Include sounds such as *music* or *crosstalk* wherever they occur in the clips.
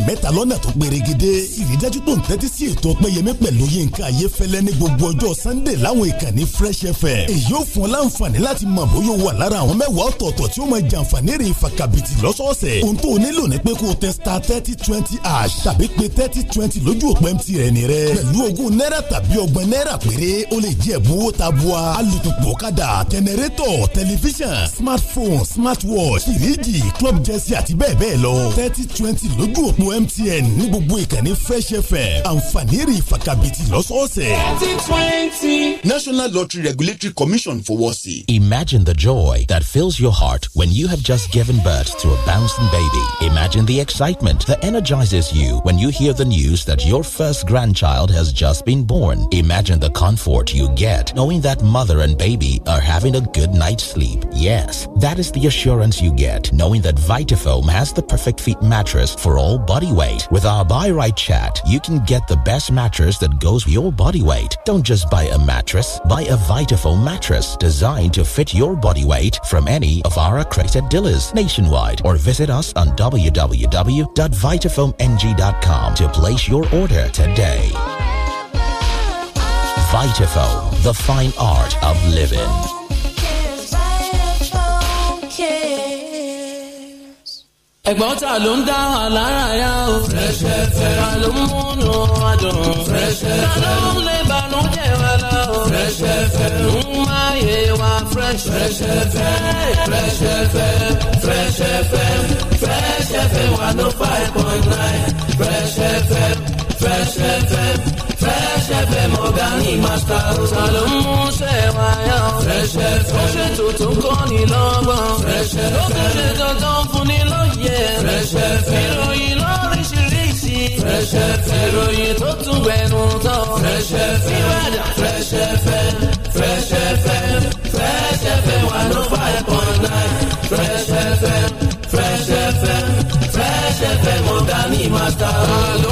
mẹ́ta lọ́nà tó pérégedé ìrídájú tó ń tẹ́tí sí ètò ọpẹ́yẹmí pẹ̀lú yínká ayéfẹ́lẹ́ ní gbogbo ọjọ́ sannde láwọn ìkànnì fresh fm èyí ò fún ọ láǹfààní láti mọ bóyá wà lára àwọn mẹ́wàá ọ̀tọ̀ọ̀tọ̀ tí ó máa jàǹfààní rè fàkàbìtì lọ́sọ̀ọ̀sẹ̀ ohun tó o nílò ni pé kó o tẹ star thirty twenty ash tàbí pé thirty twenty lójú òpó mtn rẹ pẹ̀lú ogún náírà tàbí ọgbọ̀n náírà péré o lè jẹ ẹ̀bùwó tabua alùpùpù ọ̀kadà tẹnẹrétọ̀ tẹlifíṣàn smartphone smartwatch fìríjì club jersey àti bẹ́ẹ̀ bẹ́ẹ̀ lọ thirty twenty lójú òpó sípò MTN ní gbogbo ìkànnì Fresh FM àǹfààní rí ìfakabìtì lọ́sọ̀ọ̀sẹ̀. National Lottery Regulatory Commission fowọ́ sí. Imagine the joy that fills your heart when you have just given birth to a bouncing baby. Imagine the excitement that energizes you when you hear the news that your first grandchild has just been born. Imagine the comfort you get knowing that mother and baby are having a good night's sleep. Yes, that is the assurance you get knowing that Vitafoam has the perfect fit mattress for all bodies body weight. With our Buy Right Chat, you can get the best mattress that goes with your body weight. Don't just buy a mattress, buy a Vitafoam mattress designed to fit your body weight from any of our accredited dealers nationwide or visit us on www.vitafoamng.com to place your order today. Vitafoam, the fine art of living. ẹ̀gbọ́n ta ló ń dá wa yá o. Fresh FM. ta ló ń múnú wa dùn. Fresh FM. ta ló ń lé ìbànújẹ́ wa lọ. Fresh FM. ń máyé wa Fresh. Fresh FM. Fresh FM. Fresh FM. Fresh FM one oh five point nine. Fresh FM. Fresh FM. FM ọ̀gáàní màsítà o. ló ń mú sẹ́wà yá o. Fresh FM. tuntun kọ́ ni lọ́gbọ̀n. Fresh FM. dandan fún ni lóye. Fresh FM. ìròyìn lóríṣiríṣi. Fresh FM. ìròyìn tó tún gbẹnu tán. Fresh FM. ìbàdàn Fresh FM. wà ló five point nine. Fresh FM. Fresh FM. Fresh FM ọ̀gáàní màsítà o.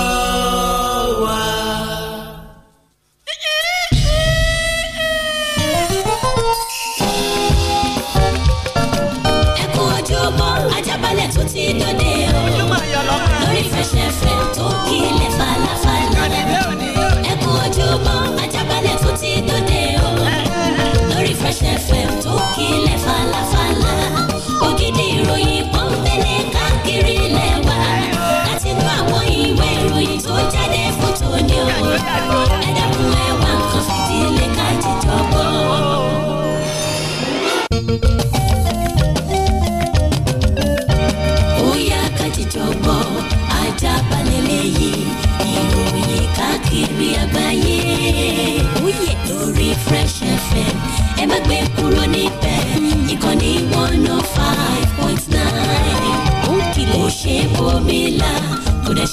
He left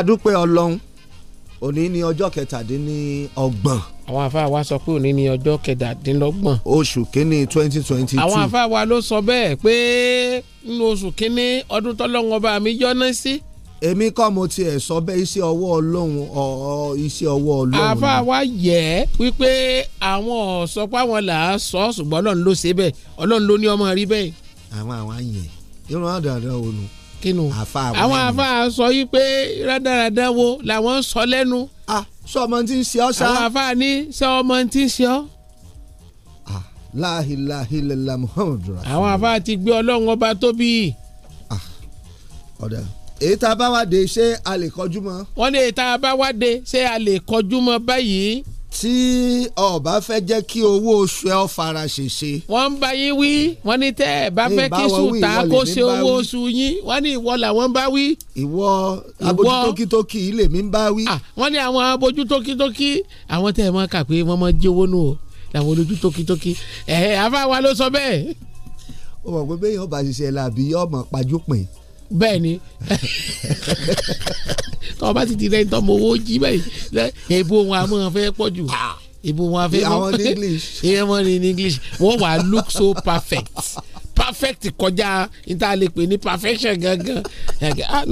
adúpẹ́ ọlọ́run òní ni ọjọ́ kẹtàdínlọ́gbọ̀n. àwọn àfa wa sọ pé òní ni ọjọ́ kẹtàdínlọ́gbọ̀n. oṣù kínní twenty twenty two. àwọn àfa wa ló sọ bẹ́ẹ̀ pé nínú oṣù kínní ọdún tọ́lọ́run ọba mi jọ́ná sí. èmi kọ́ mo tiẹ̀ sọ bẹ́ẹ̀ iṣẹ́ ọwọ́ ọlọ́run iṣẹ́ ọwọ́ ọlọ́run. àfa wa yẹ wípé àwọn sọ pé àwọn là á sọ ṣùgbọ́n ọlọ́run ló ṣe bẹ́ẹ̀ ọlọ́run ló ní ọmọ rí bẹ́ẹ̀. àwọn àwọn àyẹ̀ ìrún kínú àwọn afa sọ yìí pé rádaràdà wo làwọn ń sọ lẹ́nu. sọ ọmọ tí ń ṣe ọ sá. àwọn afa ní sọ ọmọ tí ń ṣe ọ. láhìláhìlélá muhammadu rasul. àwọn afa ti gbé ọlọ́run ọba tóbi. ọ̀dà èyí tá a bá wá de ṣé a lè kọjú mọ́. wọ́n ní èyí tá a bá wá de ṣé a lè kọjú mọ́ báyìí tí ọba fẹ́ jẹ́ kí owó oṣù ẹ fara ṣèṣe. wọ́n ń bá yín wí wọ́n ní tẹ́ ẹ bá fẹ́ kí sùtà kó ṣe owó oṣù yín wọ́n ní ìwọ làwọn ń bá wí. ìwọ abojútókítókí ilé mi ń bá wí. wọ́n ní àwọn abojútókítókí àwọn tẹ́ ẹ mọ́ kà pé wọ́n mọ́ jí owó nù o làwọn olójútókítókí ẹ̀ ẹ̀ afáwa ló sọ bẹ́ẹ̀. ó mọ̀ pé bẹ́ẹ̀ yóò bá ṣiṣẹ́ làbí yóò mọ̀ pàjùpín bẹ́ẹ̀ ni tọ́ bá ti di rẹ̀ tọ́ mo owó jí bẹ́ẹ̀ ebo wọn a máa fẹ́ pọ̀ jù ah. ebo wọn a fẹ́ mọ́ àwọn ní English ìyẹn mọ́ ni in English wọ́n wà look so perfect perfect kọjá níta lè pè ní perfection gangan ah,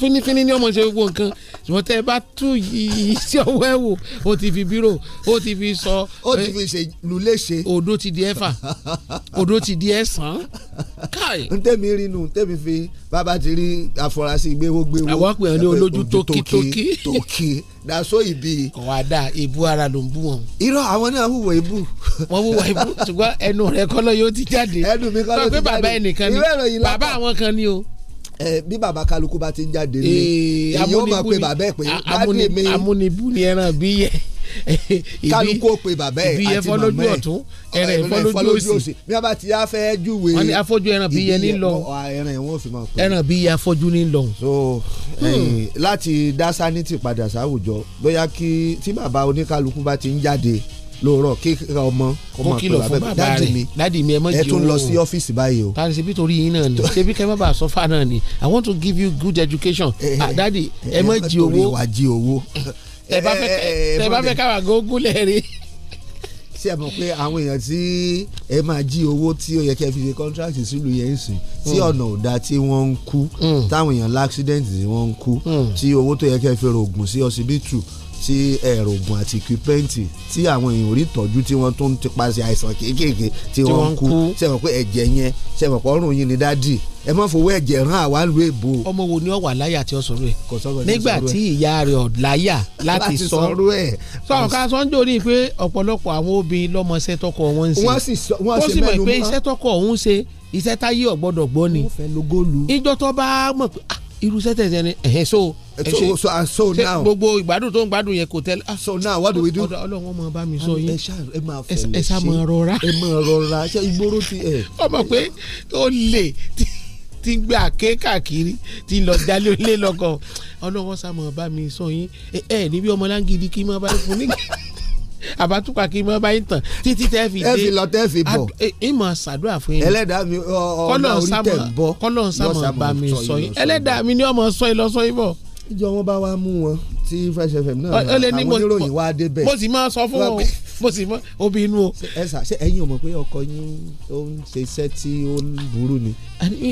finifini ni ọmọ ṣe gbogbo nǹkan ṣùgbọ́n tẹ́ ẹ bá tú iṣẹ́ ọwọ́ ẹ wò ó ti fi bírò ó ti fi sọ. ó ti eh, fi ṣe lu odo ti di ẹ̀fà odo ti di ẹ̀sán. n tẹ́mi rí nu tẹ́mi fi bàbá ti rí àfọlásí gbéwó gbéwó. àwọn pè é ní olójú tókítókí. tókí tókí daṣọ ibi. kò wá dá ìbú ara ló ń bú wọn. irọ́ àwọn náà hùwà ibu. wọ́n hùwà ìbú ṣùgbọ́n ẹnu rẹ̀ kọ́ lọ yóò ti jáde. ẹnu mi kọ́ ti jáde. sọ bàbá ẹnìkan ni bàbá àwọn kan ni o ẹ bí baba kálukú bá ti ń jáde ní èyí ó máa pe bàbá ẹ pé dáàdi mi. amúnibú ni ẹran bí yẹ kálukú ó pe bàbá ẹ àti màmá ẹ ẹrẹ ìfọlójú òsì bí wọn bá ti yá fẹ́ júwe wọn ni afọ́jú ẹran bí yẹn ní lọ ẹran bí yẹn afọ́jú ní lọ. so láti dá sanity padà sáwùjọ bóyá kí tí bàbá oníkálukú bá ti ń jáde lóòrọ̀ kí ọmọ kó máa pè lábẹ́ dáàdì mi dáàdì mi ẹ mọ̀ jí o ẹ tún lọ sí ọ́fíìsì báyìí o. tàbí ṣebí torí yín náà ni ṣebí kẹ́ má bàa sọ́fà náà ni i want to give you good education eh, ah, dáàdì ẹ mọ̀ eh, jí owó. torí wa jí owó tẹ bá fẹ́ eh, eh, eh, tẹ bá fẹ́ káwa gógún lẹ́rìí. ṣé ẹ mọ̀ pé àwọn èèyàn tí ẹ máa jí owó tí ó yẹ kẹ́ fi ṣe kọ́ńtrákì sílùú yẹn ń sìn tí hmm. ọ̀nà ò da tí wọ́n ń kú hmm. táwọn èèyàn láksidẹ̀ntì tí wọ́n ń kú hmm. tí owó tó yẹ kẹ́ fi rògùn sí ọsibítù tí ẹ̀rọ̀gùn àti equipment tí àwọn èèyàn orí ìtọ́jú tí wọ́n tún ti paṣẹ àìsàn kéékèèké tí wọ́n ń kú ṣé mọ̀ pé ẹ̀jẹ̀ yẹn ṣé mọ̀ pé ọrùn yìí ni dádì ẹ má fowó ẹ̀jẹ̀ rán àwa lu èbó. ọmọ wo ni ó wà láyà tí ó sọ̀rọ̀ ẹ̀ nígbà tí ìyá rẹ̀ ọ̀ láyà láti sọ̀rọ̀ ẹ̀. sọ ń jò ní pé ọ̀pọ̀lọpọ̀ àwọn obìnrin lọ́mọ iṣẹ́ tọkọ wọn ṣe wọ́n sì mọ̀ pé iṣẹ́ tọkọ òun ṣe iṣẹ́ táyé ọ̀gbọ́dọ̀ gbọ́ ni ìjọ tó bá mọ̀ pé ah, irú sẹ́tẹ̀ sẹ́ni ẹ̀hẹ́ so so so uh, so now gbogbo ìgbádùn tó ń gbádùn yẹn kò tẹ́lẹ̀. Ah, so now what do we do. ọlọ́run ọmọ bá mi sọ yín ẹ máa rọra ẹ máa rọra ṣe ìgboro ti ẹ. ọmọ pé ó lè tí ti ń gbé àké káàkiri ti lọ jalè olè lọkọ ọlọ́wọ́ sàmọ̀ bá mi sọ yín ẹ ẹ níbi ọmọ láǹgìdì kí n bá fún nígbà *laughs* àbátúkà kí n bá yín tàn títí tẹ́ fi dé ẹ fi lọ tẹ́ fi bọ̀ ẹ máa fún yín ẹlẹ́dàá mi ọ̀nà orí tẹ̀ bọ́ kọ́lọ́ sàmọ̀ bá mi sọ yín ẹlẹ́dàá mi ni ọmọ sọ yín lọ sọ yín bọ̀ ìjọ wọn bá wa mú wọn tí Fresh FM náà àwọn oníròyìn wa dé bẹ́ẹ̀. mo sì máa sọ fún wọn mo sì mọ obì inú o. ẹ sà ṣe ẹ̀yin ò mọ̀ pé ọkọ yín ó ń ṣe iṣẹ́ tí ó burú ni.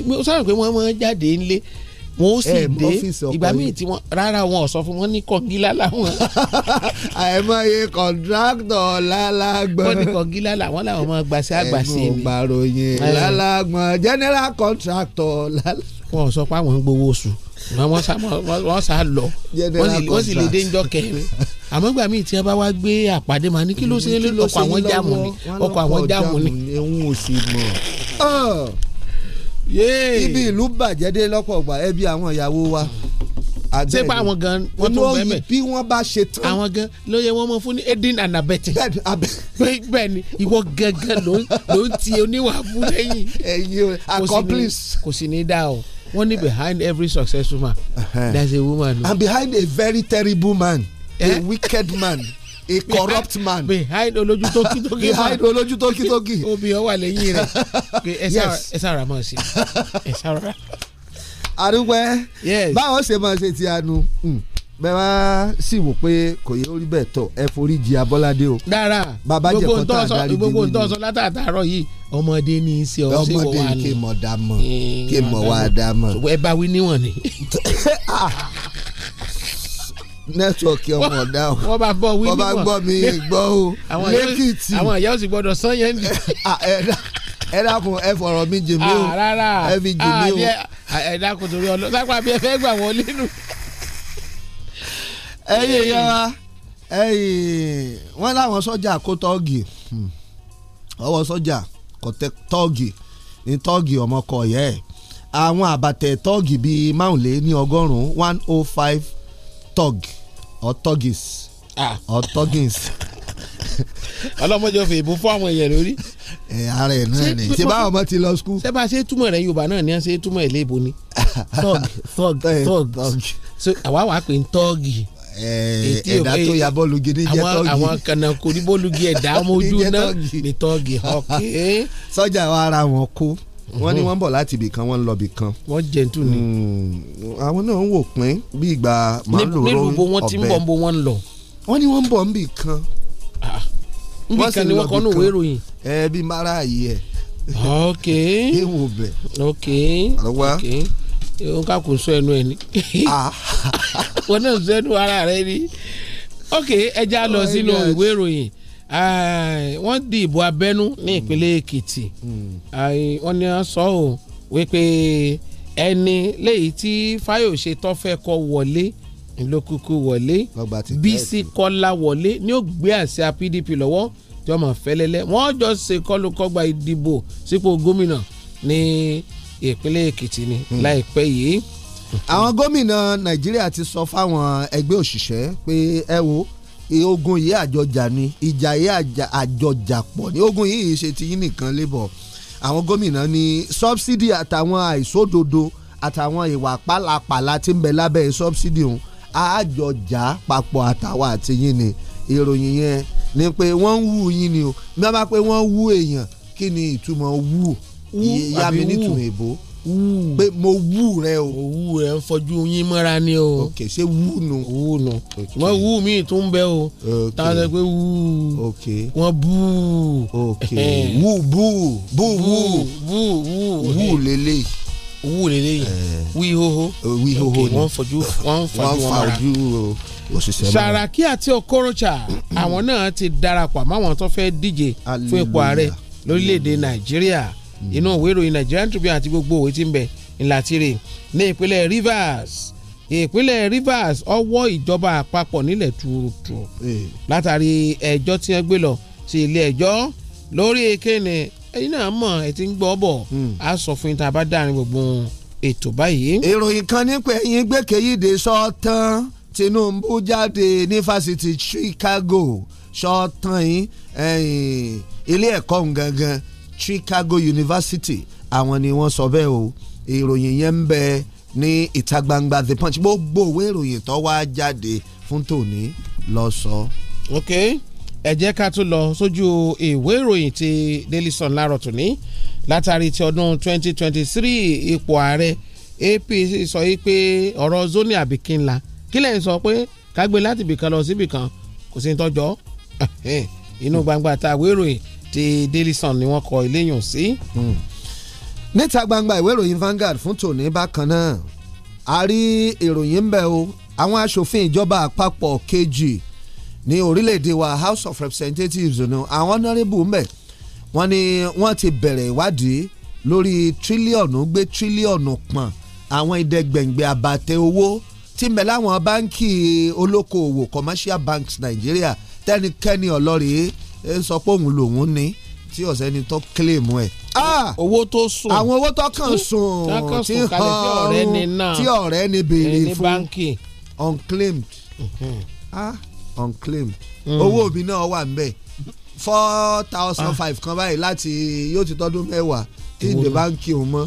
mo sọ̀rọ̀ pé wọ́n máa jáde ńlé wọn ó sì dé ìgbà míì tí wọn rárá wọn ò sọ fún wọn ní kọ̀ǹgílá làwọn. àìmọye *laughs* kọ̀ǹtráktọ̀ lálágbọ́n. wọ́n ní kọ̀ǹgílá làwọn làwọn máa gbàṣẹ́ àgbàṣe mi. ẹ̀sùn gbàròyìn lálágbọ́n general contractor lálágbọ́n. wọn ò sọ pé àwọn ń gbowó oṣù wọ́n sá sá lọ wọ́n sì lè dé njọ́ kẹrin àmọ́ gbà míì tí wọ́n bá wá gbé àpàdé máa ní kí ló ṣe é lọ́kọ̀ àwọn jáàmù ni ọkọ̀ àwọn jáàmù ni. ibi ìlú bàjẹ́ dé lọ́pọ̀ ọgbà ẹbí àwọn ìyàwó wa. ṣé pa àwọn gan wọn tó bẹ́ẹ̀ mẹ́ bí wọ́n bá ṣe tán. àwọn gan ló yẹ wọ́n mọ fún ní edin and abetting. bẹ́ẹ̀ ni ìwọ gangan ló ń ti oníwà fún lẹ́yìn. ẹ̀yin accomplice. kò sì ní dá o wọ́n ní behind every successful man uh -huh. there is a woman. No? and behind a very terrible man eh? a wicked man a corrupt man. behind olójú tókítókí. *laughs* behind olójú tókítókí. *laughs* obìnrin wà lẹ́yìn rẹ̀ ẹ sára mọ̀ sí ẹ sára. *laughs* àrùwẹ̀ báwo ṣe máa ṣe ti anu. Mm bẹ́ẹ̀ bá sì wò pé kò yẹ orí bẹ́ẹ̀ tọ̀ ẹ forí jì abọ́ládé o. dára bàbá jẹ kọ́tà àdárí dídí gbogbo ntọ́sọ látàtàárọ̀ yìí ọmọdé ní í ṣe ọ ṣe wọ wà ní. ọmọdé kí mọ̀ dá mọ̀ kí mọ̀ wá dá mọ̀. ẹ bá wí níwọ̀n ni. *laughs* nẹ́tíwọ̀kì ọmọ ọ̀dá o wọ́n bá bọ̀ wí níwọ̀n wọ́n bá gbọ́ mi gbọ́ o *laughs* lẹ́kìtì. àwọn ìyá ò sì gbọ́dọ̀ sọ́yẹ́ ń *laughs* ah, ẹ dákun ẹ fọ̀rọ̀ mi jì mí ah, o ẹ fi jì ah, mí o. ẹ dákun torí ọlọ́sàpá bí ẹ fẹ́ gbà wọlé nù ẹyìn yọra ẹyìn wọn láwọn sọ́jà kó tọ́ọ̀gì hmm. ọwọ́ sọ́jà kò tẹ tọ́ọ̀gì ní tọ́ọ̀gì ọmọkọ yẹ àwọn àbàtẹ̀ tọ́ọ̀gì bíi márùnlé ní ọgọ́rùn one oh five tọ́ọ̀g or tọ́ọ̀gìs ah. or tuggies. ọlọ́mọdé fè bú fún àwọn èèyàn lórí. ẹ ara ẹ náà ni ṣé báwọn ọmọ ti lọ skul. ṣé bá ṣe túmọ̀ rẹ̀ yorùbá náà ni a ṣe túmọ̀ ẹ̀ léèbó ni. *laughs* tọ́ọ̀gì eh, tọ́ọ̀gì tọ́ọ̀gì so àwa wàá pè ń tọ́ọ̀gì. Eh, ẹ̀dá tó ya bọ́ọ̀lù gidi jẹ́ tọ́gì àwọn kànáko ní bọ́ọ̀lù gidi ẹ̀dá ọmọ *laughs* náà ní tọ́gì ọ̀kẹ́. *laughs* sọ́jà ara wọn kó wọ́n ní wọ́n bọ̀ láti ibì wọ́n ń lọ ibì wọ́n jẹ́ tù ní. àwọn náà ń wò pín bí ìgbà màálù ró ọbẹ̀. nílùú bo wọ́n ti ń bọ̀ ń bo wọ́n lọ. wọ́n ní wọ́n ń bọ̀ ń bì kan. nbì ah, ni wọ́n kọ́ okay. *laughs* òun kà kò sọ ẹnu ẹ ni ah. *laughs* wọn náà sọ ẹnu ara rẹ ni ok ẹja lọ oh sínú ìwé ìròyìn wọ́n di ìbò abẹ́nú ní hmm. ìpínlẹ̀ Èkìtì hmm. wọ́n ní wọ́n sọ ọ́ wípé ẹni léyìí tí Fáyọ̀ṣe tó fẹ́ wọlé ńlọkùkù wọlé Bísí Kọ́lá wọlé ní ó gbé àsíá PDP lọ́wọ́ tí wọ́n mọ̀ fẹ́lẹ́lẹ́ wọ́n jọ ṣe kọ́lùkọ́gba ìdìbò sípò gómìnà ní ìpínlẹ̀ èkìtì ni hmm. láìpẹ́ yìí. àwọn gómìnà nàìjíríà ti sọ fáwọn ẹgbẹ́ òṣìṣẹ́ pé ẹ wo ogun yìí àjọjà ni ìjà yìí àjọjà pọ̀ ni ogun yìí ṣe ti yín nìkan lébọ̀ àwọn gómìnà ní sọ́bsidì àtàwọn àìsódodo àtàwọn ìwà pálapàla tí ń bẹ lábẹ́ sọ́bsidì òun àjọjà papọ̀ àtàwọn àtìyìn ni ìròyìn yẹn ni pé wọ́n ń wú yín ni o bí wọ́n bá pé wọ́n wú èèyàn kí ni ìtumọ̀ wú yíyá mi nítumọ̀ èbó pé mo wú rẹ o. mo wú rẹ ń fojú yín mọ́ra ni o. ok ṣé wú nu. wú nu wọ́n wú mi tún ń bẹ o. ok táwọn sọ pé wú. ok wọ́n bú. ok wú bú bú wú bú wú wú lélẹ́yìí owó lele yìí wíhóhó wíhóhó ni wọ́n fojú wọ́n fojú wọn mara òṣìṣẹ́ mọ́ra. Sàràkí àti Okorocha àwọn náà ti darapọ̀ àmọ́ àwọn tó fẹ́ díje fún ipò ààrẹ lórílẹ̀‐èdè Nàìjíríà. Mm. inú ìwé ìròyìn Nigerian Tribune àti gbogbo òwe tí ń bẹ ńlá ní ìpínlẹ̀ Rivers ìpínlẹ̀ Rivers ọwọ́ ìjọba àpapọ̀ nílẹ̀ tuurutu látàrí ẹjọ́ tí wọ́n gbé lọ sí ilé ẹjọ́ lórí kéènì ẹ̀yin náà mọ̀ ẹ ti ń gbọ́ bọ̀ á hmm. sọ fún yín tá a bá dárin gbogbo ètò báyìí. ìròyìn kan nípa ẹ̀yin gbẹ́kẹ̀yìndé sọ Tinubu jáde ní fásitì Chicago sọ tán ilé ẹ̀kọ́ gangan Chicago University àwọn ni wọ́n sọ bẹ́ẹ̀ o ìròyìn yẹn ń bẹ ní ìta gbangba The Punch gbogbo òwe ìròyìn tó wá jáde fún tòní lọ sọ. ok ẹ jẹ́ ká tún lọ sójú ìwé ìròyìn ti Daily Sun láàárọ̀ tòní látàrí ti ọdún 2023 ipò ààrẹ APC sọ yìí pé ọ̀rọ̀ zoni àbíkínla kílẹ̀ ń sọ pé kágbé láti ibìkan lọ síbìkan kò sí ní tọ́jọ́ *laughs* inú gbangba ta ìwé ìròyìn àti Daily Sun ni wọ́n kọ eléyìí sí. Hmm. níta gbangba ìwé ìròyìn Vanguard fún tòní bákan náà a rí ìròyìn ń bẹ o àwọn aṣòfin ìjọba àpapọ̀ kejì ní orílẹ̀-èdè wa House of Representatives ni àwọn honourable ń bẹ wọ́n ní wọ́n ti bẹ̀rẹ̀ ìwádìí lórí tírílíọ̀nù gbé tírílíọ̀nù pọ̀n àwọn ìdẹ́gbẹ̀ngbẹ̀ àbàtẹ owó tí ń bẹ láwọn báńkì olókoòwò commercial banks Nàìjíríà tẹ́nikẹ́ni ọlọ́rìí sọ pé òun lòun ní tí ọ̀sẹ̀ ni tó claim ẹ̀. Ah! owó tó sùn àwọn owó tó kàn hmm. sùn tí ọ̀rẹ́ ni náà tí ọ̀rẹ́ ni béèrè fún unclaimed hmm. ah unclaimed hmm. owó mi náà wà ń bẹ̀ four thousand ah. five kan báyìí láti yóò ti tọ́dún mẹ́wàá tí ìdè báńkì òun mọ́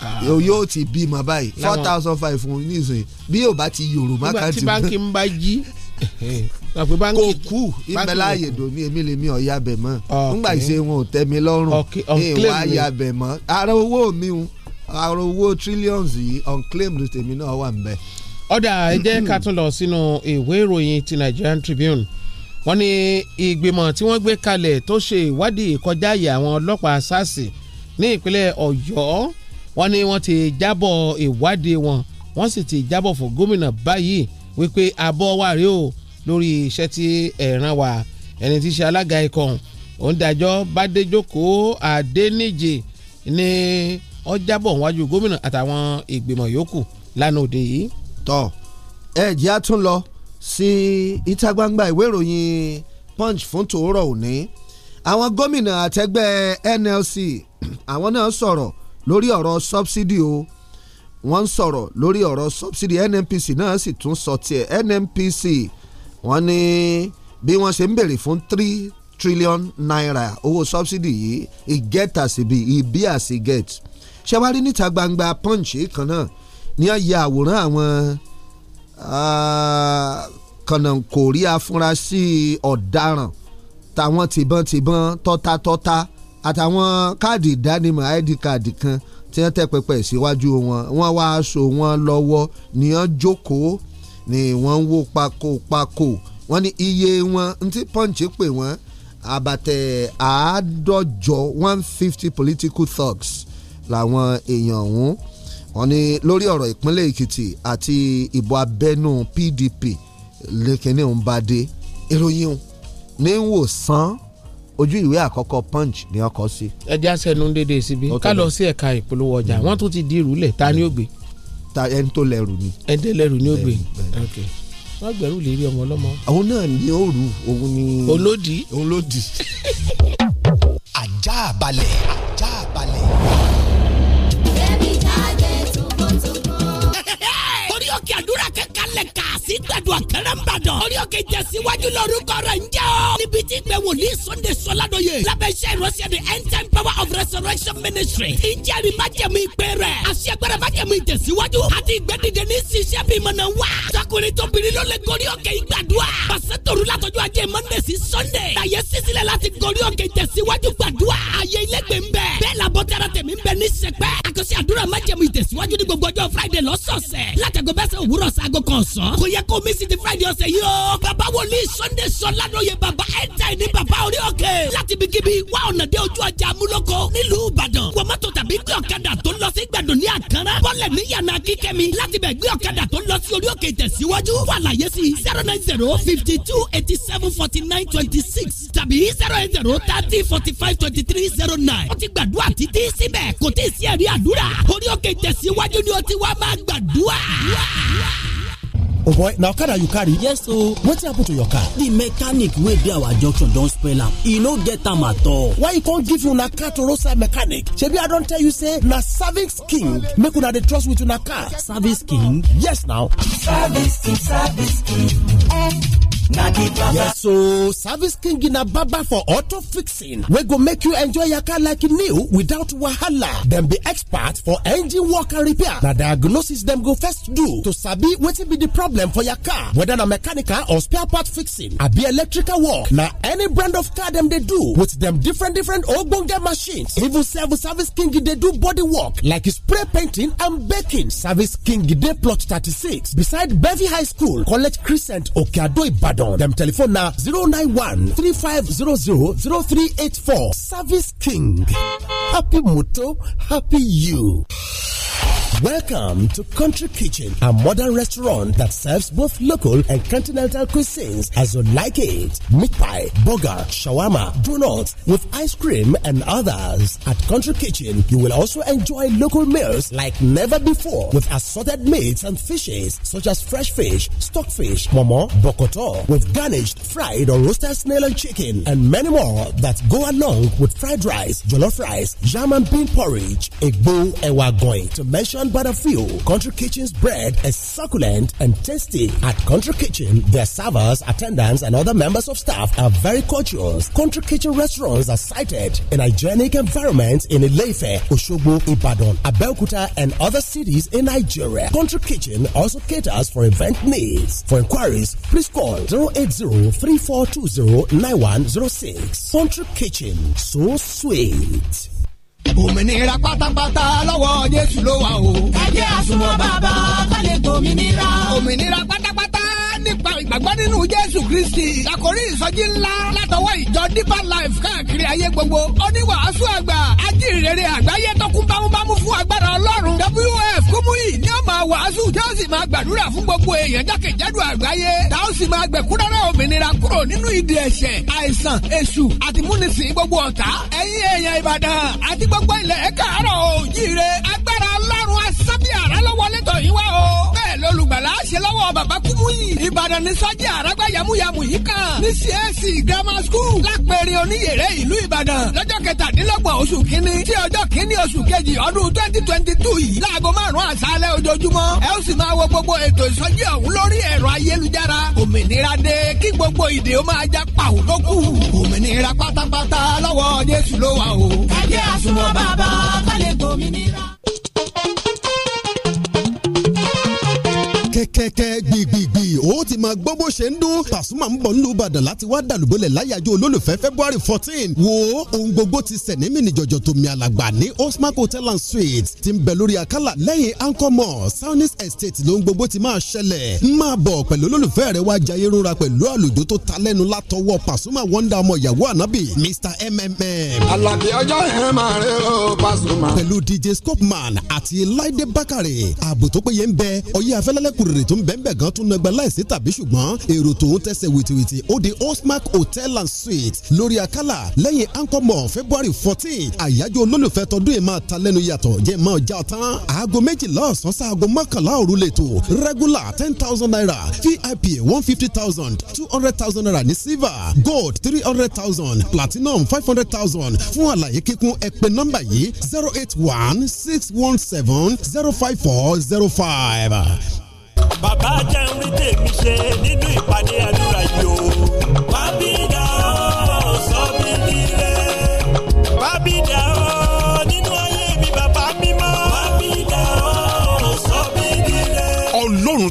ah. yóò ti bímọ báyìí four thousand five fún un nísìnyí bí yóò bá ti yòrò má kàn ti mọ́. bá ti báńkì ń bá jí *laughs* kò kú ìmẹ̀láyè dòní èmi lèmi ọ̀ya bẹ̀ mọ́ nígbà ìṣe wọn ò tẹ́ mi lọ́rùn ìwà ya bẹ̀ mọ́ ara owó mi ara owó trillions yìí unclaimed tèmi náà wà nbẹ. ọ̀dà ẹ ká tún lọ sínú ìwé ìròyìn ti Nigerian Tribune wọ́n ní ìgbìmọ̀ tí wọ́n gbé kalẹ̀ tó ṣe ìwádìí ìkọjá àyè àwọn ọlọ́pàá SARS ní ìpínlẹ̀ Ọ̀yọ́ wọ́n ní wọ́n ti jábọ̀ ìwádìí wọn wọ́n sì ti jábọ̀ fún gómìnà báyìí wípé àbọ̀ wa rèé o lórí iṣẹ́ tí ẹ̀ràn wà ẹni tí í ṣe alága ikọ̀ òǹdàjọ́ bàdéjókò àdéníje ní ọjàbọ̀ wájú gómìnà àtàwọn ìgbìmọ̀ yòókù lánàá òde yìí. tọ ẹ jẹ́ a tún lọ sí ìta gbangba ìwé ìròyìn punch fún tòórọ̀ òní àwọn gómìnà àtẹgbẹ́ NLC àwọn náà sọ̀rọ̀ lórí ọ̀rọ̀ subsidy o wọ́n ń sọ̀rọ̀ lórí ọ̀rọ̀ subsidy NNPC náà sì tún sọ tiẹ̀ NNPC wọ́n ní bí wọ́n ṣe ń béèrè fún three trillion naira owó subsidy yìí ìgẹ́ta síbi ìbí àsìgẹ́t ṣẹ́wárí níta gbangba punch kan náà ní ọ̀yẹ́ àwòrán àwọn ah, kànáńkòrí afurasí ọ̀daràn tàwọn tìbọn-tìbọn tọ́ta-tọ́ta àtàwọn káàdì ìdánimọ̀ id card kan tí wọ́n tẹ́ pẹpẹ síwájú wọn wọ́n wá aṣọ wọn lọ́wọ́ ní wọ́n jókòó ni wọ́n ń wó pakopako wọ́n ní iye wọn ntí punch pè wọ́n àbàtẹ̀ àádọ́jọ one fifty political thugs làwọn èèyàn ọ̀hún wọ́n ní lórí ọ̀rọ̀ ìpínlẹ̀ Èkìtì àti ìbò abẹ́nú PDP lẹ́kẹ̀ẹ́ni ń bá dé ìròyìn ní wò sàn ojú ìwé àkọ́kọ́ punch ni ọkọ̀ sí. ẹ jẹ́ àṣẹnu dédé síbi ká lọ sí ẹ̀ka ìpolówó ọjà hmm. wọ́n tún ti di ìrúlẹ̀ ta ni ó gbé. Mm ta ẹni tó lẹ́rù ni. ẹni tó ni ó gbé wọ́n gbẹ̀rù lè rí ọmọ ọlọ́mọ. òun náà ni ó òun ni. olódì. olódì. ajá *laughs* balẹ̀. tẹ kàásì gbàdúrà kẹrẹ ń bàdàn. orí òkè tẹ̀síwájú lórúkọ rẹ̀ ń jẹ́ o. níbi tí ìpè wòlíì sunday sọládọ́yè lábẹ́sẹ̀ ìrọ́sẹ̀ the end time power of resurrection ministry. ti ń jẹ́rìí májẹ̀mú ìpè rẹ̀. àṣegbẹ́rẹ́ májẹ̀mú ìtẹ̀síwájú. àti ìgbẹ́dìde ní ṣiṣẹ́ bí mọ̀nà wá. tọkùnrin tóbìnrin ló lè gorí òkè ìgbàdúrà. pàṣẹ tòru látọjú ajé monday sí sunday. láyé sísílẹ̀ láti gorí òkè ìtẹ̀síwájú gbàdúrà. ayé ilégbèé ń bẹ. bẹ́ẹ̀ làbọ̀ tẹ́ra tẹ̀mí ń bẹ ní sẹ́pẹ́. friday lọ́sọ̀ọ̀sẹ̀. látàgọ́ bẹ́sẹ̀ òwúrọ̀ sago mẹ́sàn kò yẹ kó mi sì ti friday ọ̀sẹ̀ yìí o. bàbá wòlíì sunday sọ ládòye bàbá ẹ̀ńtà ní bàbá orí òkè. láti bí kíbi wá ọ̀nà dé ojú ọjà amúlòkọ nílùú ìbàdàn. wọ́n mọ́tò tàbí gbé ọ̀kadà tó lọ sí gbàdùn ní àkàrà. bọ́lẹ̀ ní yànnà kíkẹ́mi láti bẹ̀ gbé ọ̀kadà tó lọ sí orí òkè tẹ̀síwájú. wàlàyé sí zero nine zero fifty two eighty seven forty nine twenty six tàbí zero eight zero thirty forty five twenty three zero nine. ó ti gbàdúrà títí síbẹ̀ kò tí ì sí ẹ̀rí àdúrà orí òkè tẹ̀síwájú ni ó ti wá máa gbàdúrà oh boy na okada you carry yes ooo wetin happen to your car The mechanic wey dey our junction don spoil am e no get am at all why you con give una car to roadside mechanic shebi i don tell you say na service king make una dey trust with una car service king yes na service king service king eh. Yeah, so service king na Baba for auto fixing We go make you enjoy your car like new without wahala Then be expert for engine work and repair The diagnosis them go first do to sabi wetin be the problem for your car whether na mechanical or spare part fixing be electrical work na any brand of car them they do with them different different ogbonge machines even sef service king they do body work like spray painting and baking service king they plot thirty-six beside bevi high school college crescent okeado ibadan ibadan telephone na 091 3500 0384 service king happy moto happy you. Welcome to Country Kitchen, a modern restaurant that serves both local and continental cuisines as you like it. Meat pie, burger, shawarma, donuts with ice cream and others. At Country Kitchen, you will also enjoy local meals like never before with assorted meats and fishes such as fresh fish, stockfish, momo, bokoto, with garnished, fried or roasted snail and chicken and many more that go along with fried rice, jollof rice, jam and bean porridge, bowl, and we to mention but a few. Country Kitchen's bread is succulent and tasty. At Country Kitchen, their servers, attendants and other members of staff are very courteous. Country Kitchen restaurants are sited in hygienic environments in Ilefe, Oshogbo, Ibadan, Abeokuta and other cities in Nigeria. Country Kitchen also caters for event needs. For inquiries, please call zero eight zero three four two zero nine one zero six Country Kitchen so sweet. Òmìnira pátápátá lọ́wọ́ Jésù ló wà o. Ẹ jẹ́ àsùnwọ̀n bàbá ká lè gbòmìnira. Òmìnira pátápátá nípa ìgbàgbọ́ nínú Jésù Kristi. Àkòrí ìsọjí ńlá látọwọ́ ìjọ Deeper Life káàkiri ayé gbogbo. Oníwàásù àgbà ajínrere àgbáyé tó bámúbámú fún agbára Ọlọ́run. WF Kúmúyì ni ó máa wàásù tí ó sì máa gbàdúrà fún gbogbo èèyàn jákèjádò àgbáyé. Tá ó sì máa gbẹ̀kúrẹ́rẹ́ òmìnira kúrò nínú ìdè ẹ̀ṣẹ̀, àìsàn, èṣù àti gbogbo ọ̀tá. Ẹ̀yin èèyàn Ìbàdàn àti gbogbo ilẹ̀ káàárọ̀ oòjíire agbára Ọlọ́run asábíàrá ló yín wá o olùgbàlà ṣe lọ́wọ́ bàbá kúmú yìí ìbàdàn ní sọ́jí àràgbà yamuyamu yìí kan ní csc e grammar school lápẹ̀rẹ̀ oníyèrè ìlú ìbàdàn lọ́jọ́ kẹtàdínlọ́gbọ̀n oṣù kínní tí ọjọ́ kínní oṣù kejì ọdún twenty twenty two yìí láago márùn-ún àṣálẹ́ ojoojúmọ́ ẹ ó sì máa wo gbogbo ètò ìsọjí ọ̀hún lórí ẹ̀rọ ayélujára òmìnira dé kí gbogbo ìdè ó máa já pàwó o. ká jẹ́ àsùnwọ̀n bàbá kẹ́kẹ́kẹ́ gbìgbìgbì ó ti máa gbọ́ bó ṣe ń dún Pasuma ń bọ̀ nílùú Ìbàdàn láti wá dàlúbọ̀lẹ̀ láyàjọ́ olólùfẹ́ February fourteen wo ohun gbogbo ti sẹ̀ ní mìnìjọ̀jọ̀ tó mi àlàgbà ní Osmark Hotel and Suites ti ń bẹ̀ lórí àkàlà lẹ́yìn Anchor Saunis Estate lóhun gbogbo ti máa ṣẹlẹ̀ ń máa bọ̀ pẹ̀lú olólùfẹ́ rẹ̀ wá jayé rúra pẹ̀lú àlùjọ tó ta lẹ́nu látọwọ́ Pasuma wonder ọmọ ìyàwó ànábì Mr MMM. Àlàbí ọjọ́ yẹn máa rẹ o DJ Scopeman àti Láìdé Bákàrẹ̀ ààbò tó péye ń bẹ ọyẹ́ afẹ́lẹ́lẹ́kùr rere tó ń bẹ́ẹ̀nbẹ́ẹ̀ gan tún nàgbà láìsí tàbí ṣùgbọ́n èrò tòun tẹ̀sẹ̀ wìtìwìtì ó di Housemark Hotel and Suites lórí Akálà lẹ́yìn Angkor Mall February fourteen àyájọ́ olólùfẹ́ tọdún yìí máa ta lẹ́nu yàtọ̀ jẹ́ máa já ọ tán aago méjìlá ọ̀sán sí aago mọ́kànlá òru lẹ́tọ̀ regular ten thousand naira VIP one fifty thousand two hundred thousand naira ní silver gold three hundred thousand platinum five hundred thousand fún àlàyé kíkún ẹ pè nọ́mbà yìí zero eight one six one seven zero five four zero five bàbá jẹun tèmi ṣe nínú ìpàdé àdúrà yìí o.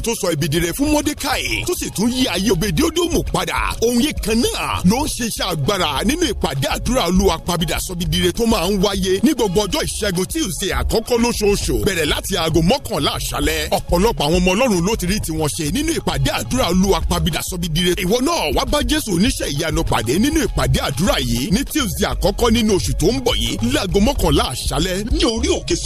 ọlọ́run tó sọ ibi di rẹ̀ fún mọ́dékàì tó sì tún yí ayé òbèdéódòmù padà òun yìí kan náà ló ń ṣe iṣẹ́ agbára nínú ìpàdé àdúrà olúwa pàbídà sọ́bìdire tó máa ń wáyé ní gbogbo ọjọ́ ìṣẹ́gun Tuesday àkọ́kọ́ lóṣooṣù bẹ̀rẹ̀ láti aago mọ́kànlá àṣálẹ́ ọ̀pọ̀lọpọ̀ àwọn ọmọ ọlọ́run ló ti rí tiwọn ṣe nínú ìpàdé àdúrà olúwa pàbídà sọ́bìdire ìwọ náà wá bá jésù oníṣẹ́ ìyanu pàdé nínú ìpàdé àdúrà yìí ní Tuesday àkọ́kọ́ nínú oṣù tó ń bọ̀ yìí láago mọ́kànlá àṣálẹ́ ní orí òkè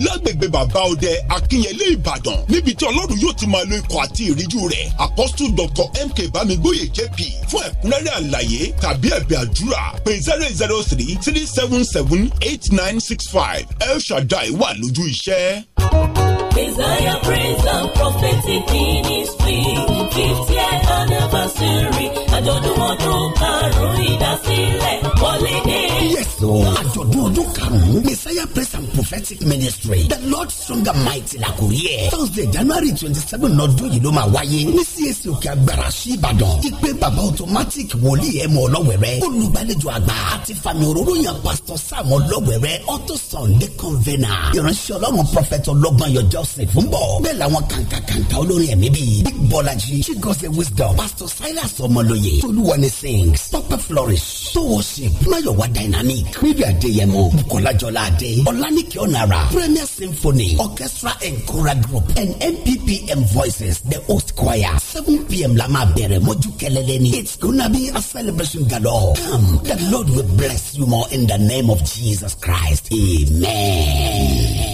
lágbègbè bàbá ọdẹ akínyẹlé ìbàdàn níbi tí ọlọ́run yóò ti máa lo ikọ̀ àti ìríjú rẹ̀ apostle dr mk bámigbóyè jp fún ẹ̀kúnrẹ́rẹ́ àlàyé tàbí ẹ̀bẹ̀ àdúrà pé zero zero three three seven seven eight nine six five el shaddai wà lójú iṣẹ́. Desire Praise and Prophetic Ministry fiftieth anniversary àjọ̀dún ọdún karùn-ún ìdásílẹ̀ wọlé yes o àjọ̀dún ọdún karùn-ún messiah praise and prophetic ministry the lord stronger mighty la kò rí thursday january twenty seven ọdún yìí ló máa wáyé ní cac òkè agbára sí ìbàdàn ìpè bàbá automatic wòlíì ẹ̀mọ́ ọlọ́wẹ̀rẹ́ olùgbàlejò àgbà àti fàmì òróró yàn pastor sam ọlọ́wẹ̀rẹ́ auto sunday convener ìránṣẹ́ ọlọ́run prophet ọlọ́gbọ́n yọ joseph ń bọ̀ bẹ́ẹ̀ làwọn kàǹkà kàǹkà olórin ẹ̀mí bíi big bọ́lájí chigose wisdom pastor silas ọmọlóye tolúwani sings papa flourish tó worship mayowa dynamite nani péjú adéyẹmọ bukola jọládé ọlánìkẹ́ ọ̀nàrà premier symphony orchestra and choral group and MPPM voices the host choir seven pm la bẹ̀rẹ̀ mọ́jú kẹlẹ́lẹ́ it's gonna be a celebration galore come the lord will bless you more in the name of jesus christ amen.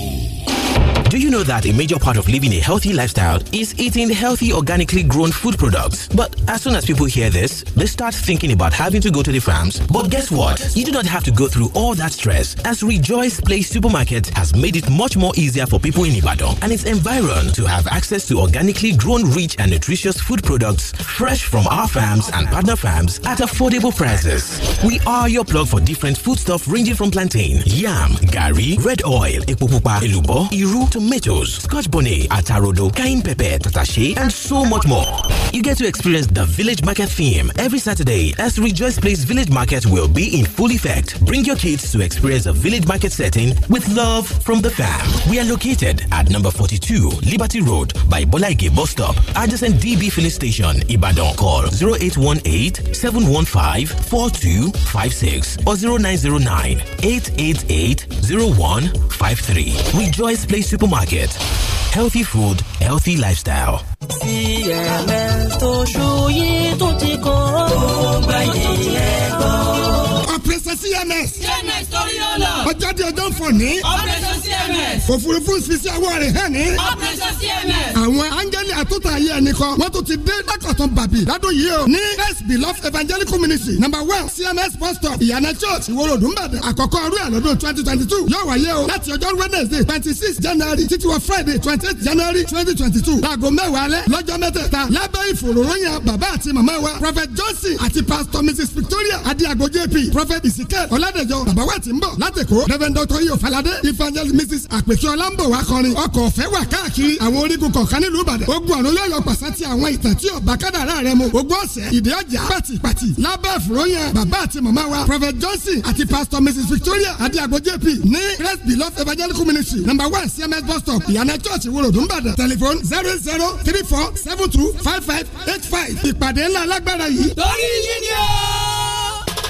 Do you know that a major part of living a healthy lifestyle is eating healthy, organically grown food products? But as soon as people hear this, they start thinking about having to go to the farms. But guess what? You do not have to go through all that stress as Rejoice Place Supermarket has made it much more easier for people in Ibadan and its environ to have access to organically grown, rich, and nutritious food products fresh from our farms and partner farms at affordable prices. We are your plug for different foodstuff ranging from plantain, yam, gari, red oil, epo elubo, iru, tomato tomatoes, scotch bonnet, atarodo, cayenne pepper, tatashi, and so much more. You get to experience the village market theme every Saturday as Rejoice Place Village Market will be in full effect. Bring your kids to experience a village market setting with love from the fam. We are located at number 42 Liberty Road by Bolaige Bus Stop, adjacent DB Philly Station, Ibadan. Call 0818 715 4256 or 0909 888 0153. Rejoice Place Supermarket market. Healthy food, healthy lifestyle. CMS tó ṣú yìí tó ti kọ́. ó gbàyè ẹ̀kọ́. ọ̀pẹ̀sẹ̀ CMS. CMS torí ọlọ́ ọjọ́dé ọjọ́ ń fò ní. operation cms. òfurufú sisi awọ rẹ̀ hẹ́ ní. operation cms. àwọn áńgẹ́lì àtúntà ayé ẹni kan wọ́n tún ti dé lákọ̀tún bàbí ládùn yìí o ní first beloved evangelical ministry number one cms Pastor stop ìyànà church ìwòròdùnbàdàn àkọ́kọ́ ọdún àlọ́dún twenty twenty two yóò wáyé o láti ọjọ́ wednesday twenty six january títí wọ friday twenty eight january twenty twenty two láago mẹ́wàá alẹ́ lọ́jọ́ mẹ́tẹ̀ẹ̀ta lábẹ́ ìfòròròyìn bàbá àti màmá wa prophet johnson àti pastor mrs victoria adiago jp prophet isikel ọ̀làdẹ̀jọ bàbá wa ti ń bọ̀ látẹ̀kọ́ èkó reverend doctor iyo falade evangelist mrs àpèkíọ́lá ń bọ̀ wá kọrin ọkọ̀ ọ̀fẹ́ wà káàkiri àwọn orígun kọ̀ọ̀kan nílùú ìbàdàn ogun àrùn yóò yọ pàṣẹ ti àwọn ìtàn tí ọba kádàrá rẹ mu ogun ọ̀sẹ̀ ìdí ọjà pàtìpàtì lábẹ́ ìfúróyàn bàbá àti màmá wa prophet johnson àti pastor mrs victoria adiago jp ní rest beloved evangelical ministry number one cms bus stop ìyànà church ìwòròdú ìbàdàn telephone zero zero three four seven two five five eight five ìpàdé ńlá alágbára yìí. torí yín ni ó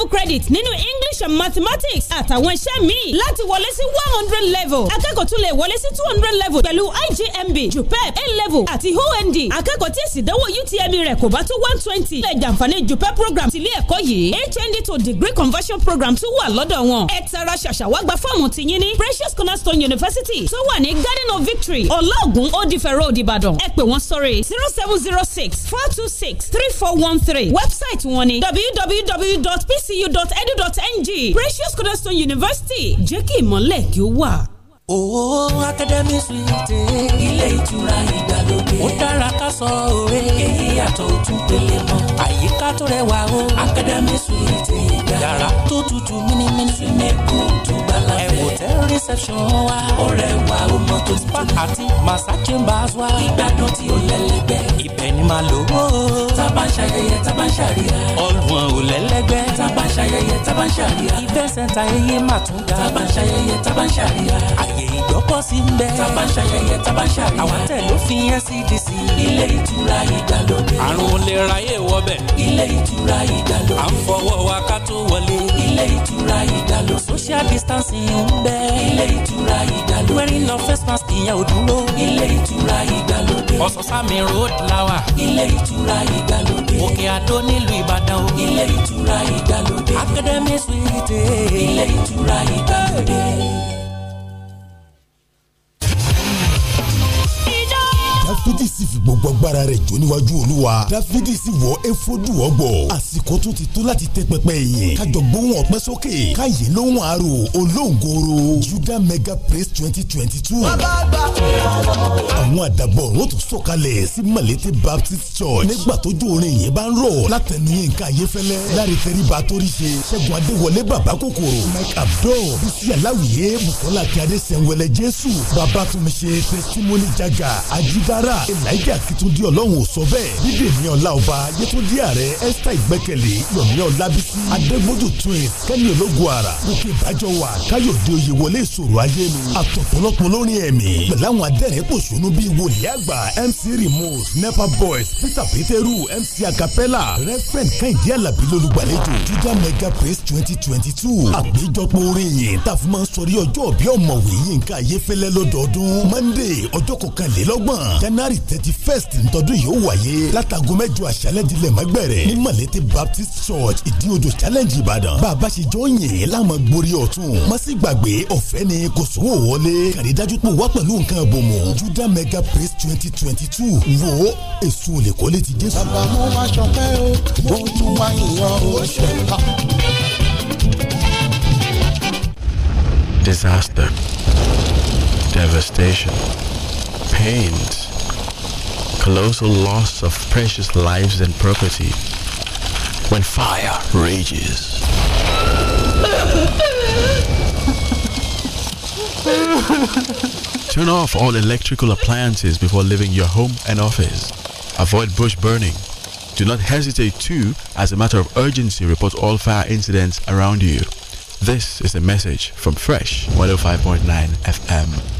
level credit nínú English and mathematics àtàwọn iṣẹ́ míì láti wọlé sí one hundred level akẹ́kọ̀ọ́ tún lè wọlé sí two hundred level pẹ̀lú IJMB JUPEB A level àti OND akẹ́kọ̀ọ́ tí èsì ìdánwò UTME rẹ̀ kò bá tó one twenty lè jàǹfààní JUPEB program tìlé ẹ̀kọ́ yìí HND to degree conversion program tún wà lọ́dọ̀ wọn ẹ tara ṣàṣàwágbá fọ́ọ̀mù tìyín ní Precious Cornerstone University tó wà ní Garden of Victory ọlọ́ọ̀gùn òdìfẹ́ road Ìbàdàn ẹ pè wọ́n sórí zero seven zero six four two six three four one three website wọn ni www.pc fcu.edu.ng precious cornerstone university jẹ́ kí ìmọ̀lẹ̀ kí ó wà. Oo Akademi Suite. Ilé ìtura ìgbàlódé. Ó dára ká sọ òwe. Èyí yàtọ̀ ojú pele mọ́. Àyíká tó rẹwà o. Akademi Suite. Yàrá tó tutù mímímí. Swimming tó gbàlá hotel reception wa. ọ̀rẹ́ wa ó mọ tó ti tó. àti massa chambers wa. ìgbádùn tí ó lẹ́lẹ́gbẹ́. ibẹ̀ ni màá lò ó. tábà ń ṣayẹyẹ tábà ń ṣàríyá. ọgbọ̀n ò lẹ́lẹ́gbẹ́. tábà ń ṣayẹyẹ tábà ń ṣàríyá. ìfẹ́ sẹ́ńtà eyé mà tún ga. tábà ń ṣayẹyẹ tábà ń ṣàríyá. àyè ìgbọ́kọ̀ sí ń bẹ. tábà ń ṣayẹyẹ tábà ń ṣàríyá. àwọn tẹ̀ ló fi NCDC. ilé ìtura ìdàlódé. àrùn olè ra yé wọbẹ̀. ilé ìtura ìdàlódé. à ń fọwọ́ wa ká tó wọlé. ilé ìtura ìdàlódé social distancing ń bẹ. ilé ìtura ìgbàlódé. wearing no face mask ìyẹn ò dúró. ilé ìtura ìgbàlódé. ọ̀sán-sámi road lawa. ilé ìtura ìgbàlódé. òkè àdó nílùú ìbàdàn o. ilé ìtura ìgbàlódé. academy suite. ilé ìtura ìgbàlódé dáfídì sì fi gbogbo agbára rẹ̀ jó níwájú olúwa dáfídì sì wọ efodu ọgbọ̀ àsìkò tó ti tó láti tẹ́ pẹpẹ yìí kájọ gbóhùn ọpẹ́ sókè káyé lóhùn àrò olóńgòrò juda mega praise twenty twenty two. àwọn àdàbọ̀ ọ̀run tó sọ̀kalẹ̀ sí malete baptist church nígbà tójú orin yẹn bá ń rọ̀ látẹnu yẹn ká yé fẹ́lẹ́ láre tẹ́ríba torí ṣe ṣẹ́gun adéwọlé bàbá kòkòrò mike abdul bísí aláwìyé bukola kíadé sẹ́wẹ̀lẹ̀ jésù babatunmi testimony jaga ajibara Democrat Elijah Akitunde Ọlọ́run ò sọ bẹ́ẹ̀ Bídèmí Ọláọba Yétúndí Ààrẹ Esther Ìgbẹ́kẹ̀lé Yọ̀mí Ọlábísí Adégbójú twins Kẹ́mi ológun ara Gòkè Bájọ́wà Káyọ̀dé Oyèwọlé ìṣòro ayé mi àtọ̀pọ̀lọpọ̀ lórí ẹ̀mí pẹ̀lú àwọn adẹ́rìn pòṣónú bíi wòlíì àgbà MC Remote Nepa Boys Peter Peteru MC Acapella Reverend Kẹ́hìndé Àlàbí lolùgbàlejò Judah Mega Praise twenty twenty two àgbéjọpọ̀ orin yìí tàfimọ̀ sọrí ọjọ́ bí ọmọwé Yínká Ayéfẹ́lẹ́ lọ́dọọdún Monday ọjọ́ kọkànlélọ́gbọ̀n Jan january thirty first ntọ́dún yìí ó wáyé látago mẹ́jọ àṣálẹ́ dilẹ̀ mẹ́gbẹ̀rẹ̀ ní malete baptist church ìdíodò challenge ìbàdàn bàbá ṣe jọ yìn láàmú gborí ọ̀tún má gbàgbé ọ̀fẹ́ ni kò sówó wọlé kàrí dájú pé wá pẹ̀lú nǹkan àbòmọ̀ judah mega praise twenty twenty two wo èso olè kọ́lé ti jésù. bàbá mo máa ṣọpẹ́ o mo tún wá ìyàn o ká. disaster, devastation, Pain. colossal loss of precious lives and property when fire rages. *laughs* Turn off all electrical appliances before leaving your home and office. Avoid bush burning. Do not hesitate to, as a matter of urgency, report all fire incidents around you. This is a message from Fresh 105.9 FM.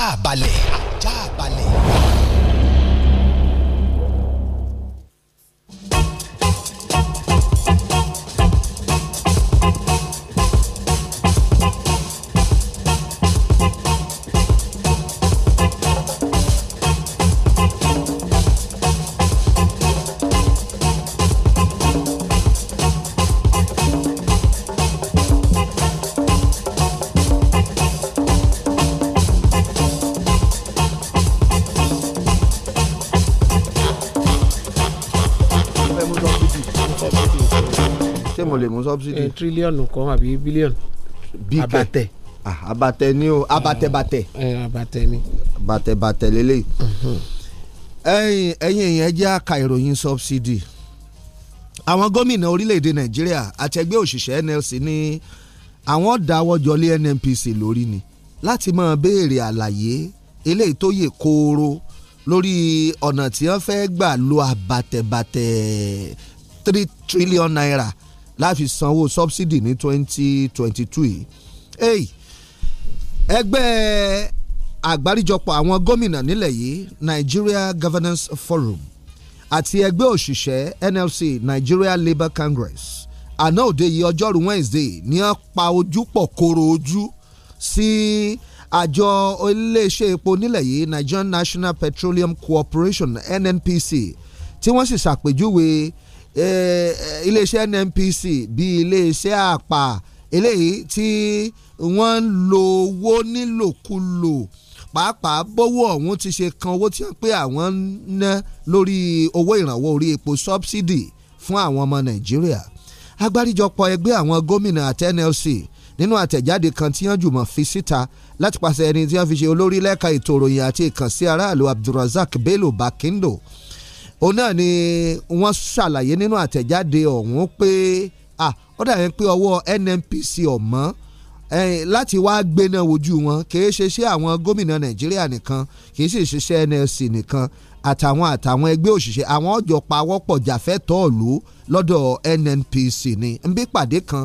ajá balẹ̀. lè mú subsidy. Eh, tírílíọ̀nù kan àbí bílíọ̀nù. bíkẹ́ abatẹ. Ah, abatẹ ni o abatẹbatẹ. abatẹ eh, ni. lele. lélẹ̀. Mhm. ẹ̀yin ẹ̀yin èèyàn jẹ́ àka ìròyìn subsidy. àwọn gómìnà orílẹ̀-èdè nàìjíríà àti ẹgbẹ́ òṣìṣẹ́ NLC ní àwọn dáwọ́jọlé NNPC lórí ni láti máa béèrè àlàyé eléyìí tó yè kooro lórí ọ̀nà tí wọ́n fẹ́ gbà lo àbàtẹ̀bàtẹ̀ three trillion naira láfi sanwó subsidy ní twenty twenty two yìí. Hey, ẹgbẹ́ àgbáríjọpọ̀ àwọn gómìnà nílẹ̀ yìí Nigeria Governance Forum àti ẹgbẹ́ òṣìṣẹ́ NLC Nigeria Labour Congress àná òde yìí ọjọ́rú Wednesday ní wọ́n pa ojú pọ̀ koro ojú sí àjọ iléeṣẹ́ epo nílẹ̀ yìí Nigerian National Petroleum Corporation NNPC tí wọ́n sì ṣàpèjúwe iléeṣẹ́ NNPC bíi iléeṣẹ́ àpà eléyìí tí wọ́n ń lo owó nílòkulò pàápàá bówó ọ̀hún ti ṣe kan owó tí wọ́n pé àwọn ń ná lórí owó ìrànwọ́ orí epo subsidy fún àwọn ọmọ Nàìjíríà agbáríjọpọ̀ ẹgbẹ́ àwọn gómìnà àti NLC nínú àtẹ̀jáde kan tí wọ́n jùmọ̀ fi síta láti pàṣẹ ẹni tí wọ́n fi ṣe olórí lẹ́ka ètò àti ìkànsí aráàlú Abdulrasaq Bello Bakindo òun náà ni wọ́n ṣàlàyé nínú àtẹ̀jáde ọ̀hún pé ó dàbí pé ọwọ́ NNPC ọ̀mọ́ láti wá gbéná wojú wọn kìí ṣe ṣe àwọn gómìnà Nàìjíríà nìkan kìí sì ṣiṣẹ́ NLC nìkan àtàwọn àtàwọn ẹgbẹ́ òṣìṣẹ́ àwọn ọjọ́ pawọ́pọ̀ jàfẹ́tọ̀ọ̀lù lọ́dọ̀ NNPC ni nbí pàdé kan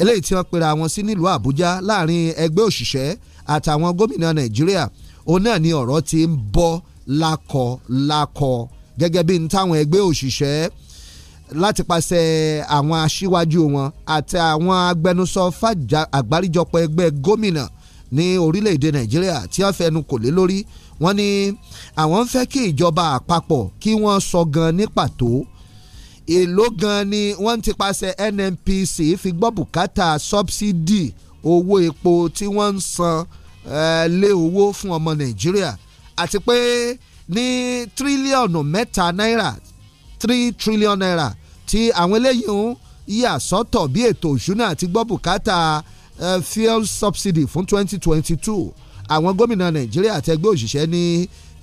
eléyìí tí wọ́n pera wọn sí nílùú Àbújá láàrin ẹgbẹ́ òṣìṣẹ́ àtàwọn gómìnà Nàìjíríà òun náà ni ọ̀rọ̀ ti ń bọ́ lákọ̀ọ́ lákọ̀ọ́ gẹ́gẹ́ bí n táwọn ẹgbẹ́ òṣìṣẹ́ láti pàṣẹ àwọn aṣíwájú wọn àti àwọn agbẹnusọ fàjà àgbáríjọpọ̀ ẹgbẹ́ gómìnà ní orílẹ̀-èdè nàìjíríà tí wọ́n fẹnu kò lé lórí wọ́n ní àwọn ń fẹ́ kí ìjọba àpapọ̀ kí wọ́n sọ gan ní pàtó èló gan ni wọ́n ti pàṣẹ NNPC fi gbọ́ bùkátà sọ́bsidì owó epo tí wọ́n ń san lé owó fún ọmọ nàìjíríà àti pé ní tírílíọ̀nù mẹ́ta náírà three trillion naira tí àwọn eléyìí ń yà sọ́tọ̀ bí ètò òṣùnà àti gbọ́ bùkátà fuel subsidy fún twenty twenty two àwọn gómìnà nàìjíríà àtẹgbẹ́ òṣìṣẹ́ ní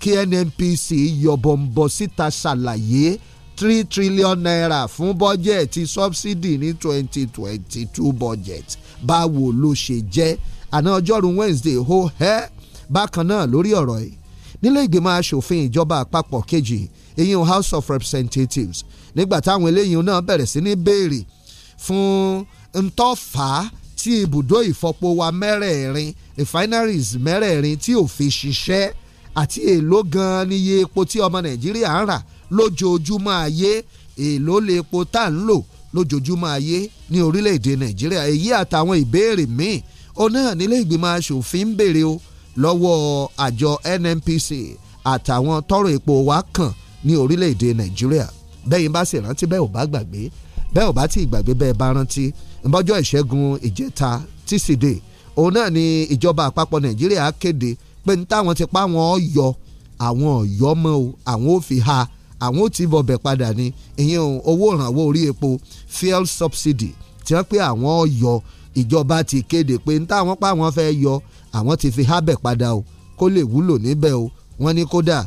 kí nnpc yọ̀bọ̀nbọ̀ síta ṣàlàyé three trillion naira fún bọ́jẹ̀tì subsidy ní twenty twenty two budget báwo ló ṣe jẹ́ àná ọjọ́rùú wednesday ho ẹ́ bákan náà lórí ọ̀rọ̀ yìí nílé ìgbìmọ̀ asòfin ìjọba àpapọ̀ kejì ìyẹn House of Representatives nígbà táwọn eléyìí náà bẹ̀rẹ̀ sí ní béèrè fún ntọ́fà tí ibùdó ìfọpo wa mẹ́rẹ̀ẹ̀rin refineries mẹ́rẹ̀ẹ̀rin tí ò fi ṣiṣẹ́ àti èló gan-an níye epo tí ọmọ Nàìjíríà ń rà lójoojúmọ́ ayé èló lè epo tá à ń lò lójoojúmọ́ ayé ní orílẹ̀-èdè Nàìjíríà èyí àtàwọn ìbéèrè míì ó náà nílé ìgbìmọ̀ asòfin ń béèrè o. Náà, lọ́wọ́ àjọ NNPC àtàwọn tọ́rọ̀ epo wa kàn ní orílẹ̀-èdè Nàìjíríà bẹ́yìn bá sì rántí bẹ́ẹ̀ ò bá gbàgbé bẹ́ẹ̀ ò bá tí ì gbàgbé bẹ́ẹ̀ bá rántí ńbọ́jọ́ ìṣẹ́gun ìjẹta tíṣídẹ̀ẹ́ òun náà ni ìjọba àpapọ̀ Nàìjíríà kéde pé ní táwọn ti pa àwọn ọyọ àwọn ọyọ mọ́ o àwọn ò fi ha àwọn ò tí ì bọ̀bẹ̀ padà ni ìyẹn owó ìrànwọ́ orí epo fuel subsidy tí wọ́n pé àwọn ọyọ ìjọba ti kéde pé ní táwọn pa àwọn fẹ́ yọ àwọn ti fi hábẹ̀ padà o kó lè wúlò níbẹ̀ o wọ́n ní kódà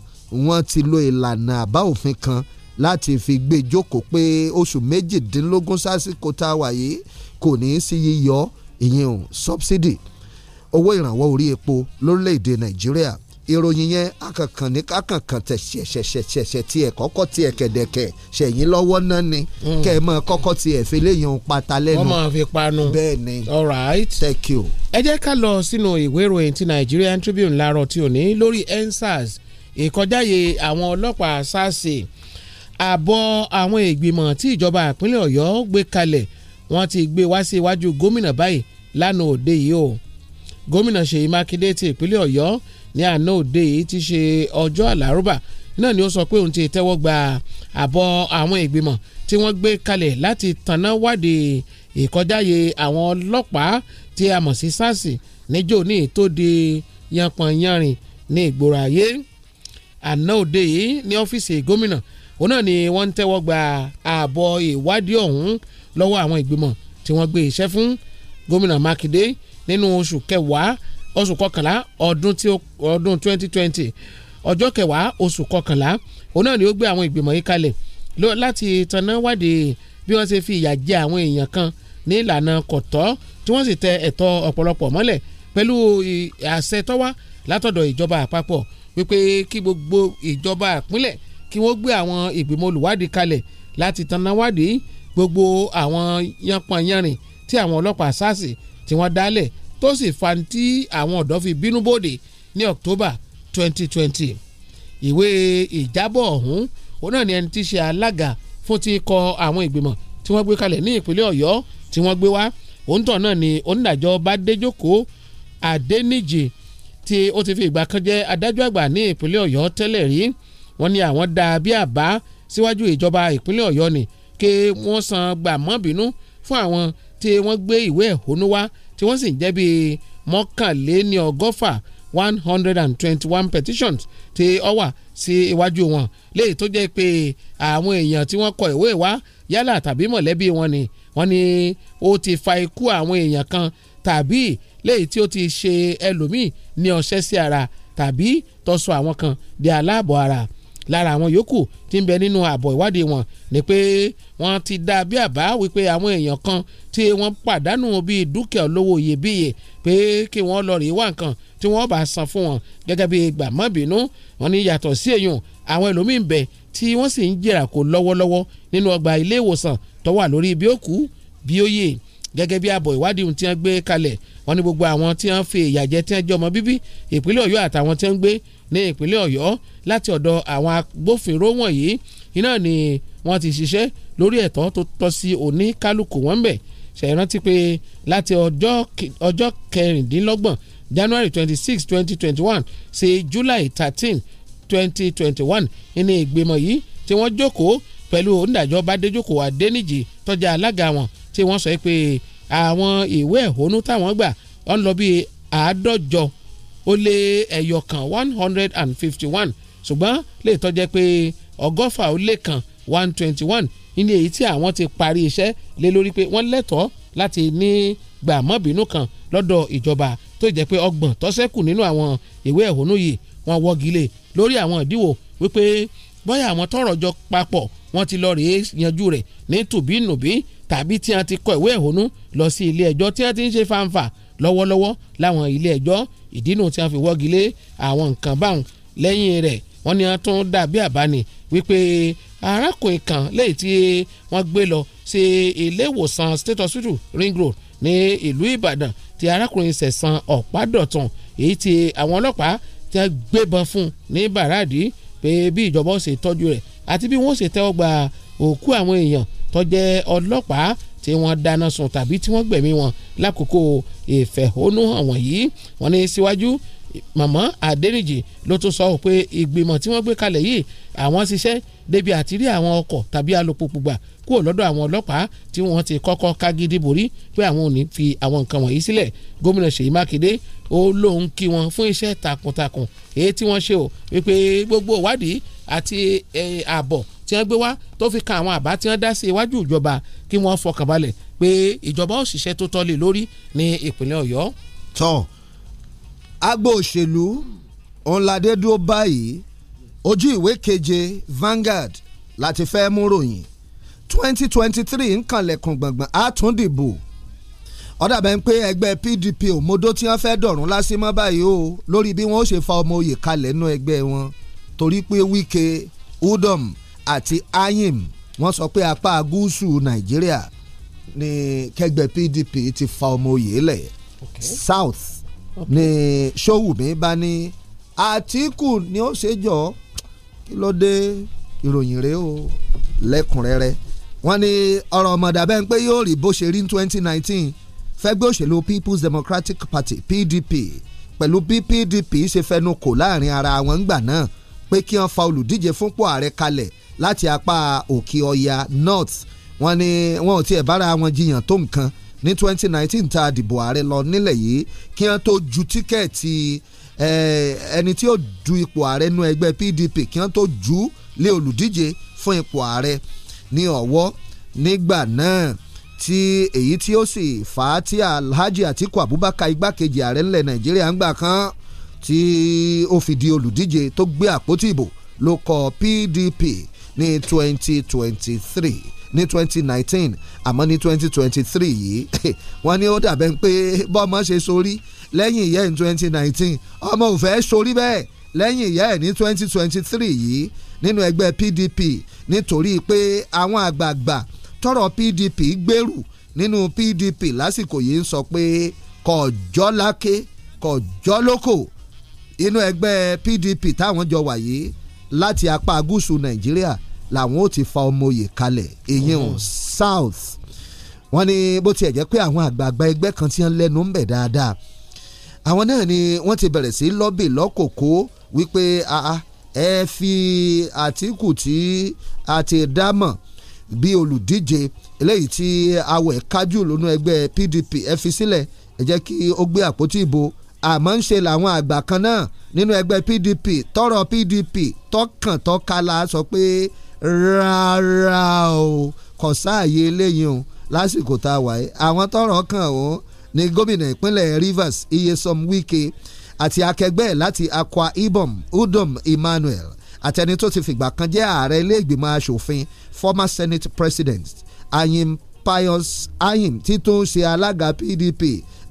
wọ́n ti lo ìlànà àbá òfin kan láti fi gbé jókòó pé oṣù méjìdínlógún sásìkò tá a wà yìí kò ní í sí yíyọ ìyẹn o subsidy owó ìrànwọ́ orí epo lórílẹ̀‐èdè Nàìjíríà ìròyìn yẹn akànkàn ní kàkànkàn tẹ̀sẹ̀sẹ̀sẹ̀sẹ̀ tiẹ̀ kọ́kọ́ tiẹ̀ kẹ̀dẹ̀kẹ̀ sẹ̀yìn lọ́wọ́ náà ni mm. kẹ́ ẹ kọ́kọ́ tiẹ̀ fi léyìn pata lẹ́nu. wọ́n máa fi panu bẹ́ẹ̀ ni all right thank you. ẹ jẹ́ ká lọ sínú ìwé ìròyìn ti Nigerian Tribune láàárọ̀ tí ò ní lórí EndSARS ìkọjáyé àwọn ọlọ́pàá SARS e. àbọ̀ àwọn ìgbìmọ̀ tí ìjọba ìpínlẹ̀ Ọ̀yọ́ gbé kalẹ̀ wọ́n ti gbé wá sí iwájú gómìnà báyìí lánàá òde yìí o gómìnà Ṣèyí Mákindé ti ìpínlẹ̀ Ọ̀yọ́ ní àná òde yìí ti ṣe ọjọ́ àlárúbà náà ni ó sọ pé òun ti tẹ́wọ́ gba àbọ̀ àwọn ìgbìmọ̀ tí wọ́n gbé kalẹ̀ láti tanná wádìí ìkọjáyé àwọn ọlọ́pàá tí a mọ̀ sí sars níjó ní tó di yanpanyanrin ní ìgboro ayé àná òde yìí ní ọ́fíìsì gómìnà òun náà ni wọ́n ń tẹ́wọ́ gba àbọ̀ ìwádìí ọ̀hún lọ́wọ́ àwọn ìgbìmọ̀ tí wọ́n gbé iṣẹ́ fún gómìnà Mákindé nínú oṣù kẹwàá oṣù kọkànlá ọdún tí ọdún twenty ọjọ́ kẹwàá oṣù kọkànlá òun náà ni ó gbé àwọn ìgbìmọ̀ yìí kalẹ̀ láti tanná wádìí bí wọ́n ṣe fi ìyà jẹ àwọn èèyàn kan ní ìlànà kọ̀tọ́ tí wọ́n sì tẹ ẹ̀tọ́ ọ̀pọ̀lọpọ̀ mọ́lẹ̀ pẹ̀lú àṣẹ tọ́wá látọ̀dọ̀ ìjọba àpapọ̀ wípé kí gbogbo ìjọba àpínlẹ̀ kí wọ́n gbé àwọn ìgbìmọ̀ olùwádìí kalẹ̀ láti tanná wádìí gbogbo àwọn yanpanyanrin tí àwọn ọlọ́pàá sars tí wọ́n dálẹ̀ tó sì fa tí àwọn ọ̀dọ́ fi bínú bòde ní October 2020 ìwé ìjábọ̀ ọ̀hún òun náà ni ẹni tí í ṣe alága fún ti kọ àwọn ìgbìmọ̀ tí wọ́n gbé kalẹ̀ ní ìpínlẹ̀ Ọ̀yọ́ tí wọ́n gbé wá òǹtọ̀ náà ni onídàájọ́ Bádéjókòó Adéníjì tí ó ti fi ìgbà kan jẹ́ adájọ́ àgbà ní ìpínlẹ̀ Ọ̀yọ́ tẹ́lẹ̀ rí wọ́n ní àwọn dá bí àbá síwájú ìjọba ìpínlẹ̀ Ọ̀yọ́ ni kí wọ́n san gbàmọ́bínú fún àwọn tí wọ́n gbé ìwé ẹ̀hónú wá tí wọ́n sì jẹ́ bíi mọ́kànléní ọgọ́fà one hundred and twenty-one petitions Ti ó wà sí iwájú wọn léyìí tó jẹ́ pé àwọn èèyàn tí wọ́n kọ ìwé wá yálà tàbí mọ̀lẹ́bí wọn ni wọ́n ní ó ti fa ikú àwọn èèyàn kan tàbí léyìí tí ó ti ṣe ẹlòmíì ní ọṣẹ́ sí ara tàbí tó àwọn kan di aláàbọ̀ ara lára àwọn yòókù tí ń bẹ nínú àbọ̀ ìwádìí wọn ni pé wọ́n ti dá bí àbá wípé àwọn èèyàn kan tí wọ́n pàdánù bíi dúkìá olówó iyebíye pé kí wọ́n lọ rèé wá nǹkan tí wọ́n bá san fún wọn gẹ́gẹ́ bí gbàmọ́bìnú wọn ni yàtọ̀ sí èèyàn àwọn ẹlòmíín bẹ tí wọ́n sì ń jìrà kó lọ́wọ́lọ́wọ́ nínú ọgbà ilé ìwòsàn tó wà lórí bí ó bí ó yè gẹ́gẹ́ bí àbọ̀ ìwádìí tí wọ́n gbé kalẹ̀ wọ́n ní gbogbo àwọn tí wọ́n fi ìyà tí wọ́n jẹ́ ọmọ bíbí ìpínlẹ̀ Ọ̀yọ́ àtàwọn tí wọ́n gbé ní ìpínlẹ̀ Ọ̀yọ́ láti ọ̀dọ̀ àwọn agbófinró wọ̀nyí iná ni wọ́n ti ṣiṣẹ́ lórí ẹ̀tọ́ tó tọ́ sí oníkálukú wọn bẹ̀ ṣèrántí pé láti ọjọ́ kẹrìndínlọ́gbọ̀n January twenty six twenty twenty one sí July thirteen twenty twenty one ní ìgbìmọ̀ yìí tí wọ́n jókòó pẹ̀lú onídàájọ́ Bádéjókòó Adéníjì tó jẹ́ alága wọn tí wọ́n sọ pé àwọn ìwé ẹ̀hónú táwọn gbà ọ̀n lọ bíi àádọ́jọ ó lé ẹyọ kan one hundred and fifty one ṣùgbọ́n lè tọ́jẹ́ pé ọgọ́fà ó lé kan one twenty one ní èyí tí àwọn ti parí iṣẹ́ lé lórí pé wọ́n lẹ́tọ̀ọ́ láti ní gbàmọ́bínú kan lọ́dọ̀ ìjọba tó jẹ́ pé ọgbọ̀n tọ́sẹ́kù nínú àwọn ìwé ẹ̀hónú yìí wọ́n wọ́gi lé lórí àwọn ìdíwò wípé bóyá àwọn tọ́rọ̀ jọ papọ̀ wọ́n ti lọ rèé yanjú rẹ̀ ní tùbínùbí tàbí tí wọ́n ti kọ ìwé ẹ̀hónú lọ sí ilé ẹjọ́ tí wọ́n ti ń ṣe fanfa lọ́wọ́lọ́wọ́ láwọn ilé ẹjọ́ ìdínú tí wọ́n fi wọ́gi lé àwọn nǹkan báwọn lẹ́yìn rẹ̀ wọ́n ní wọ́n tún dàbí àbáni wípé arákùnrin kan lẹ́yìn tí wọ́n gbé lọ sí ilé ìwòsàn state hospital ring road ní ìlú ìbàdàn tí arákùnrin sẹ̀sán ọ̀pádọ̀tàn èyí tí àwọn ọlọ́pàá ti gbébọn fún ní bàràdì pé bí ìjọba ó ṣe tọ́jú rẹ̀ àti bí wọ́n ṣe tẹ́wọ́ gba òkú àwọn èèyàn tó jẹ́ ọlọ́pàá tí wọ́n dáná sun tàbí tí wọ́n gbẹ̀mí wọn lákòókò ìfẹ̀hónúhàn wọ̀nyí wọ́n ní síwájú màmá adẹ́nìjì ló tún sọ pé ìgbìmọ̀ tí wọ́n gbé kalẹ̀ yìí àwọn ṣiṣẹ́ débi àti rí àwọn ọkọ̀ tàbí alùpùpù gbà kúrò lọ́dọ̀ àwọn ọlọ́pàá tí wọ́n ti kọ́kọ́ kágídí borí pé àwọn ò ní fi àwọn nǹkan wọ̀nyí sílẹ̀ gómìnà Ṣèyí Mákindé ó lóun kí wọn fún iṣẹ́ takuntakun èyí tí wọ́n ṣe o wípé gbogbo ìwádìí àti ààbọ̀ tí wọ́n gbé wá tó fi kan àwọn àbá tí wọ́n dá sí iwájú ìjọba kí wọ́n fọkànbalẹ̀ pé ìjọba òṣìṣẹ́ tó tọ́lé lórí ní ìpínlẹ̀ ọ̀yọ́. tọ́ agbo òṣèlú ọ̀nládé dúró báyìí ojú ìwé keje Vanguard láti fẹ́ mú ròyìn twenty twenty three nkànlẹ̀kùn gbọ̀ngbọ̀n àtúndìbò ọ̀dà bẹ́ẹ̀ ń pé ẹgbẹ́ PDP òmòdó tí wọ́n fẹ́ dọ̀rùn lásìmọ́ báyìí o lórí bí wọ́n ó ṣe fa ọmọ oyè kalẹ̀ nú ẹgbẹ́ wọn torí pé Wike Udom àti ayim wọ́n sọ pé apá gúúsù nàìjíríà ni kẹgbẹ́ PDP ti fa ọmọ òye lẹ̀ south okay. ni Ṣówùmí bá ní Àtìkù ni ó ṣe jọ kí ló dé ìròyìn rèé o lẹ́kùnrẹ́rẹ́ wọ́n ní ọ̀rọ̀ ọ̀mọ̀dà bẹ́ẹ̀ ń pé yóò rí bó ṣe rí ní twenty nineteen fẹ́gbẹ́ òṣèlú People's Democratic Party PDP pẹ̀lú bí PDP ṣe fẹnu kò láàrin ara wọn gbà náà pé kí wọ́n fa olùdíje fúnpò ààrẹ kalẹ̀ láti apá òkè ọya north wọ́n ní wọn ò tiẹ̀ bára wọn jiyàn tó nǹkan ní 2019 tá a dìbò ààrẹ lọ nílẹ̀ yìí kí wọ́n tó ju tíkẹ́ẹ̀tì ẹni tí ó du ipò ààrẹ nú ẹgbẹ́ PDP kí wọ́n tó ju lé olùdíje fún ipò ààrẹ ní ọ̀wọ́ nígbà náà tí èyí tí ó sì fà á tí Alhaji Atiku Abubakar igbákejì ààrẹ ńlẹ̀ Nàìjíríà ń gbà kan tí ó fi di olùdíje tó gbé àpótí ìbò ló kọ PDP ní 2023 ní 2019 àmọ́ ní 2023 yìí *laughs* wọ́n ní ó dàbẹ̀ pé bọ́mọ ṣe sórí lẹ́yìn ìyá ẹ̀ ní 2019 ọmọ ò fẹ́ sórí bẹ́ẹ̀ lẹ́yìn ìyá ẹ̀ ní 2023 yìí nínú ẹgbẹ́ PDP nítorí pé àwọn àgbààgbà tọrọ PDP gbèrú nínú PDP lásìkò yìí ń sọ pé kọjọ́ lákè kọjọ́ lóko inú ẹgbẹ́ PDP táwọn jọ wà yìí láti apá gúúsù Nàìjíríà làwọn ó ti fa ọmọ kalẹ̀ èyí ń mm. South wọ́n ní bó tiẹ̀ jẹ́ pé àwọn àgbààgbà ẹgbẹ́ kan ti ń lẹ́nu ń bẹ̀ dáadáa àwọn náà ni wọ́n ti bẹ̀rẹ̀ sí lọ́bì lọ́kòkó wípé ẹ fi Àtíkù tí a ti dámọ̀ bí olùdíje eléyìí tí awẹ̀ kájú lónú ẹgbẹ́ PDP ẹ fi sílẹ̀ ẹ jẹ́ kí ó gbé àpótí ìbò àmọ́ ń ṣe làwọn àgbà kan náà nínú ẹgbẹ́ PDP tọrọ PDP tọkàntọkala sọ pé rárá o kò sáàyè eléyìí o lásìkò tá a wà yìí àwọn tọrọ kàn ó ní gómìnà ìpínlẹ̀ Rivers Iyesom Wike àti akẹgbẹ́ ẹ̀ láti Akwa Ibom Udom Emmanuel àtẹni tó ti fìgbà kan jẹ́ ààrẹ ilé ìgbìmọ̀ asòfin former senate president Ayim Pius Ayim tí tó ń ṣe alága PDP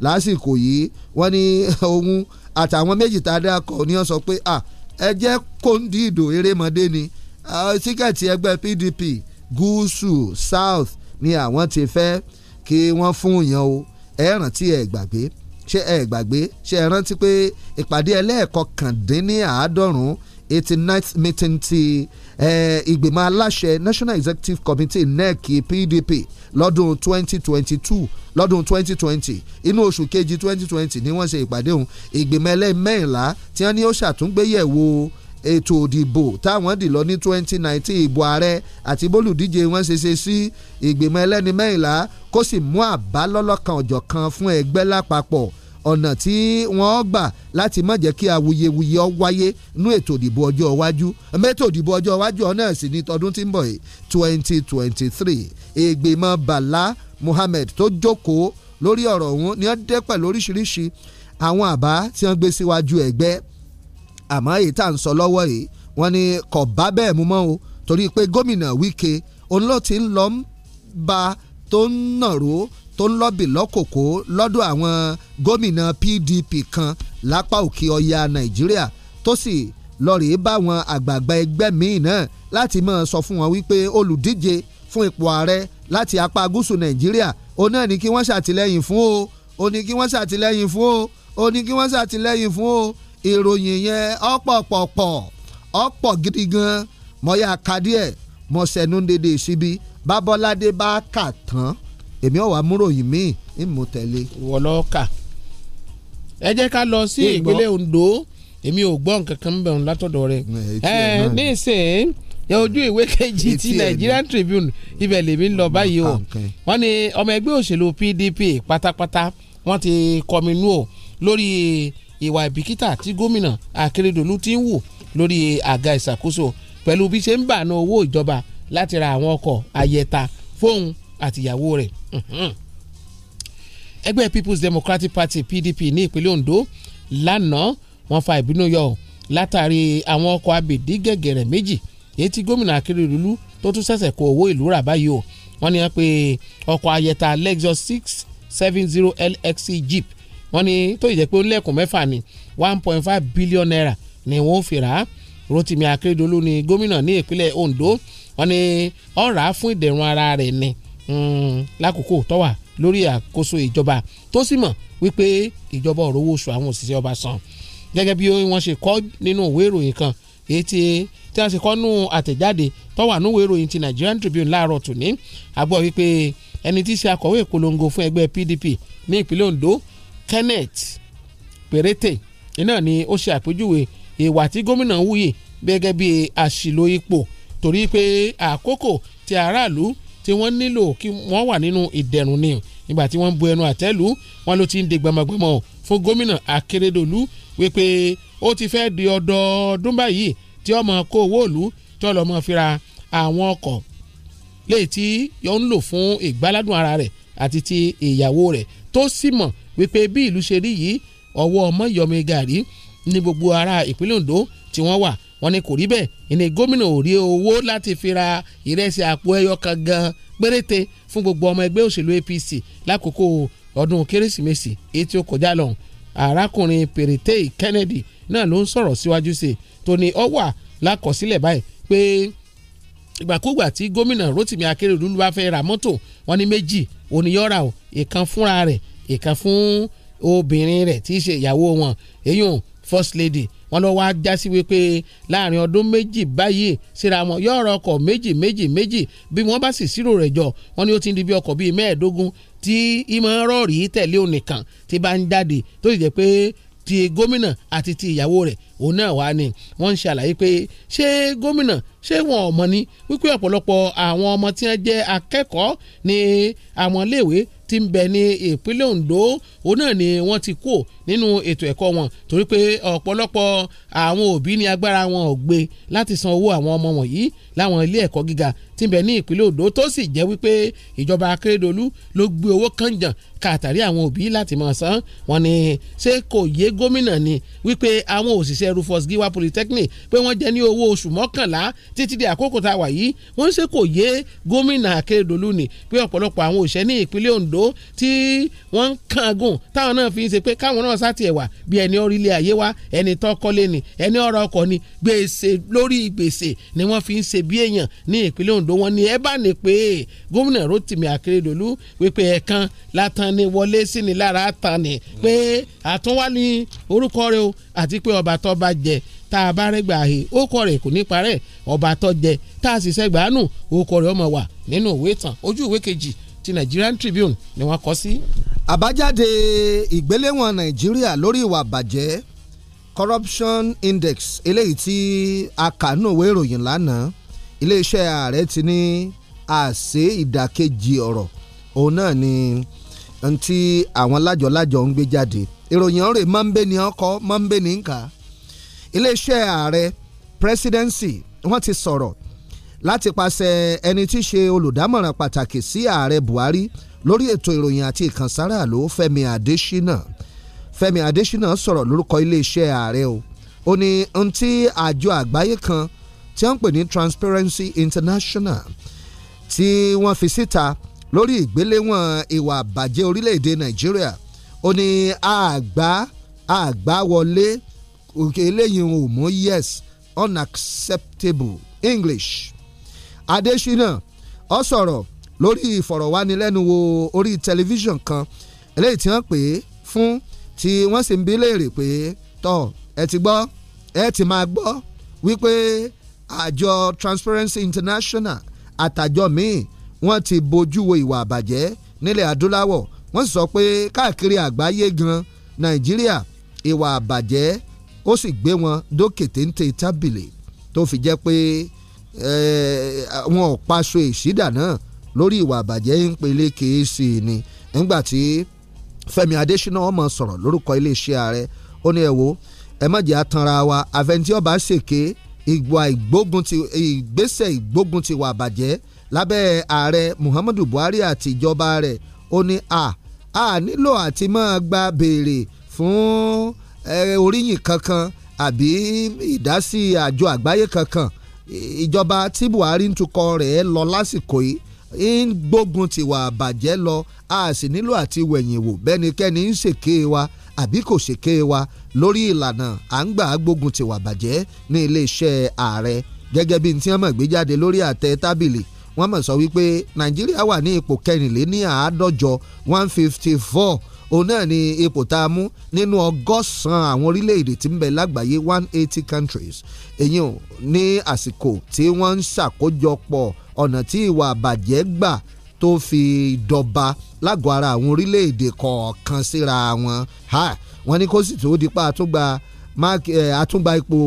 lásìkò yìí wọ́n ní ohun àtàwọn méjì tá a dá kọ ni wọ́n sọ pé ẹ jẹ́ kóńdì ìdò erémọdé ni tíkẹ́ẹ̀tì ẹgbẹ́ PDP gúúsù south ni àwọn ti fẹ́ kí wọ́n fún yàn o ẹ rántí ẹ gbàgbé ṣé ẹ gbàgbé ṣé ẹ rántí pé ìpàdé ẹlẹ́ẹ̀kọkàndínníàádọ́rùn-ún eighty ninth meeting ti ìgbìmọ̀ aláṣẹ National Executive Committee NEC PDP lọ́dún 2022 lọ́dún 2020 inú oṣù kejì 2020 ni wọ́n ṣe ìpàdé òun ìgbìmọ̀ ẹlẹ́mẹ́rìnlá tí wọ́n ní ó ṣàtúngbéyẹ̀wò ètò òdìbò táwọn dì lọ ní 2019 ìbò ààrẹ àti bólùdíje wọn ṣe ṣe sí ìgbìmọ̀ ẹlẹ́ni mẹ́rìnlá kó sì mú àbá lọ́lọ́kan ọ̀jọ̀kan fún ẹgbẹ́ lápapọ̀ ọ̀nà tí wọ́n gbà láti má jẹ́ kí awuyewuye ọ wáyé nú ètò ìdìbò ọjọ́ iwájú mẹ́tò ìdìbò ọjọ́ iwájú ọ náà sì ní tọdún tí ń bọ̀ yìí twenty twenty three ìgbìmọ̀ Bala Muhammed tó jókòó lórí ọ̀rọ̀ ọ̀hún ni wọ́n dẹ́pẹ̀ lóríṣiríṣi àwọn àbá tí wọ́n gbé síwájú ẹgbẹ́ àmọ́ èyí tá à ń sọ lọ́wọ́ yìí wọ́n ní kò bá bẹ́ẹ̀ mú mọ́ o torí pé gómìnà Wike òun ló ti ń lọ bá tó ń nàró tó ń lọ́bì lọ́kòkó lọ́dọ̀ àwọn gómìnà PDP kan lápá òkè ọya Nàìjíríà tó sì lọ́ọ̀rì bá àwọn àgbààgbà ẹgbẹ́ míì náà láti máa sọ fún wọn wípé olùdíje fún ipò ààrẹ láti apá gúúsù Nàìjíríà òun náà ní kí wọ́n ṣàtìlẹ́yìn fún o ó ní kí wọ́n ṣàtìlẹ́yìn fún o ó ní kí wọ́n ṣàtìlẹ́yìn fún o ìròyìn yẹn ọ̀pọ̀pọ̀pọ̀ ọ̀pọ̀ gidi gan mọ̀ọ́yà kadíẹ̀ mọ̀ọ́sẹ̀nú dédé síbi bábọ́ládé bá kà tán èmi ọ̀wà múròyìn míì ń mú tẹ̀lé. ìwọ lọ kà ẹ jẹ́ ká lọ sí ìpínlẹ̀ Ondo èmi ò gbọ́ nǹkan kan bẹ̀rù látọ̀dọ̀ rẹ̀ ẹ ní ìsìn ojú ìwé kejì ti Nigerian Tribune ibẹ̀ lèmi ń lọ báyìí o wọ́n ní ọmọ ẹgbẹ́ òṣèlú PDP pátápátá wọ́n ti kọminú o lórí ìwà ìbìkítà tí gómìnà Akérédolú ti ń wù lórí àga ìṣàkóso pẹ̀lú bí ṣe ń bàánú owó ìjọba láti ra àwọn ọkọ̀ ayẹta fóun àtìyàwó rẹ̀ ẹgbẹ́ People's Democratic Party PDP ní ìpínlẹ̀ Ondo lánàá wọ́n fa ìbínú yọ látàrí àwọn ọkọ̀ abèdí gẹ̀gẹ̀rẹ̀ méjì èyí tí gómìnà Akérédolú tó tún ṣẹ̀ṣẹ̀ kó owó ìlú rà báyìí o wọ́n ní wọ́n pe ọkọ̀ ayẹta Lexus six seven zero LXC Jeep wọ́n ní tó yẹ pé ó lẹ́kùn mẹ́fà ní one point five billion naira ni wọ́n fi rà á Rotimi Akérédolú ni gómìnà ní ìpínlẹ̀ Ondo wọ́n ní ọ̀rà fún ìdẹ̀rùn ara rẹ̀ ni. Hmm. lákòókò tó wà lórí àkóso ìjọba tó sì mọ̀ wípé ìjọba ò rówó oṣù àwọn òṣìṣẹ́ ọba san gẹ́gẹ́ bí wọ́n ṣe kọ nínú ìwé ìròyìn kan èyí tí tí wọ́n ṣe kọ nù àtẹ̀jáde tó wà nù ìwé ìròyìn ti Nigerian Tribune láàárọ̀ tòní àgbọ̀ wípé ẹni tí ṣe akọ̀wé ìpolongo fún ẹgbẹ́ PDP ní ìpínlẹ̀ Ondo Kenneth Perete iná ni ó ṣe àpèjúwe ìwà tí gómìnà wúyè gẹ́gẹ́ bí àṣìlò ipò torí pé àkókò tí aráàlú tí wọ́n nílò kí wọ́n wà nínú ìdẹ̀rùn ni nígbà tí wọ́n bu ẹnu àtẹ́lù wọn ló ti ń de gbamagbamọ fún gómìnà Akérédolú wípé ó ti fẹ́ di ọdọọdún báyìí tí ọmọ kó owó òlu tí ọlọmọ fira àwọn ọkọ̀ léyìí tí yọ ń lò fún ìgbáládùn ara rẹ̀ àti ti ìyàwó rẹ̀ tó sì mọ̀ wípé bí ìlú ṣe rí yìí ọwọ́ ọmọ ìyọ̀mí gàrí ní gbogbo ará ìpínlẹ̀ Ondo tí wọ́n wà wọ́n ní kò rí bẹ́ẹ̀ ní gómìnà ò rí owó láti fi ra ìrẹsì àpò ẹyọ kan gan péréte fún gbogbo ọmọ ẹgbẹ́ òṣèlú APC lákòókò ọdún kérésìmesì etí ó kọjá lọ́hùn arákùnrin pèrètè Kennedy náà ló ń sọ̀rọ̀ síwájú sí i tó ní ọ wà lákọsílẹ̀ báyìí pé ìgbàkúgbà tí gómìnà Rotimi Akeredolu bá fẹ́ ra mọ́tò wọn ní méjì oníyọ́ra o ìkan fúnra rẹ̀ ìkan fún obìnrin rẹ̀ tí í ṣe ìyàwó wọn èyí ò first lady wọ́n lọ wá já sí wípé láàrin ọdún méjì báyìí síra wọn yóò ra ọkọ̀ méjì méjì méjì bí wọ́n bá sì sírò rẹ̀ jọ wọ́n ní ó ti ń di bí ọkọ̀ bíi mẹ́ẹ̀ẹ́dógún tí ìmọ̀ rọ̀ọ̀rì tẹ̀lé onìkan tí bá ń jáde tó sì jẹ́ pé ti gómìnà àti ti ìyàwó rẹ̀ òun náà wà ní wọ́n ń ṣàlàyé pé ṣé gómìnà ṣé wọn ò ni wípé ọ̀pọ̀lọpọ̀ àwọn ọmọ tí wọ́n jẹ́ akẹ́kọ̀ọ́ ní àwọn iléèwé tí ń bẹ ní ìpínlẹ̀ Ondo òun náà ni wọ́n ti kú nínú ètò ẹ̀kọ́ wọn torí pé ọ̀pọ̀lọpọ̀ àwọn òbí ní agbára wọn ò gbé láti san owó àwọn ọmọ wọ̀nyí láwọn ilé ẹ̀kọ́ gíga tí ń bẹ ní ìpínlẹ̀ Ondo tó sì jẹ́ wípé ìjọba Akérédolú ló gbé owó kànjàn kàtàrí àwọn òbí láti máa san wọ́n ní ṣé kò yé gómìnà ni wípé àwọn òṣìṣẹ́ Rufus Giwa Polytechnic pé wọ́n jẹ́ ní owó oṣù mọ́kànlá títí di àkókò tá a wà yìí wọ́n ṣe kò yé gómìnà Akérédolú ni pé ọ̀pọ̀lọpọ̀ àwọn òṣìṣẹ́ ní ìpínlẹ̀ Ondo tí wọ́n ń kángun táwọn náà fi ń ṣe pé káwọn náà sátì ẹ̀wà bí ẹni orílẹ̀ ayé wa ẹni tó kọ́lé ni ẹni ọ̀rọ̀ ọkọ̀ ni gbèsè lórí gbèsè ni wọ́n fi ń ṣe bí èèyàn ní ìpínlẹ̀ Ondo wọn ni ẹ bá ní pé gómìnà Rotimi Akeredolu wípé ẹ̀kan látàn ni wọlé sí ni lára tàn ni pé àtúnwá orúkọ rẹ o àti pé ọba tó bá jẹ tá a bá rẹ́gbà àhè ó kọ rẹ̀ kò ní parẹ́ ọba tó jẹ tá a sì sẹ́gbàánù ó kọ rẹ̀ ọmọ wà nínú òwe ìtàn ojú ìwé kejì ti Nigerian Tribune ni wọ́n kọ sí àbájáde ìgbéléwọ̀n nàìjíríà lórí ìwà bàjẹ́ corruption index eléyìí tí a kà nínú ìwé ìròyìn lánàá iléeṣẹ́ ààrẹ ti ní àṣẹ ìdàkejì ọ̀rọ̀ òun náà ni ntí àwọn lájọ̀lájọ̀ ń gbé jáde ìròyìn ọ̀rẹ́ mọ́ńbé ni ọkọ̀ mọ́ńbé ni ń kà iléeṣẹ́ ààrẹ presidency wọ́n ti sọ̀rọ̀ láti pàṣẹ ẹni tí í ṣe olùdámọ̀ràn pàtàkì sí ààrẹ Buhari lórí ètò ìròyìn àti ìkànsára àlò Fẹ́mi Adésínà Fẹ́mi Adésínà sọ̀rọ̀ lórúkọ iléeṣẹ́ ààrẹ o ó ní ohun tí àjọ àgbáyé kan tí wọ́n pè ní Transparency International tí wọ́n fi síta lórí ìgbéléwọ̀n ìwà àbàjẹ́ orílẹ̀-èdè Nàìjíríà ó ní àgbá àgbá wọlé eléyìí ò mú yes unacceptable English Adésínà ó sọ̀rọ̀ lórí ìfọ̀rọ̀wánilẹ́nuwò orí tẹlifíṣàn kan eléyìí tí wọ́n pè é fún tí wọ́n sì ń bi léèrè pé tọ́ ẹ ti gbọ́ ẹ ti máa gbọ́ wípé àjọ Transparency International àtàjọ míì wọ́n ti bójú wo ìwà àbàjẹ́ nílẹ̀ adúláwọ̀ wọ́n sì sọ pé káàkiri àgbáyé gan Nàìjíríà ìwà àbàjẹ́ ó sì gbé wọn dókè téńté tábìlì tó fi jẹ́ pé wọn ò paṣọ èsídà náà lórí ìwà àbàjẹ́ ń pele kèé ni nígbà tí Fẹ́mi Adésínà ọmọ sọ̀rọ̀ lórúkọ iléeṣẹ́ ààrẹ ó ní ẹ wo ẹ má jẹ́ atanra wa àfẹnití ọba ṣèké ìgbà ìgbógun ti wà bàjẹ́ lábẹ́ ààrẹ Muhammadu Buhari àti ìjọba rẹ̀ ó ní a a nílò àti máa gba béèrè fún oríyìn kankan àbí ìdásí àjọ àgbáyé kankan ìjọba tí Buhari ń tukọ̀ rẹ̀ lọ lásìkò yìí ń gbógun tiwa àbàjẹ́ lọ a sì nílò àti wẹ̀yìn wò bẹ́nikẹ́ni ń ṣèké wa àbí kò ṣèké wa lórí ìlànà à ń gbà gbógun tiwa àbàjẹ́ ní iléeṣẹ́ ààrẹ gẹ́gẹ́ bí n tí wọ́n mọ̀ gbé jáde lórí àtẹ tábìlì wọ́n mọ̀ sọ wípé nàìjíríà wà ní ipò kẹrìnléníàádọ́jọ one fifty four òun náà ni ipò tá a mú nínú ọgọ́sàn-án àwọn orílẹ̀-èdè tí ń bẹ lágbàáyé one eighty countries èyí ò ní àsìkò tí wọ́n ń ṣàkójọpọ̀ ọ̀nà tí ìwà àbàjẹ́ gbà tó fi dọba lágọ̀ọ́ ara àwọn orílẹ̀-èdè kọ̀ọ̀kan síra wọn ha wọ́n ní kó sì tó dípa àtúngba àtúngba ipò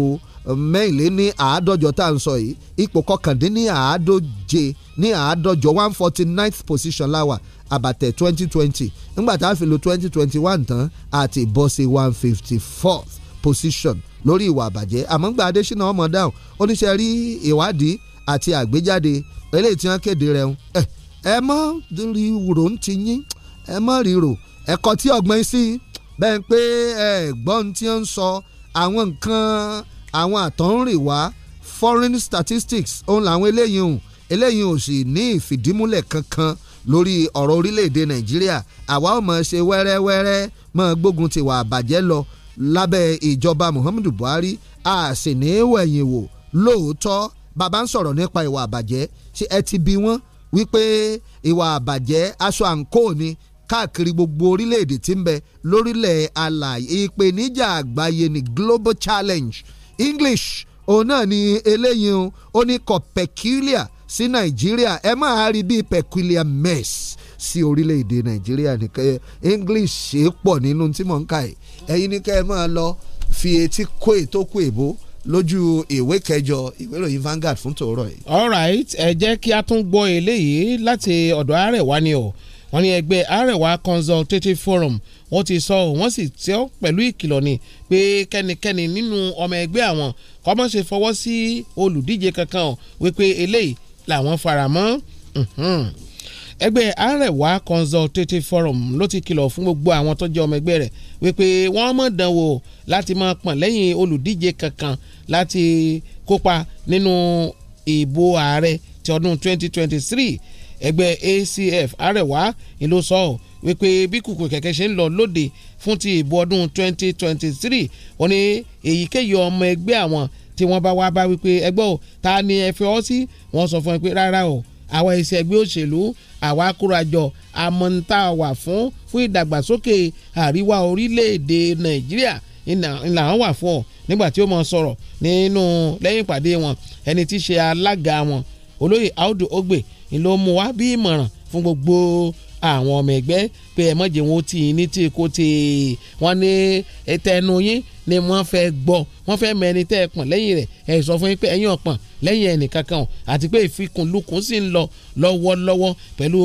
mẹ́ìnlẹ́ ní àádọ́jọ tá à ń sọ yìí ipò kọkàndín ní àádóje ní àádọ́jọ one forty ninth position láwà àbàtẹ̀ twenty twenty nígbà tá a twenty twenty one tán àti bọ́ one fifty fourth position lórí ìwà àbàjẹ́ àmọ́ gba Adésínà ọmọ dáhùn oníṣẹ́ rí ìwádìí àti àgbéjáde eléyìí tí wọ́n kéde rẹ̀ ń ẹ mọ́ rí rò ń ti yín ẹ mọ́ rí rò ẹ̀kọ́ tí ọgbọ́n sí bẹ́ẹ̀ pé ẹ̀gbọ́n tí ó ń sọ àwọn nǹkan àwọn àtọ̀húnrìn wá foreign statistics òun làwọn eléyìí hùn eléyìí ò sì ní ìfìdímúlẹ̀ kankan lórí ọ̀rọ̀ orílẹ̀-èdè nàìjíríà àwa ò mọ̀ ṣe wẹ́rẹ́wẹ́rẹ́ mọ̀ gbógun ti wà bàjẹ́ lọ lábẹ́ ìjọba muhammadu buhari a sì ní wẹ̀yìn wò lóòótọ́ bàbá ń sọ̀rọ̀ nípa ìwà àbàjẹ́ ṣé ẹ ti bi wọ́n wípé ìwà àbàjẹ́ aṣọ àǹkó ni káàkiri gbogbo orílẹ̀-èdè tí ń bẹ lórílẹ̀ alàyè ìpèníjà àgbáyé ni global challenge English òun náà ni eléyìí ó ní kò peculiar sí Nàìjíríà ẹ máa rí bíi peculiar mess sí orílẹ̀-èdè Nàìjíríà nìkan English ṣe pọ̀ nínú tí mò ń kà ẹ̀ ẹ̀yin ni kẹ́ ẹ máa lọ fi etí kó ètò kó èbó lójú ìwé kẹjọ ìwé ìròyìn Vanguard fún tòórọ yìí. alright ẹ jẹ́ kí a tún gbọ́ eléyìí láti ọ̀dọ̀ Arẹwà ni o wọ́n ní ẹgbẹ́ Arẹwà Consultative Forum wọ́n ti sọ wọ́n sì tẹ́ ọ́ pẹ̀lú ìkìlọ̀ ni pé kẹ́nikẹ́ni nínú ọmọ ẹgbẹ́ àwọn kọ́mọ́ ṣe fọwọ́ sí olùdíje kankan wípé eléyìí làwọn faramọ́. Mm-hmm ẹgbẹ́ Arewa Consultative Forum ló ti kìlọ̀ fún gbogbo àwọn tó jẹ́ ọmọ ẹgbẹ́ rẹ̀ wípé wọ́n mọ̀ dánwò láti máa pọ̀n lẹ́yìn olùdíje kankan láti kópa nínú ìbò ààrẹ ti ọdún 2023 ẹgbẹ́ ACF Arewa ni ló sọ ọ́ wípé bí kùkù kẹ̀kẹ́ ṣe ń lọ lóde fún ti ìbò ọdún 2023 ó ní èyíkéyìí ọmọ ẹgbẹ́ àwọn tí wọ́n bá wá bá wípé ẹgbẹ́ ò ta ni ẹ fi ọ́ sí wọ́n sọ fún ẹ pé rárá o àwọn iṣẹ́ ẹgbẹ́ òṣèlú àwa kórajọ amọ̀ntà wà fún fún ìdàgbàsókè àríwá orílẹ̀-èdè nàìjíríà ńlá wọn wà fún ọ nígbà tí ó mọ sọ̀rọ̀ nínú lẹ́yìn ìpàdé wọn ẹni tí í ṣe alága wọn olóyè Audu Ogbe ni ló mú wá bí ìmọ̀ràn fún gbogbo àwọn ọmọ ẹgbẹ́ pé ẹ mọ̀jẹ̀ wọn ti ní tí kò tí wọ́n ní tẹnu yín ni wọ́n fẹ́ gbọ́ wọ́n fẹ́ mẹ́ni tẹ́ ẹ pọ̀n lẹ́yìn rẹ̀ ẹ sọ fún yín pé ẹ̀yin ọ̀pọ̀n lẹ́yìn ẹnìkankan o àti pé ìfikùnlukùn sì ń lọ lọ́wọ́lọ́wọ́ pẹ̀lú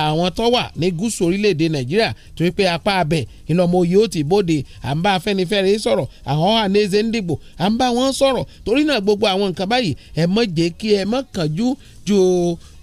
àwọn tó wà ní gúúsù orílẹ̀-èdè nàìjíríà tó wípé apá abẹ ìlọ́mọ oyè ó ti bóde à ń bá afẹ́nifẹ́re sọ̀rọ̀ àwọn ànẹ́sẹ̀ ń dìbò à ń bá wọn sọ̀rọ̀ torí náà gbogbo àwọn nǹkan báyìí ẹ má jẹ́ kí ẹ má kánjú ju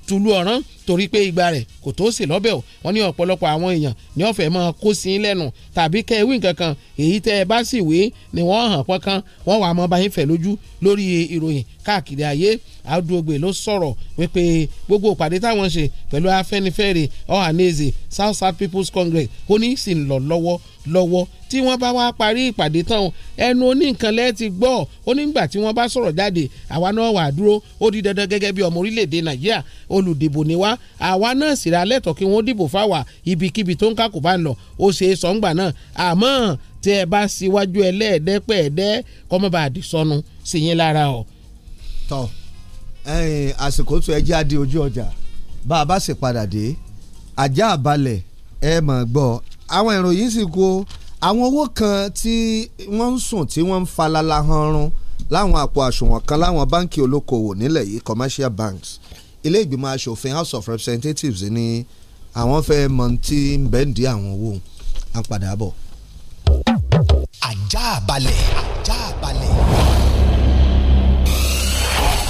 tulu ọ̀rán torí pé ìgbà rẹ̀ kò tó sì lọ́bẹ̀ o wọ́n ní ọ̀pọ̀lọpọ̀ àwọn èèyàn ní ọ̀fẹ́ máa kó sí i lẹ́nu tàbí kẹ́ ẹ wí kan èyí tẹ́ ẹ bá sì wé ni wọ́n hàn pọ́n kan wọ́n wà á mọ́ báyìí fẹ̀ lójú lórí ìròyìn káàkiri ayé àdúrógbè ló sọ̀rọ̀ wípé gbogbo ìpàdé táwọn ṣe pẹ̀lú afẹ́nifẹ́re ọ̀hánẹ́sẹ̀ south south people's congress ó ní sì ń lọ lọ́wọ́ lọ́wọ́ tí wọ́n bá wá parí ìpàdé tán ẹnu oníkan lẹ́ẹ̀ ti gbọ́ ó nígbà tí wọ́n bá sọ̀rọ̀ jáde àwa náà wà dúró ó di dandan gẹ́gẹ́ bí ọmọ orílẹ̀-èdè nàìjíríà olùdìbò ni wá àwa náà sì ra lẹ́tọ̀ọ́ kí wọ́n dìbò fáwa ibikíbi tó ń kà bá ń lọ ó ṣe é sọ́ngbà náà àmọ́ tí ẹ bá síwájú ẹlẹ́ẹ̀dẹ́pẹ̀ẹ́dẹ́ kọ́mọ́bà àdìsọ́nu sì yín lára ọ̀. tọ́ àsìkò tó ẹjẹ́ adé ojú ọjà bá a bá sì padà dé ajá àbálẹ̀ ẹ mọ̀ gbọ́ àwọn ìròyìn sì kó àwọn owó kan tí wọ́n ń sùn tí wọ́n ń falala hanrun láwọn àpò àsùnwọ̀n kan láwọn báǹkì olókoòwò nílẹ̀ yìí commercial banks ilé ìgbìmọ̀ asòfin house of representatives ni. àwọn fẹ́ mọ̀ tí ń bẹ́ǹdì àwọn owó à ń padà bọ̀. ajá àbálẹ̀ ajá àbálẹ̀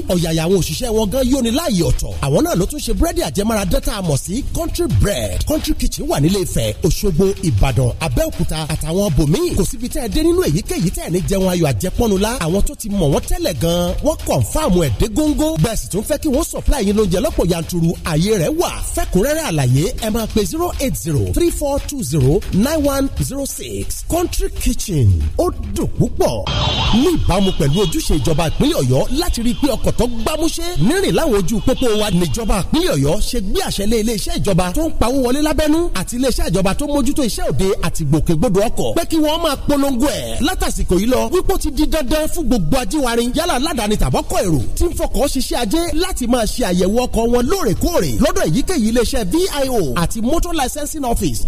ní ọ̀yàyà àwọn òṣìṣẹ́ wọn gan yóò ní láàyè ọ̀tọ̀ àwọn náà ló tún ṣe búrẹ́dì àjẹmára dẹ́ta àmọ̀ sí country bread country kitchen wà nílé Ifẹ̀ Òṣogbo Ìbàdàn Abẹ́òkúta àtàwọn bòmíì kò síbi tẹ́ ẹ dé nínú èyíkéyìí tẹ́ ẹ ní jẹun ayọ̀ àjẹpọ́nula àwọn tó ti mọ̀ wọ́n tẹ́lẹ̀ gan wọ́n kọ̀ǹfàmù ẹ̀ dé góńgó bẹ́ẹ̀ sì tún fẹ́ kí wọ́n supply yín lóúnjẹ lọ́pọ̀ yanturu ààyè rẹ̀ wà fẹ́kùnrẹ́rẹ́ àlàyé ẹ pe zero eight zero three four two zero nine one zero six country kitchen ó dùn púpọ̀ ní ìbámu pẹ̀lú ojúṣe ìjọba ìpínlẹ̀ Ọ̀yọ́ ìdàgbàsókè tó gbámúṣé nírìn láwọn ojú pópó wa níjọba ìpínlẹ̀ ọ̀yọ́ ṣe gbé àṣẹlé iléeṣẹ́ ìjọba tó ń pawó wọlé lábẹ́nú àti iléeṣẹ́ ìjọba tó mójútó iṣẹ́ òde àti gbòkègbodò ọkọ̀ pé kí wọ́n máa polongo ẹ̀ látàsìkò yìí lọ wípé ó ti di dandan fún gbogbo ajíwárin yálà aládàáni tàbọ́kọ̀ èrò tí ń fọkọ̀ ṣiṣẹ́ ajé láti máa ṣe àyẹ̀wò ọkọ̀ wọn lóòrèkóòrè lọ́dọ̀ èyíkéyìí motor licensing office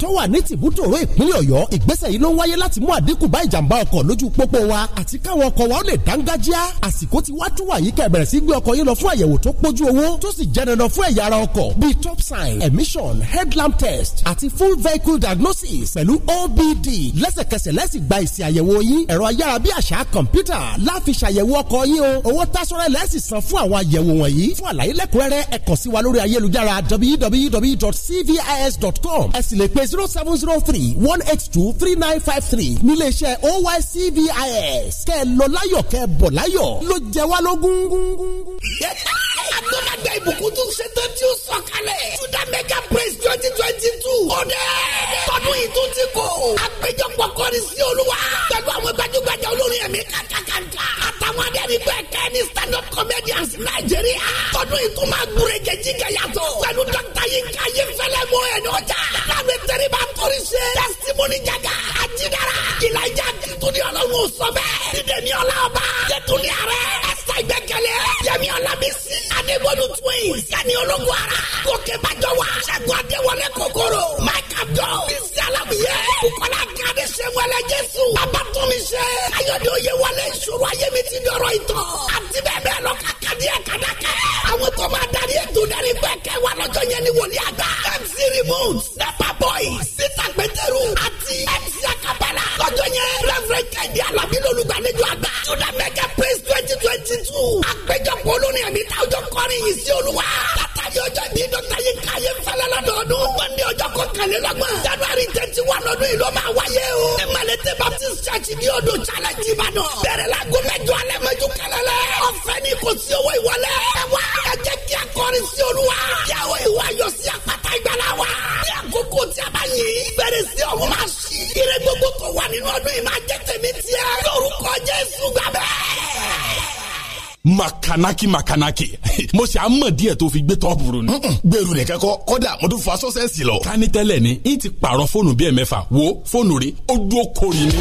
sí gbé ọkọ̀ yín lọ fún àyẹ̀wò tó pójú owó tó sì jẹ́ dandan fún ẹ̀yà ara ọkọ̀ bíi top sign emission headlamp test àti full vehicle diagnosis pẹ̀lú OBD lẹ́sẹ̀kẹsẹ̀ lẹ́sì gba èsì àyẹ̀wò yín ẹ̀rọ ayára bí àṣá kọ̀mpútà láfi ṣàyẹ̀wò ọkọ̀ yín o owó tásọ̀rẹ́ lẹ́sì san fún àwọn àyẹ̀wò wọ̀nyí fún àlàyé lẹ́kùnrẹ́rẹ́ ẹ kàn sí wa lórí ayélujára www.cvis.com ẹ sì lè pe zero seven zero three one eight two three nine five three nílé iṣẹ́ oycvis kẹ́ ẹ lọ láyọ̀ kẹ́ ẹ bọ̀ láyọ̀ ló jẹ wá lógún. Yeah. agbẹ́mọ̀gbà ìbùkún tún ṣe tí ó sọ̀kalẹ̀. Sudan mega praise twenty twenty two. ó tọdún yìí ti kó. àpéjọpọ̀ kọrin sí olúwa. pẹ̀lú àwọn gbajúgbajà olórin ẹ̀mí kàkàkàkà. àtàwọn adẹ́rìn bẹ́ẹ̀ kẹ́ ní stand up comedians nàìjíríà. tọdún yìí máa gbúre jẹjí kẹyàtọ̀. pẹ̀lú dókítà yìí ká yé fẹ́lẹ́ mọ ẹ̀nà ọjà. láàmì tẹ̀rí bá torí ṣe. testimony jaga ajidara. ìlàjà kìtùnì ọlọ́run sọ bẹ́ẹ̀. Adébólú twins. Yanni ológun ara. Gòkè bàjọ́ wa. Ṣẹ́gun Adéwọlé kòkòrò. Mike Abdo. Bísí Alábìyẹ. Bukola Akíade Ṣéwọlé Jésù. Babatunmi Ṣé. Káyọ̀dé Oyèwọlé. Ìṣòro ayé mi ti dọ̀rọ̀ ìtàn. Àti bẹ́ẹ̀ bẹ́ẹ̀ lọ kàkàdí ẹ̀ kàdákẹ́. Àwọn tó máa darí ètò darí gbẹ̀kẹ́ wa lọ́jọ́ yẹn ni wòlíì àgbà. MC Remote. Nepa Boy. Sita Gbẹdẹrù. Àti MC Akabala. Lọ́jọ́ yẹn. Reverend Kẹ́hìndé Alábí lolùgbàlejò àgbà. twenty twenty two. Àpéjọpọ̀ olórin kọrin yìí sí olúwa. látàrí ọjọ́ bíi dọ́kítà yìí ká yé fẹ́lẹ́ lọ́dọọdún. wọ́n ní ọjọ́ kọkànlélọ́gbọ̀n. january twenty one ọdún yìí ló máa wáyé o. emalete baptist church ní ọdún challenge ìbàdàn. bẹ̀rẹ̀ la gó mẹ́jọ alẹ́ mẹ́jọ kẹlẹ́lẹ́. ọ̀fẹ́ ni kò sí owó ìwọlé. ẹ wá ẹ jẹ́ kí a kọrin sí olúwa. yàwó ìwà yọ sí àpáta ìgbàlá wa. ní àkókò tí a bá yìn bẹ̀rẹ̀ sí ọ̀hún máa ṣí. ire gbogbo tó wà nínú ọdún yìí máa jẹ́ tèmi tiẹ̀. lórúkọ jésù gbàgbẹ́ makanaki makanaki *laughs* mo ṣe àmọ̀ díẹ̀ tó fi gbé tọ́pù rò ni. gbèrú nìkan kọ kọ́dà mo tún fa sọ́sẹ́sì lọ. ká ní tẹ́lẹ̀ ni n ti pààrọ̀ fóònù bíi ẹ̀mẹ́fà wo fóònù rí ojú okòrì ni.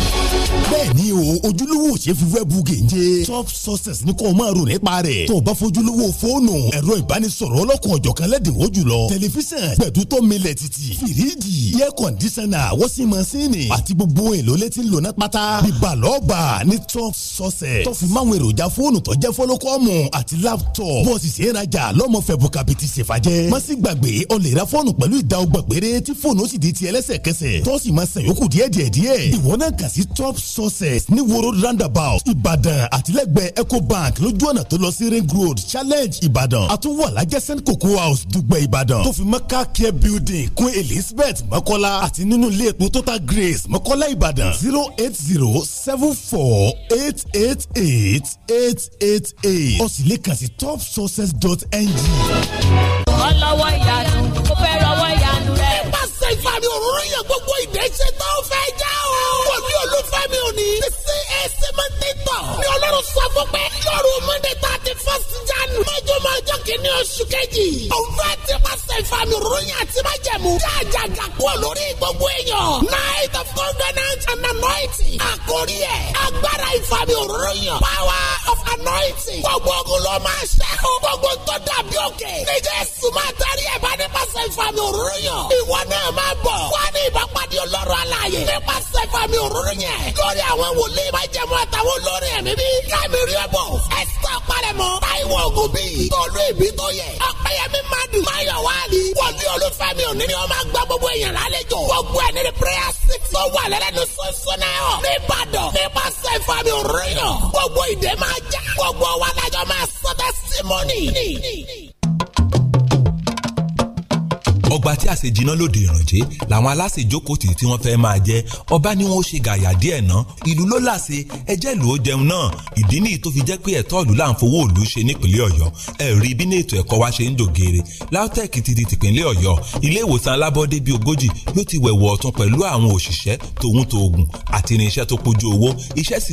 bẹ́ẹ̀ni o ojúlówó ṣe fi wẹ́ẹ̀bù gèje top success ní kò máa rò nípa rẹ̀ tó o bá fojúlówó fóònù ẹ̀rọ ìbánisọ̀rọ̀ ọlọ́kùn ọ̀jọ̀kan lẹ́dínwó jùlọ tẹlifíṣàn gbẹ̀dútọ́ milẹ̀ títì fìríjì air conditioner wọ́sí masínì àti gbogbo èlò létí lónà pátá bíbalọ́ọ̀bà ní top success tó fi máwọn èròjà fóònù fóònù àti láptọ̀pù bọ́ọ̀sì sì ìrajà lọ́mọ fẹ̀bù kàbìtì ṣèfàjẹ́ má sì gbàgbé o lè ra fóònù pẹ̀lú ìdá ọgbà péré tí fóònù ó sì di tiẹ̀ lẹ́sẹ̀kẹsẹ̀ tó sì máa san yòókù díẹ̀ díẹ̀ díẹ̀ ìwọ náà kà sí top sources ní woro roundabout ìbàdàn àtìlẹ́gbẹ̀ẹ́ ecobank lójú ọ̀nà tó lọ sí ring road challenge ìbàdàn àtúwọ̀ alájẹ́ st cocoa house dùgbẹ̀ ìbàdàn tó fi mọ́ car care building kún elizabeth mọ́kọ́lá àti nínú ilé epo total grace mọ́kọ́lá ìbàdàn zero eight zero seven four eight eight eight eight eight eight o sì lè kàn sí topsources.ng. ọlọ́wọ́ ìyanu ó fẹ́ rọwọ́ ìyanu rẹ̀. nípasẹ̀ ìfàmì òróró yẹn gbogbo ìdẹ́sẹ̀ tó fẹ́ jẹ́. ni ọlọ́run sọ fún pé lóru monday thirty first jan lójúmọ́ ọjọ́ kìíní oṣù kejì. òun fẹ́ ti pàṣẹ ìfàmì ròyìn àti májẹ̀mú. jẹ́ àjàgà kúrò lórí gbogbo èèyàn. night of covenant and anointing. àkórí ẹ̀ agbára ìfàmì ròyìn. power of anointing. gbogbo ogun ló máa ṣẹ́ o. gbogbo tó dàbí òkè. níjẹ́ sùnmọ́ àtàrí ẹ̀ bá ní pàṣẹ ìfàmì ròyìn. ìwọ náà máa bọ̀. wá ní ìbápadì ọlọ́run mi bí. Kẹ́mi rí ẹ̀bọ̀. Ẹ̀sítọ́ parẹ́mọ. Táíwò ògùn bíi. Tolú ìbí tó yẹ. Ọ̀pẹ̀yẹmí Madu. Máyọ̀ Wálé. Wọlé Olúfẹ́mi òní ni wọ́n máa gba gbogbo èèyàn lálejò. Gbogbo ẹ̀ ní prayer six tó wà lẹ́lẹ́nu sunsun náà yọ. Níbàdàn. Nípasẹ̀ ìfami òrìyàn. Gbogbo ìdè máa já. Gbogbo wa lájọ máa sọ testimony ọgbà tí àṣẹ jiná lòdì ìrànjẹ làwọn aláṣẹ ìjókòó tì tí wọ́n fẹ́ máa jẹ ọba ni wọ́n ṣe gàyà díẹ̀ ná ìlú ló láṣẹ ẹjẹ́ ìlú ó jẹun náà ìdí nìyí tó fi jẹ́ pé ẹ̀tọ́ ìlú là ń fowó ìlú ṣe nípìnlẹ̀ ọ̀yọ́ ẹ̀rí bí ní ètò ẹ̀kọ́ wa ṣe ń dògèrè LAUTECH ti di tìpínlẹ̀ ọ̀yọ́ ilé ìwòsàn alábọ́dé bíi ogójì ló ti wẹ̀wọ̀ ọ̀tún pẹ̀lú àwọn òṣìṣẹ́ tòun tòògùn àti tó kojú owó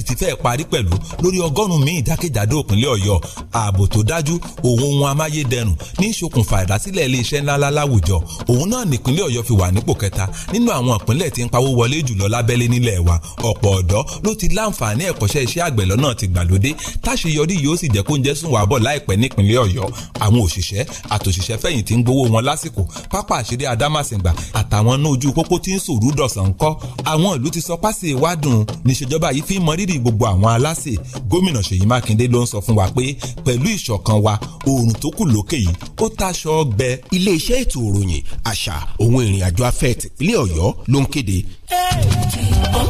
ti fẹ́ẹ̀ parí pẹ̀lú lórí ọgọ́rùn-ún míì jákèjádò ìpínlẹ̀ ọ̀yọ́ ààbò tó dájú òun ohun amáyédẹrùn ní ìṣokùnfà ìdásílẹ̀ ilé iṣẹ́ ńláńlá láwùjọ òun náà nípínlẹ̀ ọ̀yọ́ fi wà nípò kẹta nínú àwọn ìpínlẹ̀ tí ń pawó wọlé jùlọ lábẹ́lé nílẹ̀ wa ọ̀pọ̀ ọ̀dọ́ ló ti láǹfààní ẹ̀kọ́ṣẹ́ iṣẹ́ àgbẹ̀ lọ́nà ti gbàlódé táṣeyọrí yóò sì jẹ́ kó ń jẹ́ sùn wà bọ̀ láìpẹ́ nípínlẹ̀ ọ̀yọ́ àwọn òṣìṣẹ́ àtòṣìṣẹ́ fẹ̀yìntì ń gbowó wọn lásìkò pápá àṣírí adámàsìngbà àtàwọn náà ojú pópó tí ń sòrú dọ̀sán kọ́ àwọn ìlú ti sọ pásì ìwádùn níṣèjọba yìí fi ń mọrírì gbogbo àwọn aláṣẹ gómìnà Ṣèyí Mákindé ló ń sọ fún wa pé pẹ̀lú ìṣọ̀kan wa oòrùn tó kù lókè yìí ìròyìn àṣà òun ìrìn àjò afẹ́ tìpínlẹ̀ Ọ̀yọ́ ló ń kéde. Hey, hey,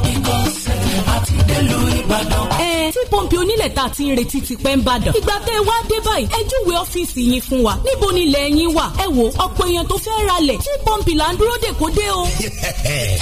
hey, ìbàdàn àti délùú ìbàdàn. ẹ tí pọ́ǹpì onílẹ̀ ta ti ń retí ti pẹ́ ń bàdàn. ìgbà tẹ́ ẹ wá dé báyìí ẹ júwe ọ́fíìsì yín fún wa níbo ni ilẹ̀ yín wà. ẹ wo ọ̀pọ̀ èèyàn tó fẹ́ ra lẹ̀ tí pọ́ǹpì là ń dúró dè kó dé o.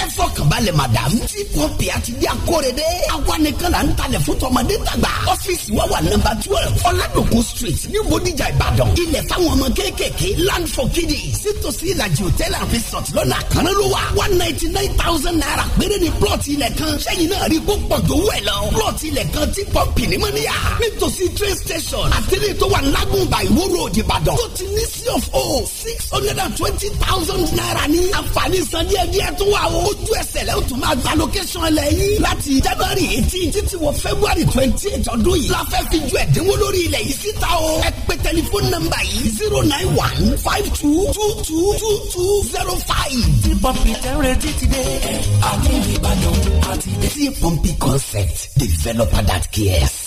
ẹ fọkàn balẹ̀ madam tí pọ́ǹpì àti bí akóredé àwa nìkan là ń talẹ̀ fún tọmọdé tàgbà. ọ́fíìsì wa wà nọ́mbà twelve ọ̀làdòkun street ní bodijà ìbàdàn. ilẹ̀ fáwọn ọmọ kéékèèké land for kiddies sítòsí hotel and resort lọ́nà àkànlélówà one ninety nine thousand naira péré ni plọ̀tì ilẹ̀ kan sẹ́yìn náà rí kó pọ̀ jówó ẹ̀ lọ. plọ̀tì ilẹ̀ kan tí pọ́ǹpì ní mọ́níyà nítòsí train station àtẹ̀lé tó wà lágùnbà ìwó road ìbàdàn tó ti ní sí of o six hundred and twenty thousand naira ní àǹfààní san díẹ̀ díẹ̀ tó wà o ojú ẹsẹ̀ lẹ́yìn tó máa gba location ẹlẹ́ yìí láti january eighteen títí wọ february twenty eight ọdún yìí la fẹ́ fi ju ẹ̀dínwó lórí ilẹ̀ yìí síta o ẹ pè tẹlifóònù nọ́mbà yìí zero nine one five two two two two two zero five. tí pọ́ǹpì tẹ́ ń retí ti dé. ẹ àti ìbàdàn àti ìdẹ́sí pọ́ǹpì. Compi Concept, developer that cares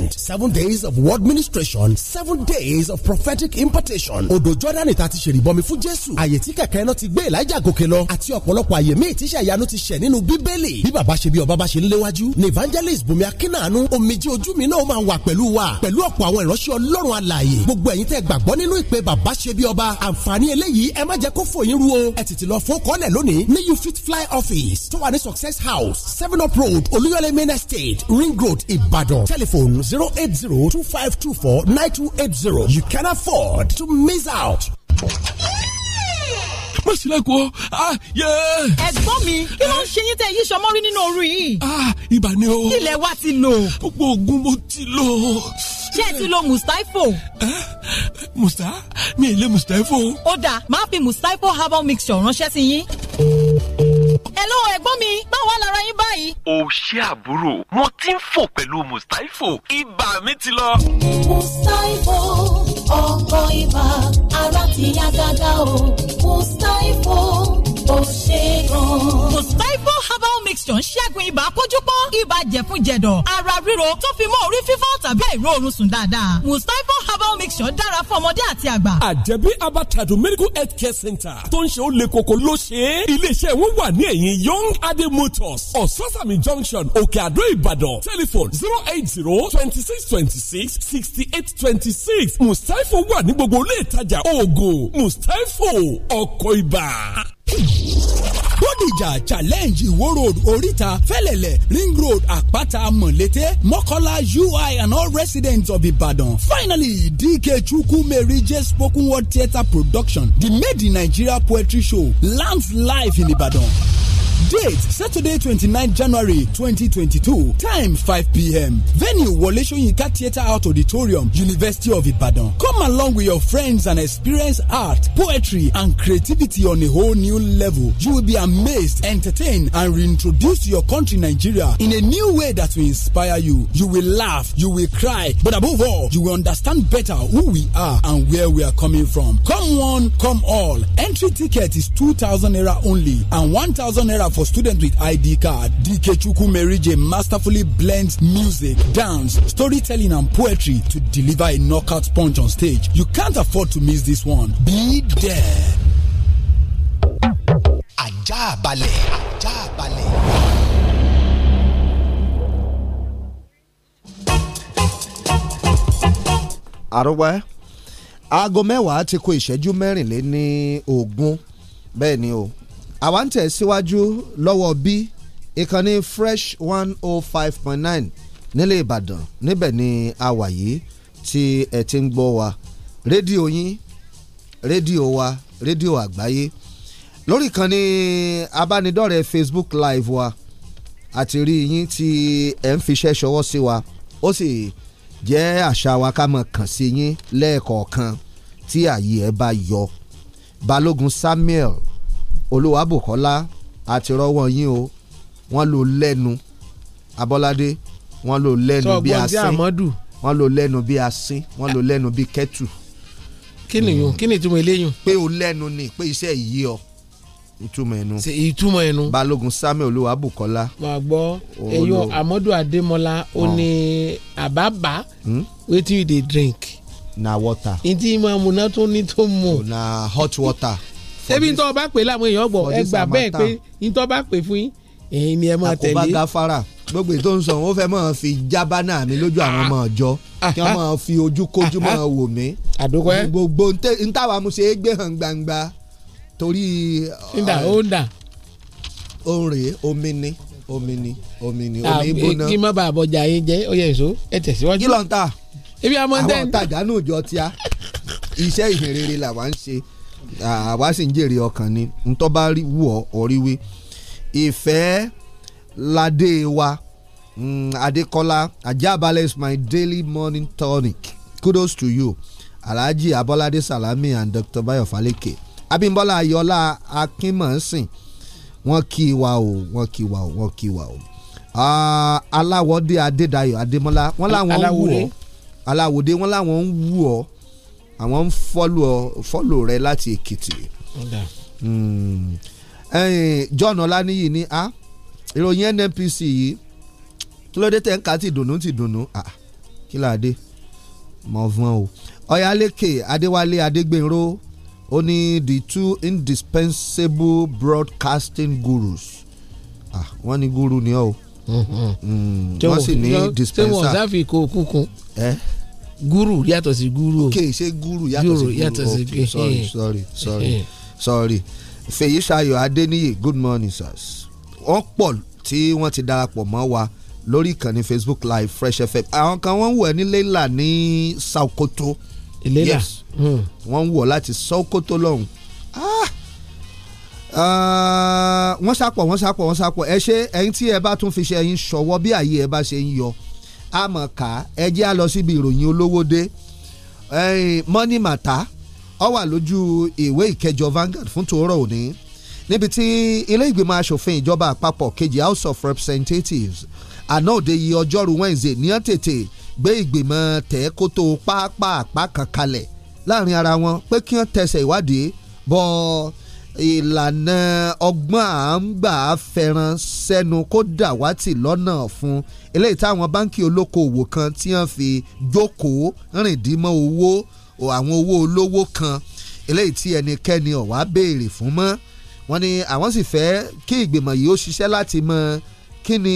event seven days of word ministration seven days of prophetic impartation odò jordan ìta ti ṣèrìbọmi fún jésù àyè tí kẹ̀kẹ́ náà ti gbé elijah gòkè lọ àti ọ̀pọ̀lọpọ̀ àyè míì tíṣà ìyanu ti ṣẹ̀ nínú bíbélì bí bàbá ṣe bí ọba bá ṣe ń léwájú ni evangelist bùnmi akínàánú omijì ojú mi náà máa wà pẹ̀lú wa pẹ̀lú ọ̀pọ̀ àwọn ìránṣẹ́ ọlọ́run alààyè gbogbo ẹ̀yin tẹ́ gbàgbọ́ nínú ìpè bàbá ṣe bí ọba àǹfààní eléyìí ẹ má jẹ́ kó fòyín you fit fly office tó wà success house seven up road olúyọlé main estate ring road ìbàdàn telephone Zero eight zero You can afford to miss out. má sílẹ̀kùn ọ́ yẹ. ẹ̀gbọ́n mi kí ló ń ṣe yín tẹ yí sọmọ rí nínú òru yìí. Ah, ibà ni o. ilẹ̀ wa ti lò. gbogbo oògùn mo ti lò. ṣé ẹ ti lo mustapho. Eh, musta mi ò lè mustapho. ó dáa máa fi mustapho herbal mixture ránṣẹ́ sí yín. Hello ẹ̀gbọ́n mi, báwo lára yín báyìí? O ṣé àbúrò, wọ́n ti ń fò pẹ̀lú Mustaifo, Ibà mi ti lọ. Mustapho, ọkọ̀ ibà, ara ti yá gágá o. Mustapho, ò ṣe gan. Mustapho herbal mixture ń ṣẹ́gun ibà kójúpọ́n ibà jẹ̀fun-jẹ̀dọ̀ ara ríro tó fi mọ́ orí fífọ́ tàbí àìróorun sùn dáadáa mustapha herbal mixture dára fún ọmọdé àti àgbà. àjẹbí abatado medical health care center tó ń ṣe ó le koko ló ṣe é iléeṣẹ́ ìwọ́n wà ní ẹ̀yìn young adé motors ososami junction òkè àdó ìbàdàn telephone zero eight zero twenty six twenty six sixty eight twenty six mustapha wà ní gbogbo ilé ìtajà oògùn mustapha ọkọ̀ ibà. ó challenge ìwó road oríta fẹ́lẹ̀lẹ̀ ring road àpáta mọ̀lété mọ́kọ́lá ui and all residents of ibadan finally dk chukwu mary j spoken word theatre production the made in nigeria poetry show lands live in ibadan. Date Saturday 29 January 2022. Time 5 p.m. Venue Wole Soyinka Theatre Art Auditorium, University of Ibadan. Come along with your friends and experience art, poetry, and creativity on a whole new level. You will be amazed, entertained, and reintroduced to your country, Nigeria, in a new way that will inspire you. You will laugh, you will cry, but above all, you will understand better who we are and where we are coming from. Come one, come all. Entry ticket is 2,000 naira only and 1,000 naira program for students with ID card. DK Chuku Merije masterfully blends music, dance, storytelling, and poetry to deliver a knockout punch on stage. You can't afford to miss this one. Be there. Ajabale. balẹ̀, ajá balẹ̀. àrùwẹ́ aago mẹ́wàá ti kó ìṣẹ́jú mẹ́rìnléní ogún bẹ́ẹ̀ ni o àwa ń tẹ̀ síwájú lọ́wọ́ bí ìkànnì fresh one oh five point nine nílẹ̀ ìbàdàn níbẹ̀ ni a wà yìí tí ẹ ti ń gbọ́ wa rédíò yín rédíò wa rédíò àgbáyé lórí ìkànnì abánidọ́rẹ̀ẹ́ facebook live wa àti rí yín tí ẹ̀ ń fiṣẹ́ ṣọwọ́ sí wa ó sì jẹ́ àṣà wa ká mọ̀ kàn sí yín lẹ́ẹ̀kọ̀ọ̀kan tí àyè ẹ̀ bá yọ balógun samuel olúwa bùkọ́lá àti rọ́wọ́ yín o wọ́n lò lẹ́nu abọ́ládé wọ́n lò lẹ́nu bí asín wọ́n lò lẹ́nu bí asín wọ́n lò lẹ́nu bí kẹ́tù. kí ni yun mm. kí ni ìtumọ̀ eléyìí. pé o lẹ́nu ni pé iṣẹ́ yìí ọ ìtumọ̀ ẹnu. ṣe ìtumọ̀ ẹnu. balógun samuel olúwa bùkọ́lá. wàá gbọ́ eyín amadu adémọlá ó mm. ní àbábà mm. wetin you dey drink. na water. ntí ìmọ̀ amúná tó ní tó mọ̀. na hot water ṣebí ní tọ́ bá pè láwọn èèyàn gbọ́ ẹ gbà bẹ́ẹ̀ pé ní tọ́ bá pè fún yín èyí ni ẹ máa tẹ̀lé. àkóbá gafara gbogbo ètò ń sọ wọn fẹ́ máa fi jábánà mi lójú àwọn ọmọ ọjọ́ ah, kí wọ́n ah, máa fi ojúkójú ah, máa wò mí. àdókòẹ́ gbogbo ntàwa mo ṣe é gbé hàn gbangba torí. O eh, ó ndà. orin omi ni omi ni omi ni omi gbóná. kí n má bàa bọjà yín jẹ ó yẹ èso ẹ tẹ̀síwájú. kí ló ń ta. ebi amọ̀ àwọn ọ̀tajà náà jọ tíá iṣẹ́ ìhìnrere làwa ń ṣe àwa sì ń jèrè ọkàn ni ntọ́ bá rí wù ọ́ ọ̀ríwé ìfẹ́ ládé wa mm, adékọ́lá ajábalẹ̀ is my daily morning tonic kudos to you alhaji abolade salami and dr bayo faleke abimbola ayọ̀lá akínmọ̀sìn wọ́n kí wa o wọ́n kí wa o wọ́n kí wa o aláwọ̀dé adédayọ̀ adémọ́lá wọ́n láwọn ń wù ọ́ aláwọ̀dé wọ́n láwọn ń wù ọ́ àwọn ń fọ́lò rẹ láti èkìtì. Hmm. John Ọláníyì ní a ah, ìròyìn NNPC yìí kí ló dé tẹ̀ ń ka ti dùnnú ti dùnnú ah, kí là á dé mọ̀ fún o Ọ̀yálékè Adéwálé Adégbènró ó ní the two indispensable broadcasting gurus ah, wọ́n ní guru ni ọ́ o hmm, wọ́n sì ní dispenser. tí wọ́n sáfi kó kúkú guru yàtọ̀ sí guru. ok ṣé guru yàtọ̀ sí guru ok sorry eh, sorry eh, sorry eh. sorry fèyísayọ̀ adéníyè good morning sirs. wọ́n pọ̀ tí wọ́n ti darapọ̀ mọ́ wa lórí ìkànnì facebook live fresh fm àwọn kan wọ́n ń wọ̀ ní leila ní Sokoto. leila yes hmm. wọ́n láti Sokoto lọ́hùn. Ah! Ah, wọ́n sápọ̀ wọ́n sápọ̀ wọ́n sápọ̀ ẹ ṣe ẹ̀yin tí ẹ bá tún fi ṣe ẹ̀yin ṣọwọ́ bí àyè ẹ bá ṣe ń yọ àmọ̀ká ẹjẹ́ á lọ síbi ìròyìn olówó dé mọ́nì màtá ó wà lójú ìwé ìkẹjọ Vanguard fún tòórọ́ òní níbi tí ilé ìgbìmọ̀ asòfin ìjọba àpapọ̀ kejì House of Representatives àná òde yìí ọjọ́rú Wednesday ní tètè gbé ìgbìmọ̀ tẹ́kótó pápá àpá kan kalẹ̀ láàrin ara wọn pé kí wọ́n tẹsẹ̀ ìwádìí bọ́ọ̀ ìlànà ọgbọ́n à ń gbà fẹ́ràn sẹ́nu kó dàwátì lọ́nà fún eléyìí táwọn báńkì olókoòwò kan tí wọ́n fi jókòó rìndínmọ́ owó àwọn owó olówó kan eléyìí tí ẹnikẹ́ni ọ̀wá béèrè fún mọ́ wọ́n ní àwọn sì fẹ́ kí ìgbìmọ̀ yìí ó ṣiṣẹ́ láti mọ kí ni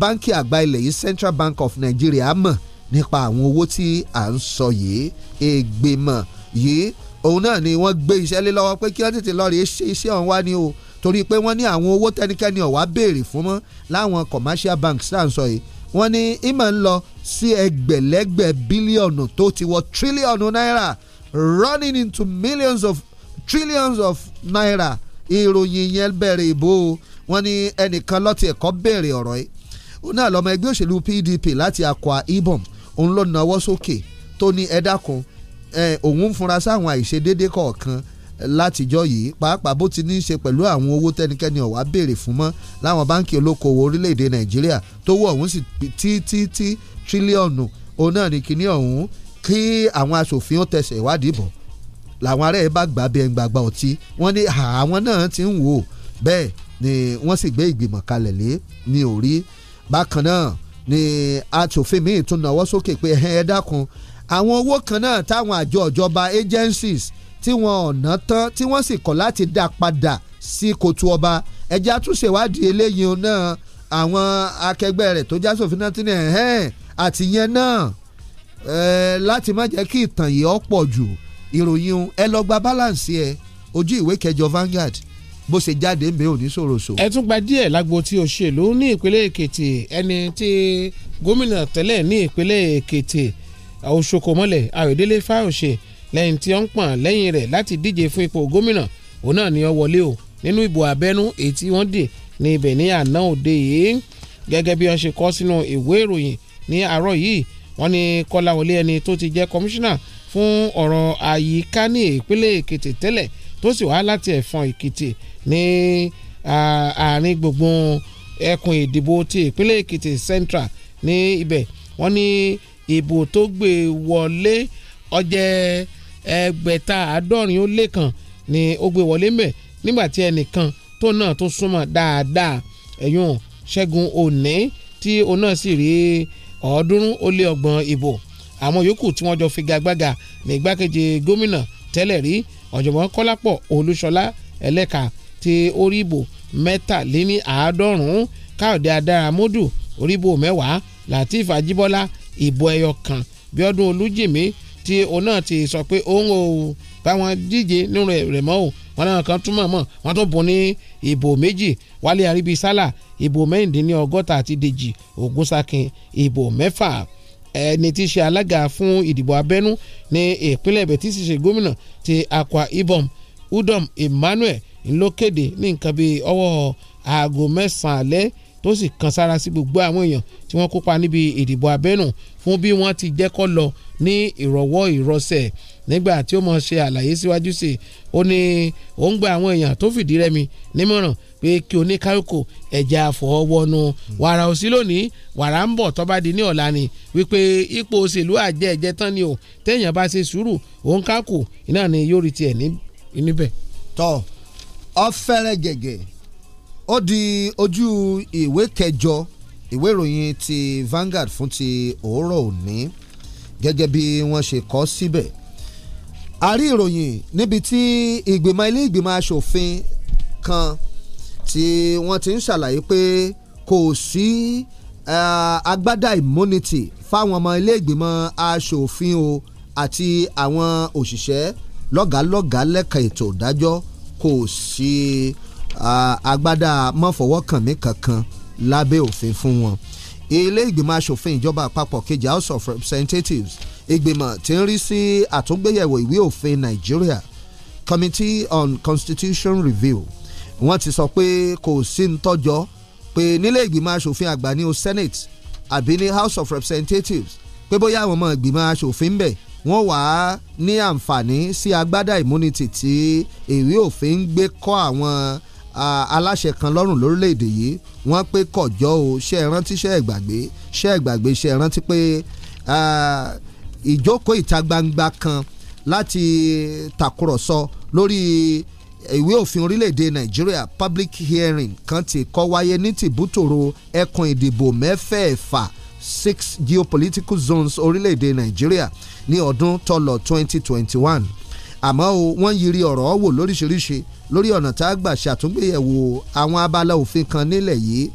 báńkì àgbà ilẹ̀ yìí Central Bank of Nigeria mọ̀ nípa àwọn owó tí à ń sọ yìí ìgbìmọ̀ yìí òun náà ni wọ́n gbé iṣẹ́ lé lọ́wọ́ pé kí wọ́n tètè lọ́ọ́ rèé ṣe iṣẹ́ ọ̀hún wá ní o torí pé wọ́n ní àwọn owó tẹ́nikẹ́ni ọ̀wá béèrè fún mọ́ láwọn commercial banks tá à ń sọ yìí wọ́n ní ìmọ̀ ń lọ sí ẹgbẹ̀lẹ́gbẹ̀ bílíọ̀nù tó ti wọ tírílíọ̀nù náírà running into millions of trillions of naira ìròyìn yẹn bẹ̀rẹ̀ ìbò wọ́n ní ẹnìkan lọ́tì ẹ̀kọ́ béèrè ọ̀rọ̀ yìí òun náà lọ́mọ ẹgbẹ́ òṣèlú PDP láti Akwa Ibom òun ló nawọ́ sókè tó ní ẹ dákun òun ń funra sáwọn àìṣedéédé kọ̀ọ̀kan látijọ́ yìí pàápàá bó ti ní í ṣe pẹ̀lú àwọn owó tẹ́nikẹ́ni ọ̀wá béèrè fún mọ́ láwọn báńkì olókoòwò orílẹ̀-èdè nàìjíríà tó wọ̀ ọ̀hún sí tí tí tí tírílíọ̀nù òun náà ní kíní ọ̀hún kí àwọn aṣòfin ó tẹsẹ̀ ìwádìí bọ̀ làwọn ará ẹ̀ bá gbà bí ẹ̀ ń gbàgbà ọtí wọ́n ní àwọn náà ti ń wò bẹ́ẹ̀ ni wọ́n sì gbé ìgbìmọ̀ kalẹ̀ lé ní orí bákan náà ni aṣòfin míì tún náwó sókè pé ẹ dákun àwọn owó kan náà táwọn àjọ ìjọba agencies tí wọn ọ̀nà tán tí wọ́n sì kọ̀ láti dá padà sí kòtò ọba ẹ̀jẹ̀ àtúnṣèwádìí eléyìí náà àwọn akẹgbẹ́ rẹ̀ tó jásòfin náà ti ní ẹ̀hẹ́n àtìyẹn náà láti má jẹ́ kí ìtàn yìí ó pọ̀ jù ìròyìn ẹ lọ gba balance ẹ ojú ìwé kẹjọ Vanguard bó ṣe jáde ń bẹ òní ṣòroṣò. ẹ tún gba díẹ̀ lágbo tí òṣèlú ní ìpínlẹ̀ Èkìtì ẹni tí gómìnà tẹ́lẹ̀ ní ìpínlẹ̀ Èkìtì Òṣokòmọ́lẹ̀ Ayọ̀délé Fáyọ̀ṣe lẹ́yìn tí ó ń pọ̀n lẹ́yìn rẹ̀ láti díje fún ipò gómìnà òun náà ni ó wọlé o nínú ìbò abẹ́nú èyí tí wọ́n dì ní ibẹ̀ ní àná òde yìí gẹ́gẹ́ bí wọ́n ṣe kọ sínú ìwé ìròyìn ní àárọ̀ yìí wọ́n ní Kọ́láwọlé ẹni tó ti jẹ́ kọmíṣánná fún ọ̀rọ̀ àyíká ní ìpínlẹ̀ Èkìtì tẹ́lẹ̀ tó sì wá láti Ẹ̀fọ̀n Èkìtì ní àárín gbùngbùn ẹkùn ìdìbò ti ìpínlẹ̀ Èkìtì Central ní ibẹ̀ wọ́n ní. Ni ìbò tó gbé wọlé ọjẹ́ ẹgbẹ̀ta àádọ́rin ó lé kan ni ó gbé wọlé mbẹ̀ nígbàtí ẹnìkan tó náà tó súnmọ́ dáadáa ẹ̀yùn Ṣẹ́gun Òní tí òun náà sì rí ọ̀ọ́dúnrún ó lé ọgbọ̀n ìbò àwọn yòókù tí wọ́n jọ figagbága ní igbákejì gómìnà tẹ́lẹ̀ rí ọ̀jọ̀gbọ́n Kọ́lápọ̀ Olúṣọlá Ẹlẹ́ka tí orí ìbò mẹ́tàléní àádọ́rùn-ún Káyọ̀dé Adáramódù orí ìbò mẹ́wàá Latif Ajíbọ́lá ìbò ẹyọ kan Bíọ́dún Olújìmí tí òun náà ti sọ pé òun ò báwọn díje nínú rẹ̀ mọ́ o wọn náà kan túmọ̀ mọ̀ wọn tó bùn ní ìbò méjì Wálé Àríbísálà ìbò mẹ́rìndínlọ́gọ́ta àti Dèjì Ògúnsákin ìbò mẹ́fà ẹni tí í ṣe alága fún ìdìbò abẹ́nú ní ìpínlẹ̀ Ẹ̀bẹ̀ tí sì ṣe gómìnà ti Akwa Ibom Udom Emmanuel ńlọ kéde ní nǹkan bíi ọwọ́ aago mẹ́sàn-án alẹ́ tó sì kan sára sí gbogbo àwọn èèyàn tí wọ́n kópa níbi ìdìbò abẹ́nú fún bí wọ́n ti jẹ́ kó lọ ní ìrọ̀wọ́ ìrọsẹ̀ nígbà tí ó mọ̀ ṣe àlàyé síwájú sí i ó ní ó ń gba àwọn èèyàn tó fìdí rẹmi nímọ̀ràn pé kí oníkálukú ẹ̀jẹ̀ àfọwọ́wọ́nu wàrà òsí lónìí wàrà ń bọ̀ tọ́ba di ní ọ̀la ni wípé ipò òṣèlú àjẹ́ ẹ̀jẹ̀ tán ni o téèyàn bá ṣe sùúrù òun kákò iná ni yóò rí tiẹ̀ níbẹ̀. tọ́ ọ fẹ́rẹ̀ gẹ̀gẹ̀ ó di ojú ìwé kẹjọ ìwé ìròyìn ti Vanguard fún ti òórọ̀ òní gẹ́gẹ́ bí wọ́n ṣe kọ síbẹ̀ a rí ìròyìn níbi tí ìgbìmọ̀ ilé ìgbìmọ̀ asòfin kan tí wọ́n ti ń ṣàlàyé pé kò sí agbádá immunity fáwọn ọmọ ilé ìgbìmọ̀ asòfin o àti àwọn òṣìṣẹ́ lọ́gàálọ́gàá lẹ́ka ètò ìdájọ́ kò sí. Si, agbádá mọ́fọwọ́kànmí kankan lábẹ́ òfin fún wọn ilé ìgbìmọ̀ asòfin ìjọba àpapọ̀ kejì house of representatives ìgbìmọ̀ tí ń rí sí àtúngbéyẹ̀wò ìwé òfin nàìjíríà committee on constitution review wọ́n ti sọ pé kò sí ń tọ́jọ́ pé nílé ìgbìmọ̀ asòfin àgbà ní o senate àbí ní house of representatives pé bóyá àwọn ọmọ ìgbìmọ̀ asòfin ń bẹ̀ wọ́n wà á ní àǹfààní sí agbádá immunity tí ìwé òfin gbé kọ́ àwọn aláṣẹ kan lọ́rùn lórílẹ̀‐èdè yìí wọ́n pé kọjọ́ o ṣe é rántí ṣe é gbàgbé ṣe é gbàgbé ṣe é rántí pé ìjókòó ìta gbangba kan láti tàkúrọ̀sọ lórí ìwé òfin orílẹ̀-èdè nàìjíríà public hearing kan ti kọ́ wáyé ní tìbútòrò ẹkùn ìdìbò mẹ́fẹ̀ẹ̀fà six geopolitical zones orílẹ̀-èdè nàìjíríà ní ọdún tọlọ 2021 àmọ́ o wọ́n yiri ọ̀rọ̀ wò lóríṣiríṣi lórí ọ̀nà tá a gbà ṣàtúngbéyẹ̀wò àwọn abala òfin kan nílẹ̀ yìí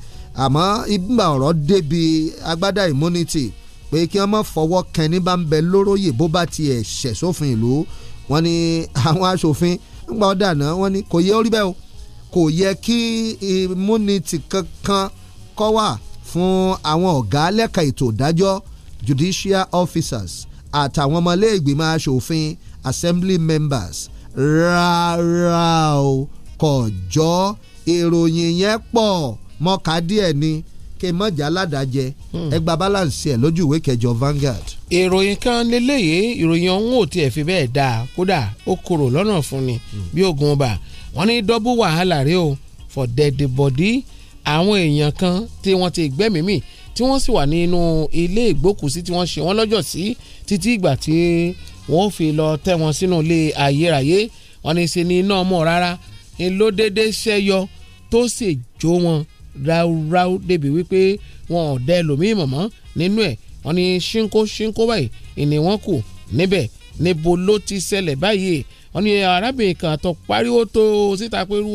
àmọ́ ìgbà ọ̀rọ̀ débi agbádá immunity pé kí wọ́n mọ̀ fọwọ́ kẹni bá ń bẹ lóróyè bó bá tiẹ̀ ṣẹ̀ sófin ìlú wọ́n ní àwọn aṣòfin ńgbà ọ̀dà náà wọ́n ní kò yẹ orí bẹ́ẹ̀ o kò yẹ kí immunity kankan kọ́ wà fún àwọn ọ̀gá lẹ́ka ètò ìdájọ́ judicial officers àtàwọn ọmọlẹ́gbìmọ̀ aṣòfin assembly members rárá o kò jọ ìròyìn yẹn pọ̀ mọ́ka díẹ̀ ni kí mọ̀jà aládàjẹ hmm. ẹgbà balance ẹ̀ lójú ìwé kẹjọ Vanguard. ìròyìn kan lélẹ́yìí ìròyìn ọ̀hún ò tiẹ̀ fi bẹ́ẹ̀ dáa kódà ó korò lọ́nà fún ni hmm. bí oògùn ọba wọn ní dọ́bù wàhálà rèé o for dead body àwọn èèyàn kan tí wọ́n ti gbẹ́mìí mì tí wọ́n sì wà nínú ilé ìgbókùsí tí wọ́n ṣe wọ́n lọ́jọ́ sí títí ìgbà tí wọn ò fi lọ tẹ́ wọn sínú ilé ayérayé wọn ní sí ni iná mọ̀ rárá ni ló dédé ṣẹ́yọ tó sì jó wọn ráúráú débi wípé wọn ò dẹ lòmíì mọ̀mọ́ nínú ẹ̀ wọn ní ṣínkó ṣínkó báyìí ìní wọn kù níbẹ̀ níbo ló ti ṣẹlẹ̀ báyìí wọn ní arábìnrin kan tó pariwo tó síta pé irú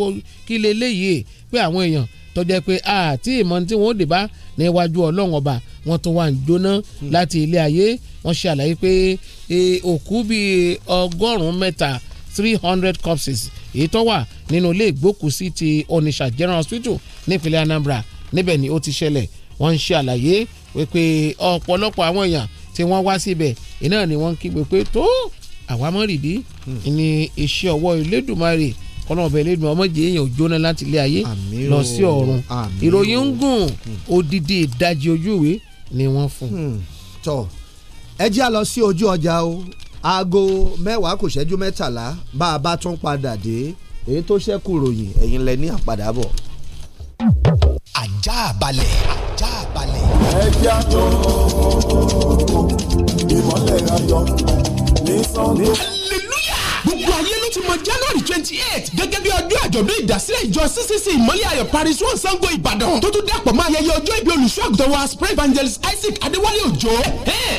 kí leléyìí pé àwọn èèyàn tó pé àti ìmọ̀ tí wọ́n dè bá níwájú ọlọ́run ọba wọn tó wà ń jóná hmm. láti ilé ayé wọ́n ṣe àlàyé pé e, òkú bíi ọgọ́rùn-ún mẹ́ta three hundred corpses èyí tó wà nínú ilé ìgbókùsí ti Onitsha General Hospital nípínlẹ̀ Anambra níbẹ̀ ni ó ti ṣẹlẹ̀ wọ́n ń ṣe àlàyé pé ọ̀pọ̀lọpọ̀ àwọn èèyàn tí wọ́n wá síbẹ̀ iná ni wọ́n ń kígbe pé tó àwa mọ̀ rìdí hmm. ni iṣẹ́ ọwọ́ Elédùmarè kọ́nà ọ̀bẹ Elédùmarè ọmọdé èèyàn ò jóná láti ilé ayé lọ sí ọ̀run ìròyìn ń gùn hmm. odidi ìdajì ojú ìwé ni wọ́n fún. Hmm. tọ́ ẹ jẹ́ à lọ sí ojú ọjà o aago mẹ́wàá kò ṣẹ́jú mẹ́tàlá bá a bá tún padà dé èyí tó ṣẹ́kù ròyìn ẹ̀yin lẹ ní àpadàbọ̀. ajá balẹ̀ ajá balẹ̀. ẹ jẹ́ àjọ ìmọ̀lẹ̀ ayọ̀ ní sunday gbogbo ayé ló ti mọ january twenty eight gẹ́gẹ́ bí ọjọ́ àjọ̀dún ìdásílẹ̀ ìjọ ccc ìmọ́lẹ̀ ayọ̀ paris one sango ìbàdàn tó tún dàpọ̀ mọ́ ayẹyẹ ọjọ́ ìbí olùṣọ́àgùtàn wa spray evangelist isaac adéwálé òjò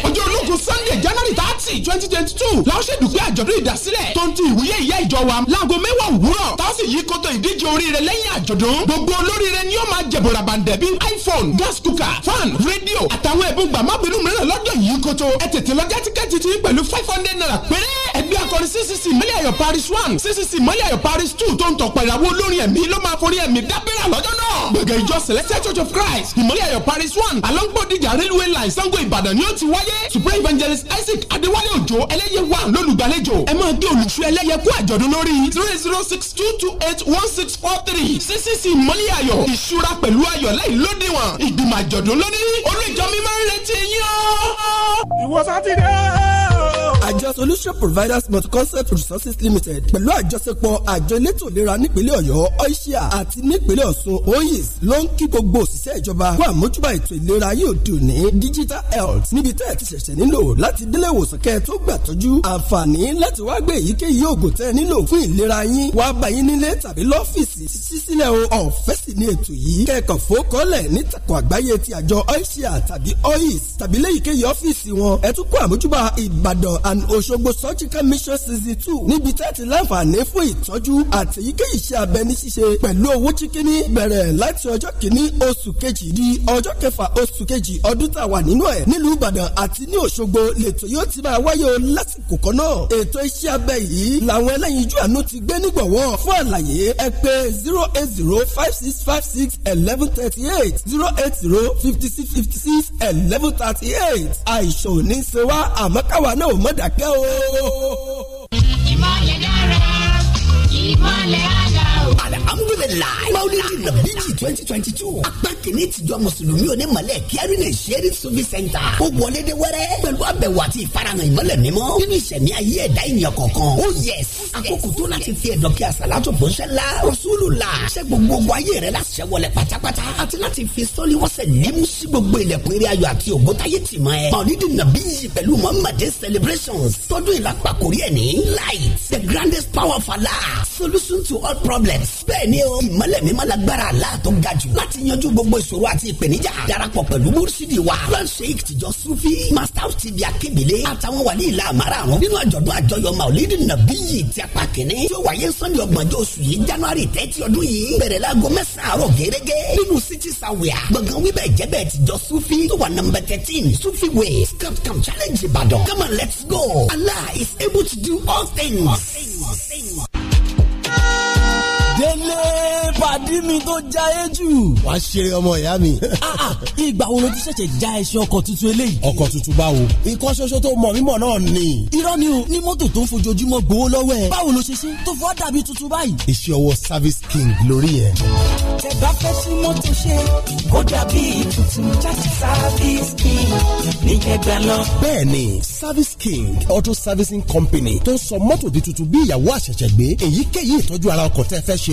ọjọ́ ológun sunday january thirty twenty twenty two la ó ṣèdùpẹ́ àjọ̀dún ìdásílẹ̀ tó ń ti ìwúyè ìyá ìjọ wa láago mẹ́wàá òwúrọ̀ tá a sì yí kótó ìdíje oríire lẹ́yìn àjọ̀dún gbogbo olóríire ni ó máa jẹ̀bọ̀rà bàǹdẹ̀ bíi iphone gas cooker fan rédíò àtàwọn ẹ̀bùn gbàmábìnrin mìíràn lọ́jọ́ yìí kótó ẹ tètè lọ já tíkẹ́ẹ̀tì tí pẹ̀lú five hundred naira péré ẹgbẹ́ akọrin ccc ìmọ́lẹ̀ ayọ̀ paris one ccc ìmọ́lẹ̀ ayọ̀ paris two tó ń tọ̀pọ̀ ìràwọ̀ olórin ẹ̀mí ló máa forí ẹ̀mí dábẹ́rẹ́ lọ́jọ́ náà. gbẹ̀gẹ̀ ìjọ celestial church of christ ìmọ́lẹ̀ ayọ̀ paris one alágbòdìjà railway line sango ìbàdàn ni ó ti wáyé supreme evangelist isaac adéwálé òjò ẹlẹ́yẹ wà lólùgbàlejò ẹ máa gé olùsù ẹlẹ́yẹ kú àjọ̀dún lórí three zero six two two eight one six four three ccc ìmọ́lẹ̀ ayọ̀ ìṣúra pẹ̀lú ayọ̀ láì lódiwọ̀n ìgbìmọ̀ àjọ̀dún lónìí olùjọ́ mi máa ń retí yín o. ìwọ sátidé àjọ solution providers multi-concept resources limited pẹ̀lú àjọṣepọ̀ àjọ elétò ìlera nípínlẹ̀ ọ̀yọ́ oisia àti nípínlẹ̀ ọ̀ṣun oyis ló ń kí gbogbo òṣìṣẹ́ ìjọba fún àmójúbà ètò ìlera yóò di òní digital health níbi tẹ́ ẹ̀ ti ṣẹ̀ṣẹ̀ nílò láti délé ìwòsàn kẹ́ ẹ tó gbà tọ́jú àǹfààní láti wá gbé èyíkéyìí òògùn tẹ́ ẹ nílò fún ìlera yín wá bá yín nílé tàbí lọ́fíìsì sísílẹ̀ o ọ̀fẹ́ sì ni ètò yìí kẹ́kọ̀ọ́ fòókọ́lẹ̀ nítakùn àgbáyé ti àjọ oisia tàbí oyis tàbí léyìíkéyìí ọ́fíìsì wọn ẹ tún kó àmójúbà ìbàdàn and Òṣogbo surgical mission season two níbi tá a ti láǹfààní fún ìtọ́jú àti èyíkéyìí iṣẹ́ abẹ ní ṣíṣe pẹ̀lú owó chíkíní bẹ̀rẹ̀ láti ọjọ́ kìíní oṣù kejì di ọjọ́ kẹfà oṣù kejì ọdún tá a wà nínú ẹ̀ nílùú Ìbàdàn àti ní Òṣogbo lẹ́tọ̀ yóò ti máa wáyé o lásìkò kan náà ètò iṣẹ́ abẹ yìí làwọn ẹlẹ́yinjú àánú ti gbé nígbọ̀wọ́ fún àlàyé ẹ pè zero eight zero five six five six eleven thirty eight zero eight zero fifty six fifty six eleven thirty eight àìsàn ò ní í ṣe wá àmọ́ káwa náà ò mọ̀ dákẹ́ o. ìmọ̀lẹ̀ dára ìmọ̀lẹ̀ àyà o. alhamdulilayi mawulidi nabiji twenty twenty two apá kìíní tìjọ mùsùlùmí onímọ̀lẹ̀ kíárì ní sẹ́rí sọ́fì sẹ́ńtà ó wọlé dé wẹ́rẹ́ pẹ̀lú àbẹ̀wò àti ìfarahàn ìmọ̀lẹ̀ mímọ́ nínú ìṣẹ̀mí ayé ẹ̀dá ènìyàn kọ̀ọ̀kan ó oh, yẹs àkókò tó láti fi ẹ̀dọ̀ kí asàlátò bọ́ńṣẹ́ la rọ́súlù la ṣe gbogbo ayé rẹ̀ láti ṣẹ́ wọlé pátápátá àti láti fi sọ́líwọ́sẹ̀ nímú sí gbogbo ilẹ̀kùn eré ayọ̀ àti ògbótáyé tì mọ́ ẹ. mọ̀lídì nàbí yìí pẹ̀lú mọ́mọ́dé celebrations tọdún ìlàpàkórí ẹ̀ ní light the grandest power for life solution to all problems. bẹ́ẹ̀ ni o ìmọ̀lẹ̀ mímọ́ lágbára àlá tó ga jù láti yanjú gbogbo ìṣòro àti ìpèníjà darapọ̀ pẹ̀lú múrísìdì wa grand sheikh tijọ́ sufi master tv akébílẹ̀ àtàwọn wàlí ìlà àmàrà àwọn nínú àjọ̀dún àjọyọ̀ maulidi nàbí yìí ti apá kìnní tí ó wáyé sunday ọgbọ̀njọ́ oṣù yìí january thirty ọdún yìí bẹ̀rẹ̀ láago mẹ́sàn-án àárọ̀ gẹ́gẹ́ nínú city sawia gbọ̀ngàn wíbẹ̀ jẹ́bẹ̀ tijọ́ sufi tó wà nọmba thirteen sufi way scap camp challenge ìbàdàn come on let's go allah is able to do all things. All things, all things délé pàdí mi tó já jù. wàá ṣeré ọmọ ìyá mi. Ah, ah, ìgbà wo ló ti ṣẹ̀ṣẹ̀ já ẹṣin ọkọ̀ tuntun eléyìí. ọkọ̀ tuntun báwo. nǹkan ṣoṣo tó mọ̀ mímọ̀ náà ni. irọ́ ni o ní mọ́tò tó ń fojoojúmọ́ gbowó lọ́wọ́ ẹ̀. báwo ló ṣe ṣe tó fọ́ dàbí tuntun báyìí. iṣẹ́ ọwọ́ service king lórí ẹ̀. tẹ fẹ́ sí mọ́tò ṣe kó dàbí tuntun service king auto servicing company tó ń sọ mọ́tò di tuntun bí ìyàwó àṣẹ̀ṣẹ̀ gbé èyíkéyìí ìtọ́jú ara ọkọ̀ tẹ́ fẹ́ ṣe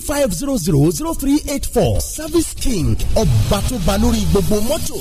five zero zero zero three eight four service king ọba tó ba lórí gbogbo mọ́tò.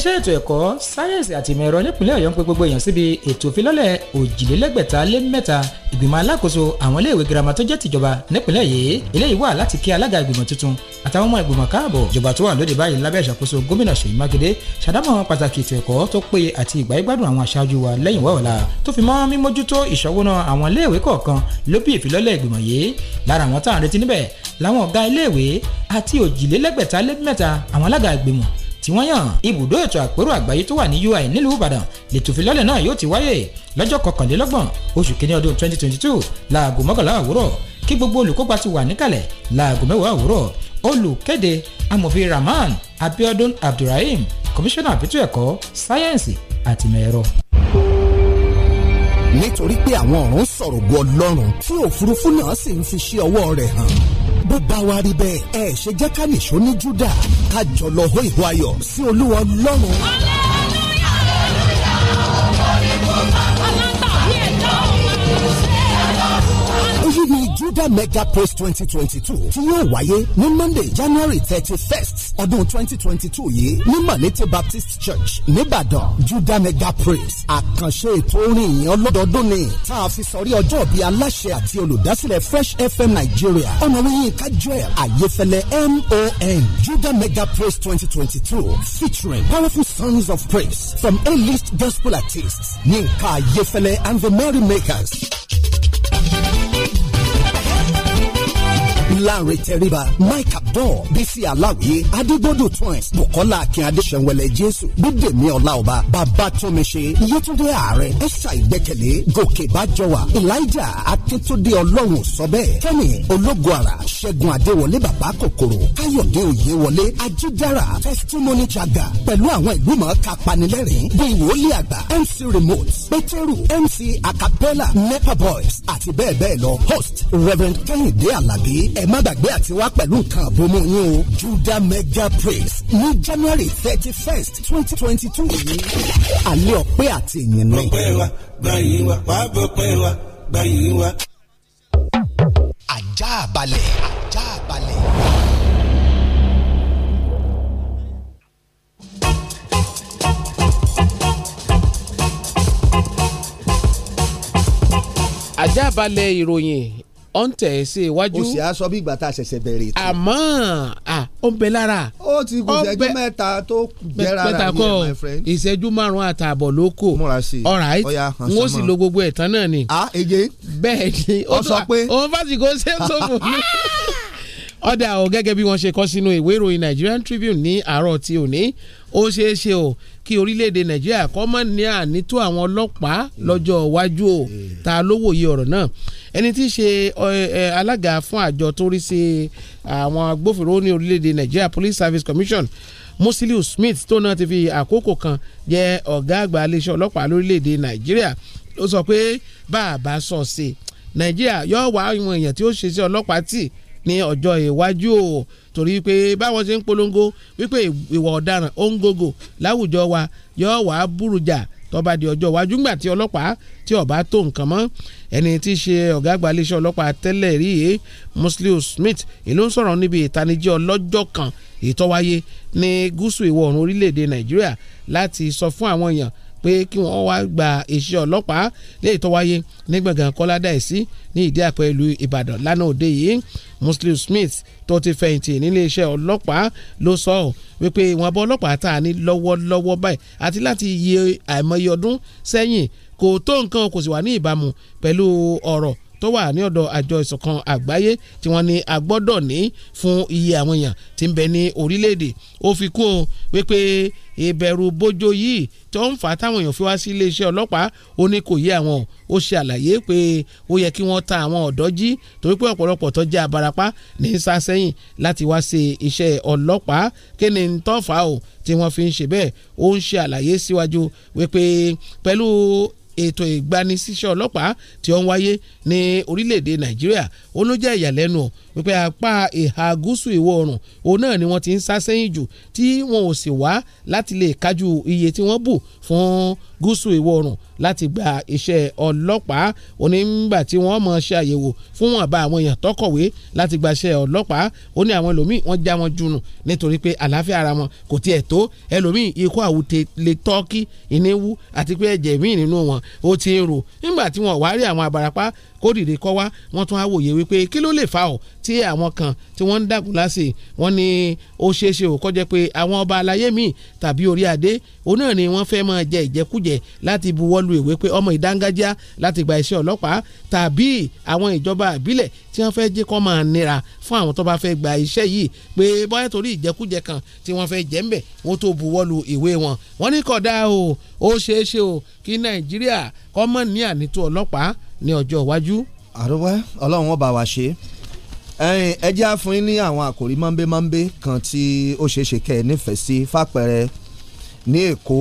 iléeṣẹ́ ètò ẹ̀kọ́ sáyẹ́ǹsì àti ìmọ̀ ẹ̀rọ nípìnlẹ̀ ọ̀yọ́ ń pe gbogbo èèyàn síbi ètò ìfilọ́lẹ̀ òjìlélẹ́gbẹ̀ta lé mẹ́ta ìgbìmọ̀ alákòóso àwọn iléèwé girama tó jẹ́ tìjọba nípìnlẹ̀ yìí eléyìí wà láti kí alága ìgbìmọ̀ tuntun àtàwọn ọmọ ìgbìmọ̀ káàbọ̀ ìjọba tó wà lóde báyìí lábẹ́ ìṣàkóso gómìnà Ṣèyí Mákindé ṣàdámọ̀ pàtàkì ètò ẹ̀kọ́ tó péye àti ìgbáyégbádùn àwọn aṣáájú wa lẹ́yìn wá ọ̀la tó fi mọ́ mímójútó ìṣọ́wọ́nà àwọn iléèwé kọ̀ọ̀kan ló bí ìfilọ́lẹ̀ ìgbìmọ̀ yìí lára àwọn tá à ń retí níbẹ̀ làwọn ọ̀gá iléèwé àti òjìlélẹ́gbẹ̀ta lé mẹ́ta àwọn alága ìgbìmọ̀ tí wọ́n yàn ibùdó ètò àpérò àgbáyé tó wà ní UI nílùú Ìbàdàn lètò ìfilọ́lẹ̀ náà yóò ti wáyé lọ́jọ́ kọkànlélọ́gbọ̀n oṣù kínní ọdún 2022 láago mọ́kànlá òwúrọ̀ kí gbogbo olùkópa ti wà níkàlẹ̀ láago mẹ́wàá òwúrọ̀ olùkéde amòfin Rahman Abiodun Abdulrahim kọmíṣánná àbítú ẹ̀kọ́ sáyẹ́ǹsì àtìmọ̀ ẹ̀rọ nítorí pé àwọn ọ̀run sọ̀rọ̀ gu ọlọ́run tí òfurufú náà sì ń fi ṣe ọwọ́ rẹ̀ hàn bó bá wa rí bẹ́ẹ̀ ẹ ṣe jẹ́ ká nìṣó ní júdà ká jọ lọ hó ìhó sí olúwa ọlọ́run. ọlọ́run lórí juda mega praise twenty twenty two tí yóò wáyé ní monday january thirty first ọdún twenty twenty two yìí ní malete baptist church nìbàdàn juda mega praise àkànṣe ètò orin ìyẹn ọlọ́dọọdún ni tá a fi sọrí ọjọ́ bíi aláṣẹ àti olùdásílẹ̀ fresh fm nigeria ọ̀nàwé yínká joel ayéfẹ́lẹ́ mon juda mega praise twenty twenty two featuring powerful songs of praise from a-list gospel artists Ninka ayéfẹ́lẹ́ and the Makers ńláre tẹríba mike abdul bísí aláwìyé adégbòdò twins bukola akin adéṣẹ́wẹ̀lẹ̀ jésù bídèmí ọláọba babatunmiṣe yétúndé ààrẹ ẹ̀ṣà ìgbẹ́kẹ̀lé gòkè bájọwà elijah akíntúndé ọlọ́run sọ bẹ́ẹ̀ kẹ́mi ológoara ṣẹ́gun adéwọlé bàbá kòkòrò káyọ̀dé òyewọlé ajídára testimony jaga pẹ̀lú àwọn ìlú mọ̀ọ́ká panilẹ́rìn bíi wòlíì mc remote pétérù mc acapella nepa boys àti host reverend kẹ́hìndé alábí ẹ̀ má gbàgbé àti wá pẹ̀lú nǹkan àbomú yín o Judah mega praise ní January thirty first twenty twenty two yìí alẹ́ ọ̀pẹ àti ìyìn náà. ọpẹ́ wa gbayì wa wàá bọ̀ pẹ́ wa gbayì wa. ajá balẹ̀ ajá balẹ̀. àjábálẹ̀ ìròyìn ọ̀ ń tẹ̀ ẹ́ sí iwájú. o sì á sọ bí ìgbà tá a ṣẹ̀ṣẹ̀ bẹ̀rẹ̀ ètò. àmọ́ ó ń bẹ lára. ó ti kù mẹ́ta tó jẹ́ra rà yẹn my friend. ìṣẹ́jú márùn-ún àtààbọ̀ ló kò. múra sí i alright n ó sì lo gbogbo ẹ̀tán náà ni. a ah, èje. bẹ́ẹ̀ ni ó sọ pé òun fásitì kò ṣe é sófò mi. ọ̀dà o gẹ́gẹ́ bí wọ́n ṣe kọ sínú ìwé ìròyìn Nigerian Tribune ní àárọ̀ tí ò ó ṣeé ṣe o kí orílẹ̀-èdè nàìjíríà kọ́ mọ́ ní ànító àwọn ọlọ́pàá lọ́jọ́ iwájú o ta ló wòye ọ̀rọ̀ náà ẹni tí í ṣe alága fún àjọ tó rí sí àwọn agbófinró ní orílẹ̀-èdè nàìjíríà police service commission musiliu smith tó náà ti fi àkókò kan jẹ ọ̀gá àgbà iléeṣẹ́ ọlọ́pàá lórílẹ̀-èdè nàìjíríà ó sọ pé bá a bá sọ sí nàìjíríà yóò wá àwọn èèyàn tí ó ṣe sí ọlọ́pàá tì ní ọjọ́ iwájú o torí pé báwọn ṣe ń polongo wípé ìwà ọ̀daràn ó ń gògò láwùjọ wa yóò wá búrújà tọ́ba di ọjọ́ iwájú ńgbà tí ọlọ́pàá tí ọba tó nǹkan mọ́ ẹni tí í ṣe ọ̀gá àgbà iléeṣẹ́ ọlọ́pàá tẹ́lẹ̀ rí e Musliu Smith èló ń sọ̀rọ̀ níbi ìtanijí ọlọ́jọ́ kan èyí tó wáyé ní gúúsù ìwọ̀ oòrùn orílẹ̀-èdè Nàìjíríà láti sọ fún àwọn èèyàn pé kí wọ́n wá gba iṣẹ́ ọlọ́pàá léyìí tó wáyé ní gbọ̀ngàn kọ́ládàísí ní ìdí àpẹ ìlú ìbàdàn lánàá òde yìí muslim smith tó ti fẹ̀yìntì nílé iṣẹ́ ọlọ́pàá ló sọ ọ́ wípé ìwọ̀n bọ́ ọlọ́pàá tá a ní lọ́wọ́lọ́wọ́ báyìí àti láti iye àìmọye ọdún sẹ́yìn kò tó nǹkan kò sì wà ní ìbámu pẹ̀lú ọ̀rọ̀ tó wà ní ọ̀dọ̀ àjọ ìṣọ̀kan àgbáyé tí wọ́n ní a gbọ́dọ̀ ní fún iye àwọn èèyàn tí ń bẹ ní orílẹ̀-èdè ó fi kún un wípé ìbẹ̀rù bójó yìí tó ń fà táwọn èèyàn fi wá sí iléeṣẹ́ ọlọ́pàá ó ní kò yé àwọn ó ṣe àlàyé pé ó yẹ kí wọ́n ta àwọn ọ̀dọ́ jí torí pé ọ̀pọ̀lọpọ̀ tó jẹ́ abarapá ní sásẹ́yìn láti wá ṣe iṣẹ́ ọlọ́pàá kí ni ń tọ́fà o tí wọ́n fi ń ṣe bẹ́ẹ̀ ó ń ṣe àlàyé síwájú wípé pẹ̀lú ètò ìgbanisíṣẹ́ ọlọ́pàá tí ó ń wáyé ní orílẹ̀-èdè nàìjíríà ó ló jẹ́ ìyàlẹ́nu ọ̀ wípé apá ìhà gúúsù ìwọ̀ oòrùn òun náà ni wọ́n ti ń sá sẹ́yìn jù tí wọn ò sì wá láti lè kájú iye tí wọ́n bù fún gúúsù ìwọ̀ oòrùn láti gba iṣẹ́ ọlọ́pàá onígbà tí wọ́n mọ̀ ṣe àyẹ̀wò fún àbá àwọn èèyàn tọkọ̀wé láti gba iṣẹ́ ọlọ́pàá ó ní àwọn ẹlòmíì wọ́n já wọn junù nítorí pé àlàáfíà ara wọn kò tiẹ̀ tó ẹlòmíì ikú àwùte lè tọ́kí ìníwú àti pé ẹ̀jẹ̀ míì nínú wọn ó ti ń rò nígbà tí wọ́n wá rí àwọn àbàràpá kó dìde kọ́ wá wọ́n tún á wòye wípé kí ló lè fa ọ̀ tí àwọn kan tí wọ́n ń dàgùn lásì wọ́n ní ó ṣeéṣe ò kó jẹ́ pé àwọn ọba aláyé míì tàbí orí adé òun ni wọ́n fẹ́ máa jẹ ìjẹkújẹ jẹ láti buwọ́lu ìwé pé ọmọ ìdángájá láti gba iṣẹ́ ọlọ́pàá tàbí àwọn ìjọba ìbílẹ̀ tí wọ́n fẹ́ jẹ́ kó máa nira fún àwọn tó bá fẹ́ gba iṣẹ́ yìí pé bóyá torí ìjẹkújẹ kan tí wọ́n fẹ́ jẹ́ ń bẹ̀ wọ́n tó buwọ́lu ìwé wọn. wọ́n ní kódà o ó ṣeé ṣe o kí Nàìjíríà kó má ní ànító ọlọ́pàá ní ọjọ́ iwájú. àdúgbò Ọlọ́run wọn bá wa ṣe ẹ jẹ́ àfún yín ní àwọn àkòrí mọ́ńbé mọ́ńbé kan tí ó ṣeé ṣe kẹ́ ẹ nífẹ̀ẹ́ sí fàpẹẹrẹ ní Èkó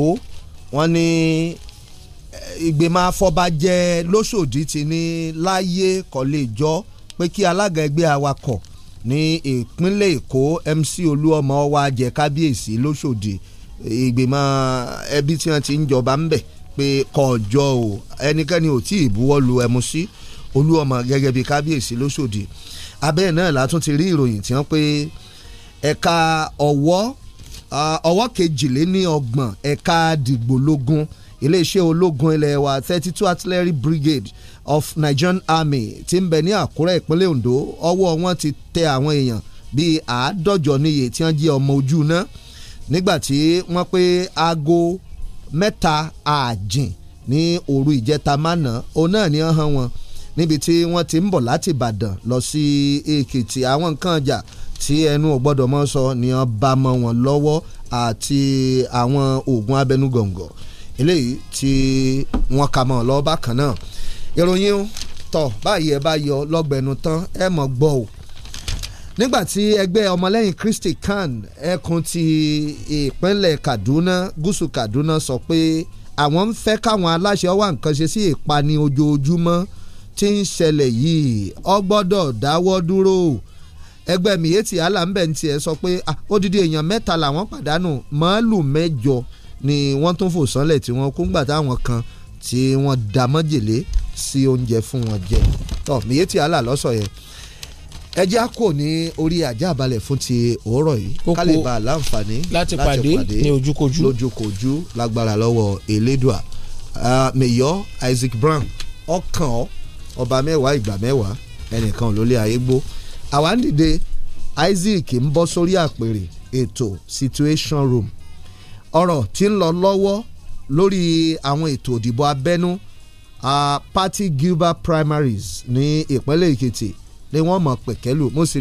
wọ́n ní eh, ìgbìmọ̀ afọbajẹ lóṣòdì ti ní láyé kọ́lẹ́jọ́ pé kí alága ẹgbẹ́ awakọ̀ ní ìpínlẹ̀ èkó MC olúọmọ wa jẹ kábíyèsí lóṣòdì ìgbìmọ̀ ẹbí tí wọ́n ti ń jọba ń bẹ̀ pé kọjọ́ o ẹnikẹ́ni ò tí ì buwọ́ lu ẹmu sí olúọmọ gẹ́gẹ́ bí kábíyèsí lóṣòdì abẹ́ẹ̀ náà látún ti rí ìròyìn tí wọ́n pé ẹ̀ka ọ̀wọ́ ọwọ́ kejìléníọgbọ̀n ẹ̀ka dìgbòlógún iléeṣẹ́ ológun ilẹ̀ wa thirty two artillery brigade of Nigerian army ti ń bẹ ní Àkúrẹ́ ìpínlẹ̀ Ondo ọwọ́ wọn ti tẹ àwọn èèyàn bíi àádọ́jọ níye tí wọ́n jẹ́ ọmọ ojú náà nígbàtí wọ́n pé aago mẹ́ta ààjìn ní òru ìjẹta mánà òun náà ni wọ́n hàn wọn níbi tí wọ́n ti ń bọ̀ láti Ìbàdàn lọ sí Èkìtì àwọn nǹkan ọjà ja tí ẹnu ò gbọ́dọ̀ mọ́ sọ ni wọ́n bá mọ́ wọn lọ́wọ́ àti àwọn oògùn abẹnugọ̀ngọ̀ eléyìí tí wọ́n kà mọ́ lọ́wọ́ bákan náà ìròyìn tọ̀ báyìí ẹ bá yọ lọ́gbẹ̀ẹ́nu tán ẹ mọ̀ gbọ́ ò nígbàtí ẹgbẹ́ ọmọlẹ́yìn Kristi kan ẹkùn ti ìpínlẹ̀ Kaduna gúúsù Kaduna sọ pé àwọn ń fẹ́ káwọn aláṣẹ wá nǹkan ṣe sí ìpani ojoojúmọ́ tí ń ṣẹlẹ̀ yìí ó dáwọ́ dúró ẹgbẹ́ miyetti alambẹ̀ ń tiẹ̀ sọ pé ah, odidi èèyàn mẹ́ta làwọn pàdánù màálù mẹ́jọ ni wọ́n tún fò sánlẹ̀ tí wọ́n kó ńgbà táwọn kan tí wọ́n da mọ́jèlé sí oúnjẹ fún wọn jẹ tọ́ miyetti ala lọ́sọ̀ yẹn ẹ já kò ní orí ajá balẹ̀ fún ti òórọ̀ yìí ká lè bá a láǹfààní láti pàdé ní ojúkojú lójúkojú lágbára lọ́wọ́ elédùà mayor Isaac Brown ọkàn ọba mẹ́wàá ìgbà mẹ́wàá ẹnìkan ló lé ayé gbó àwa ń dìde Isaac ń bọ́ sórí àpèrè ètò situation room ọ̀rọ̀ tí ń lọ lọ́wọ́ lórí àwọn ètò ìdìbò abẹ́nú party Gilbert primaries ní ìpínlẹ̀ Èkìtì ni wọ́n mọ̀ pẹ̀kẹ́lù mo sì